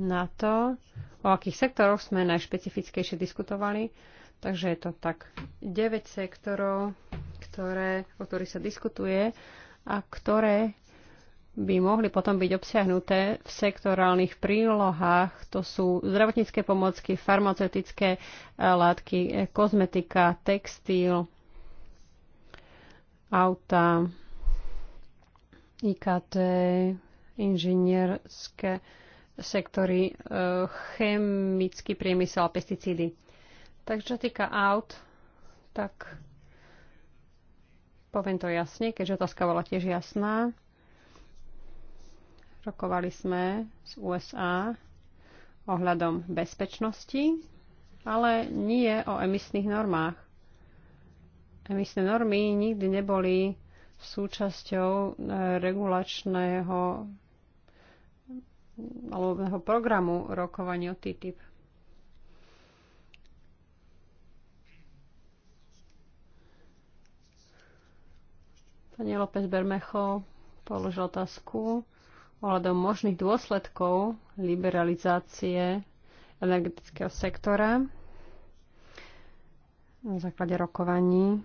na to, o akých sektoroch sme najšpecifickejšie diskutovali. Takže je to tak 9 sektorov, ktoré, o ktorých sa diskutuje a ktoré by mohli potom byť obsiahnuté v sektorálnych prílohách. To sú zdravotnícke pomocky, farmaceutické eh, látky, eh, kozmetika, textil, auta, IKT, inžinierské sektory, e, chemický priemysel a pesticídy. Takže čo týka aut, tak poviem to jasne, keďže otázka bola tiež jasná. Rokovali sme z USA ohľadom bezpečnosti, ale nie o emisných normách. Emisné normy nikdy neboli súčasťou e, regulačného alebo programu rokovania o TTIP. Pani López Bermecho položil otázku ohľadom možných dôsledkov liberalizácie energetického sektora na základe rokovaní.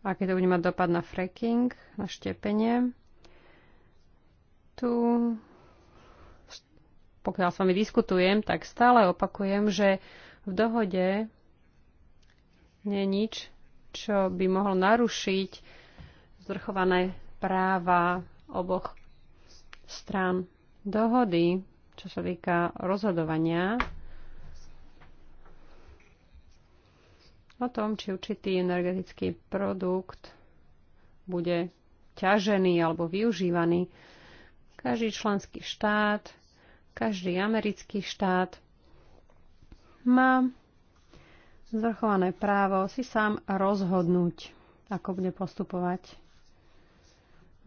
Aký to bude mať dopad na fracking, na štepenie tu, pokiaľ s vami diskutujem, tak stále opakujem, že v dohode nie je nič, čo by mohlo narušiť zvrchované práva oboch strán dohody, čo sa týka rozhodovania o tom, či určitý energetický produkt bude ťažený alebo využívaný každý členský štát, každý americký štát má zvrchované právo si sám rozhodnúť, ako bude postupovať.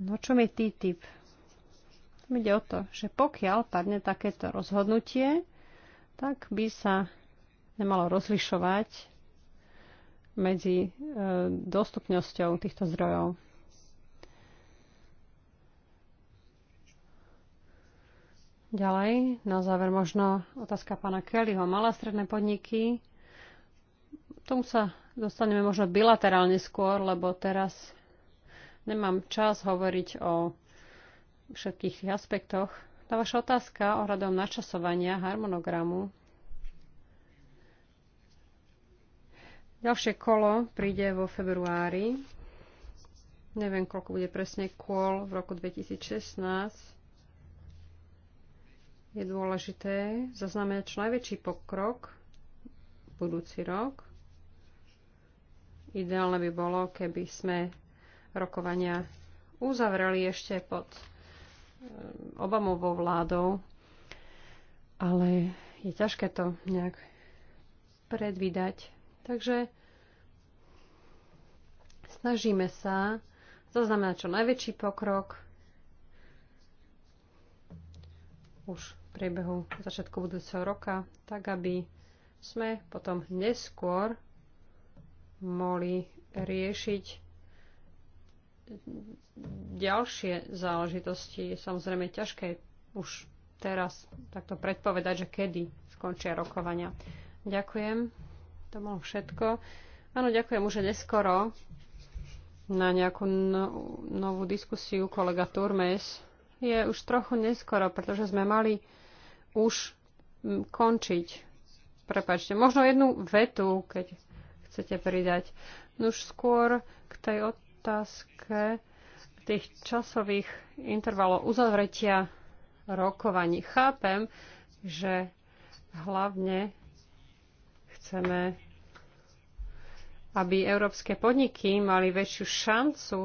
No čo mi typ? Ide o to, že pokiaľ padne takéto rozhodnutie, tak by sa nemalo rozlišovať medzi e, dostupnosťou týchto zdrojov. Ďalej, na záver možno otázka pána Kellyho. Malé stredné podniky, tomu sa dostaneme možno bilaterálne skôr, lebo teraz nemám čas hovoriť o všetkých tých aspektoch. Tá vaša otázka ohľadom načasovania harmonogramu. Ďalšie kolo príde vo februári. Neviem, koľko bude presne kôl v roku 2016 je dôležité zaznamenať čo najväčší pokrok budúci rok. Ideálne by bolo, keby sme rokovania uzavreli ešte pod eh, Obamovou vládou, ale je ťažké to nejak predvídať. Takže snažíme sa zaznamenať čo najväčší pokrok. Už priebehu začiatku budúceho roka, tak aby sme potom neskôr mohli riešiť ďalšie záležitosti. Je samozrejme ťažké už teraz takto predpovedať, že kedy skončia rokovania. Ďakujem. To bolo všetko. Áno, ďakujem už neskoro na nejakú no, novú diskusiu kolega Turmes. Je už trochu neskoro, pretože sme mali už mm, končiť. Prepačte, možno jednu vetu, keď chcete pridať. No už skôr k tej otázke tých časových intervalov uzavretia rokovaní. Chápem, že hlavne chceme, aby európske podniky mali väčšiu šancu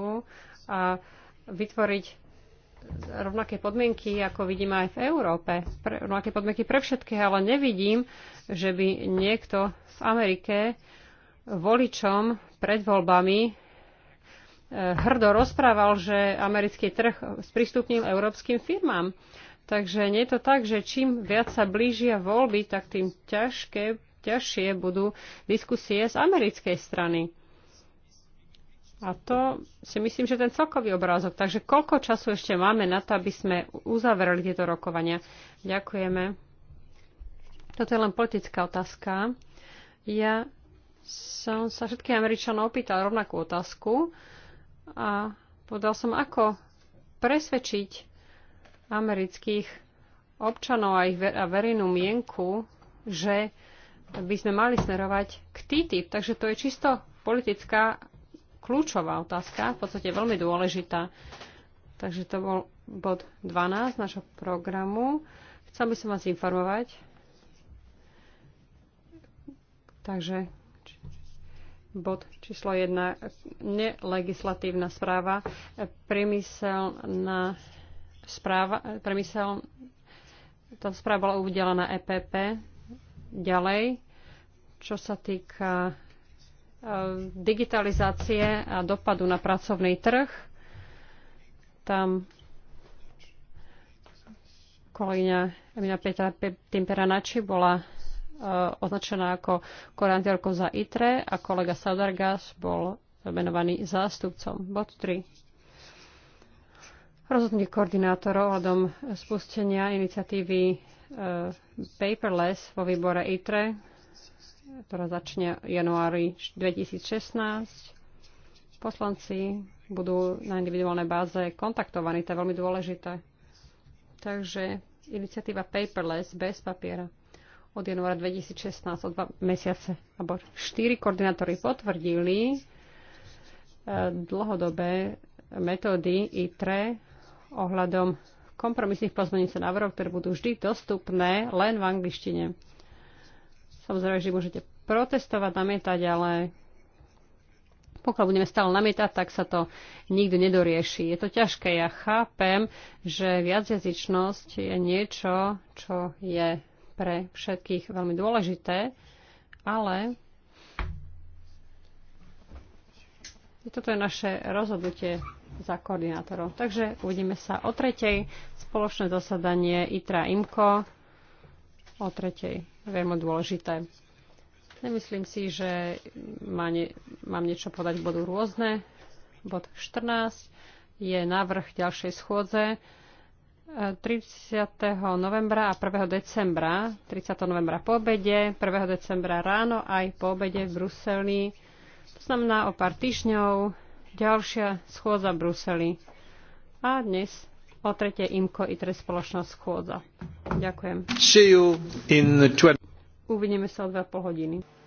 a vytvoriť rovnaké podmienky, ako vidíme aj v Európe. Pre, rovnaké podmienky pre všetkých, ale nevidím, že by niekto v Amerike voličom pred voľbami eh, hrdo rozprával, že americký trh sprístupnil európskym firmám. Takže nie je to tak, že čím viac sa blížia voľby, tak tým ťažké, ťažšie budú diskusie z americkej strany. A to si myslím, že ten celkový obrázok. Takže koľko času ešte máme na to, aby sme uzavreli tieto rokovania? Ďakujeme. Toto je len politická otázka. Ja som sa všetkých Američanov opýtal rovnakú otázku a povedal som, ako presvedčiť amerických občanov a ich verejnú mienku, že by sme mali smerovať k TTIP. Takže to je čisto politická kľúčová otázka, v podstate veľmi dôležitá. Takže to bol bod 12 našho programu. Chcel by som vás informovať. Takže bod číslo 1, nelegislatívna správa, priemyselná správa, priemysel, tá správa bola udelená EPP. Ďalej, čo sa týka Eh, digitalizácie a dopadu na pracovný trh. Tam kolegyňa Emina Petra Timperanači bola eh, označená ako koordinátorkou za ITRE a kolega Saudargas bol menovaný zástupcom. Bod 3. Rozhodnutie koordinátorov ohľadom spustenia iniciatívy eh, paperless vo výbore ITRE ktorá začne v januári 2016. Poslanci budú na individuálnej báze kontaktovaní, to je veľmi dôležité. Takže iniciatíva Paperless bez papiera od januára 2016, o dva mesiace, alebo štyri koordinátory potvrdili e, dlhodobé metódy ITRE ohľadom kompromisných pozmeňujúcich návrhov, ktoré budú vždy dostupné len v angličtine. Samozrejme, že môžete protestovať, namietať, ale pokiaľ budeme stále namietať, tak sa to nikdy nedorieši. Je to ťažké. Ja chápem, že viacjazyčnosť je niečo, čo je pre všetkých veľmi dôležité, ale toto je naše rozhodnutie za koordinátorov. Takže uvidíme sa o tretej. Spoločné zasadanie ITRA imco o tretej veľmi dôležité. Nemyslím si, že má ne, mám niečo podať bodu rôzne. Bod 14 je návrh ďalšej schôdze 30. E, novembra a 1. decembra. 30. novembra po obede, 1. decembra ráno aj po obede v Bruseli. To znamená o pár týždňov ďalšia schôdza v Bruseli. A dnes o tretie IMKO i tre spoločnosť schôdza. Ďakujem. Uvidíme sa o pol hodiny.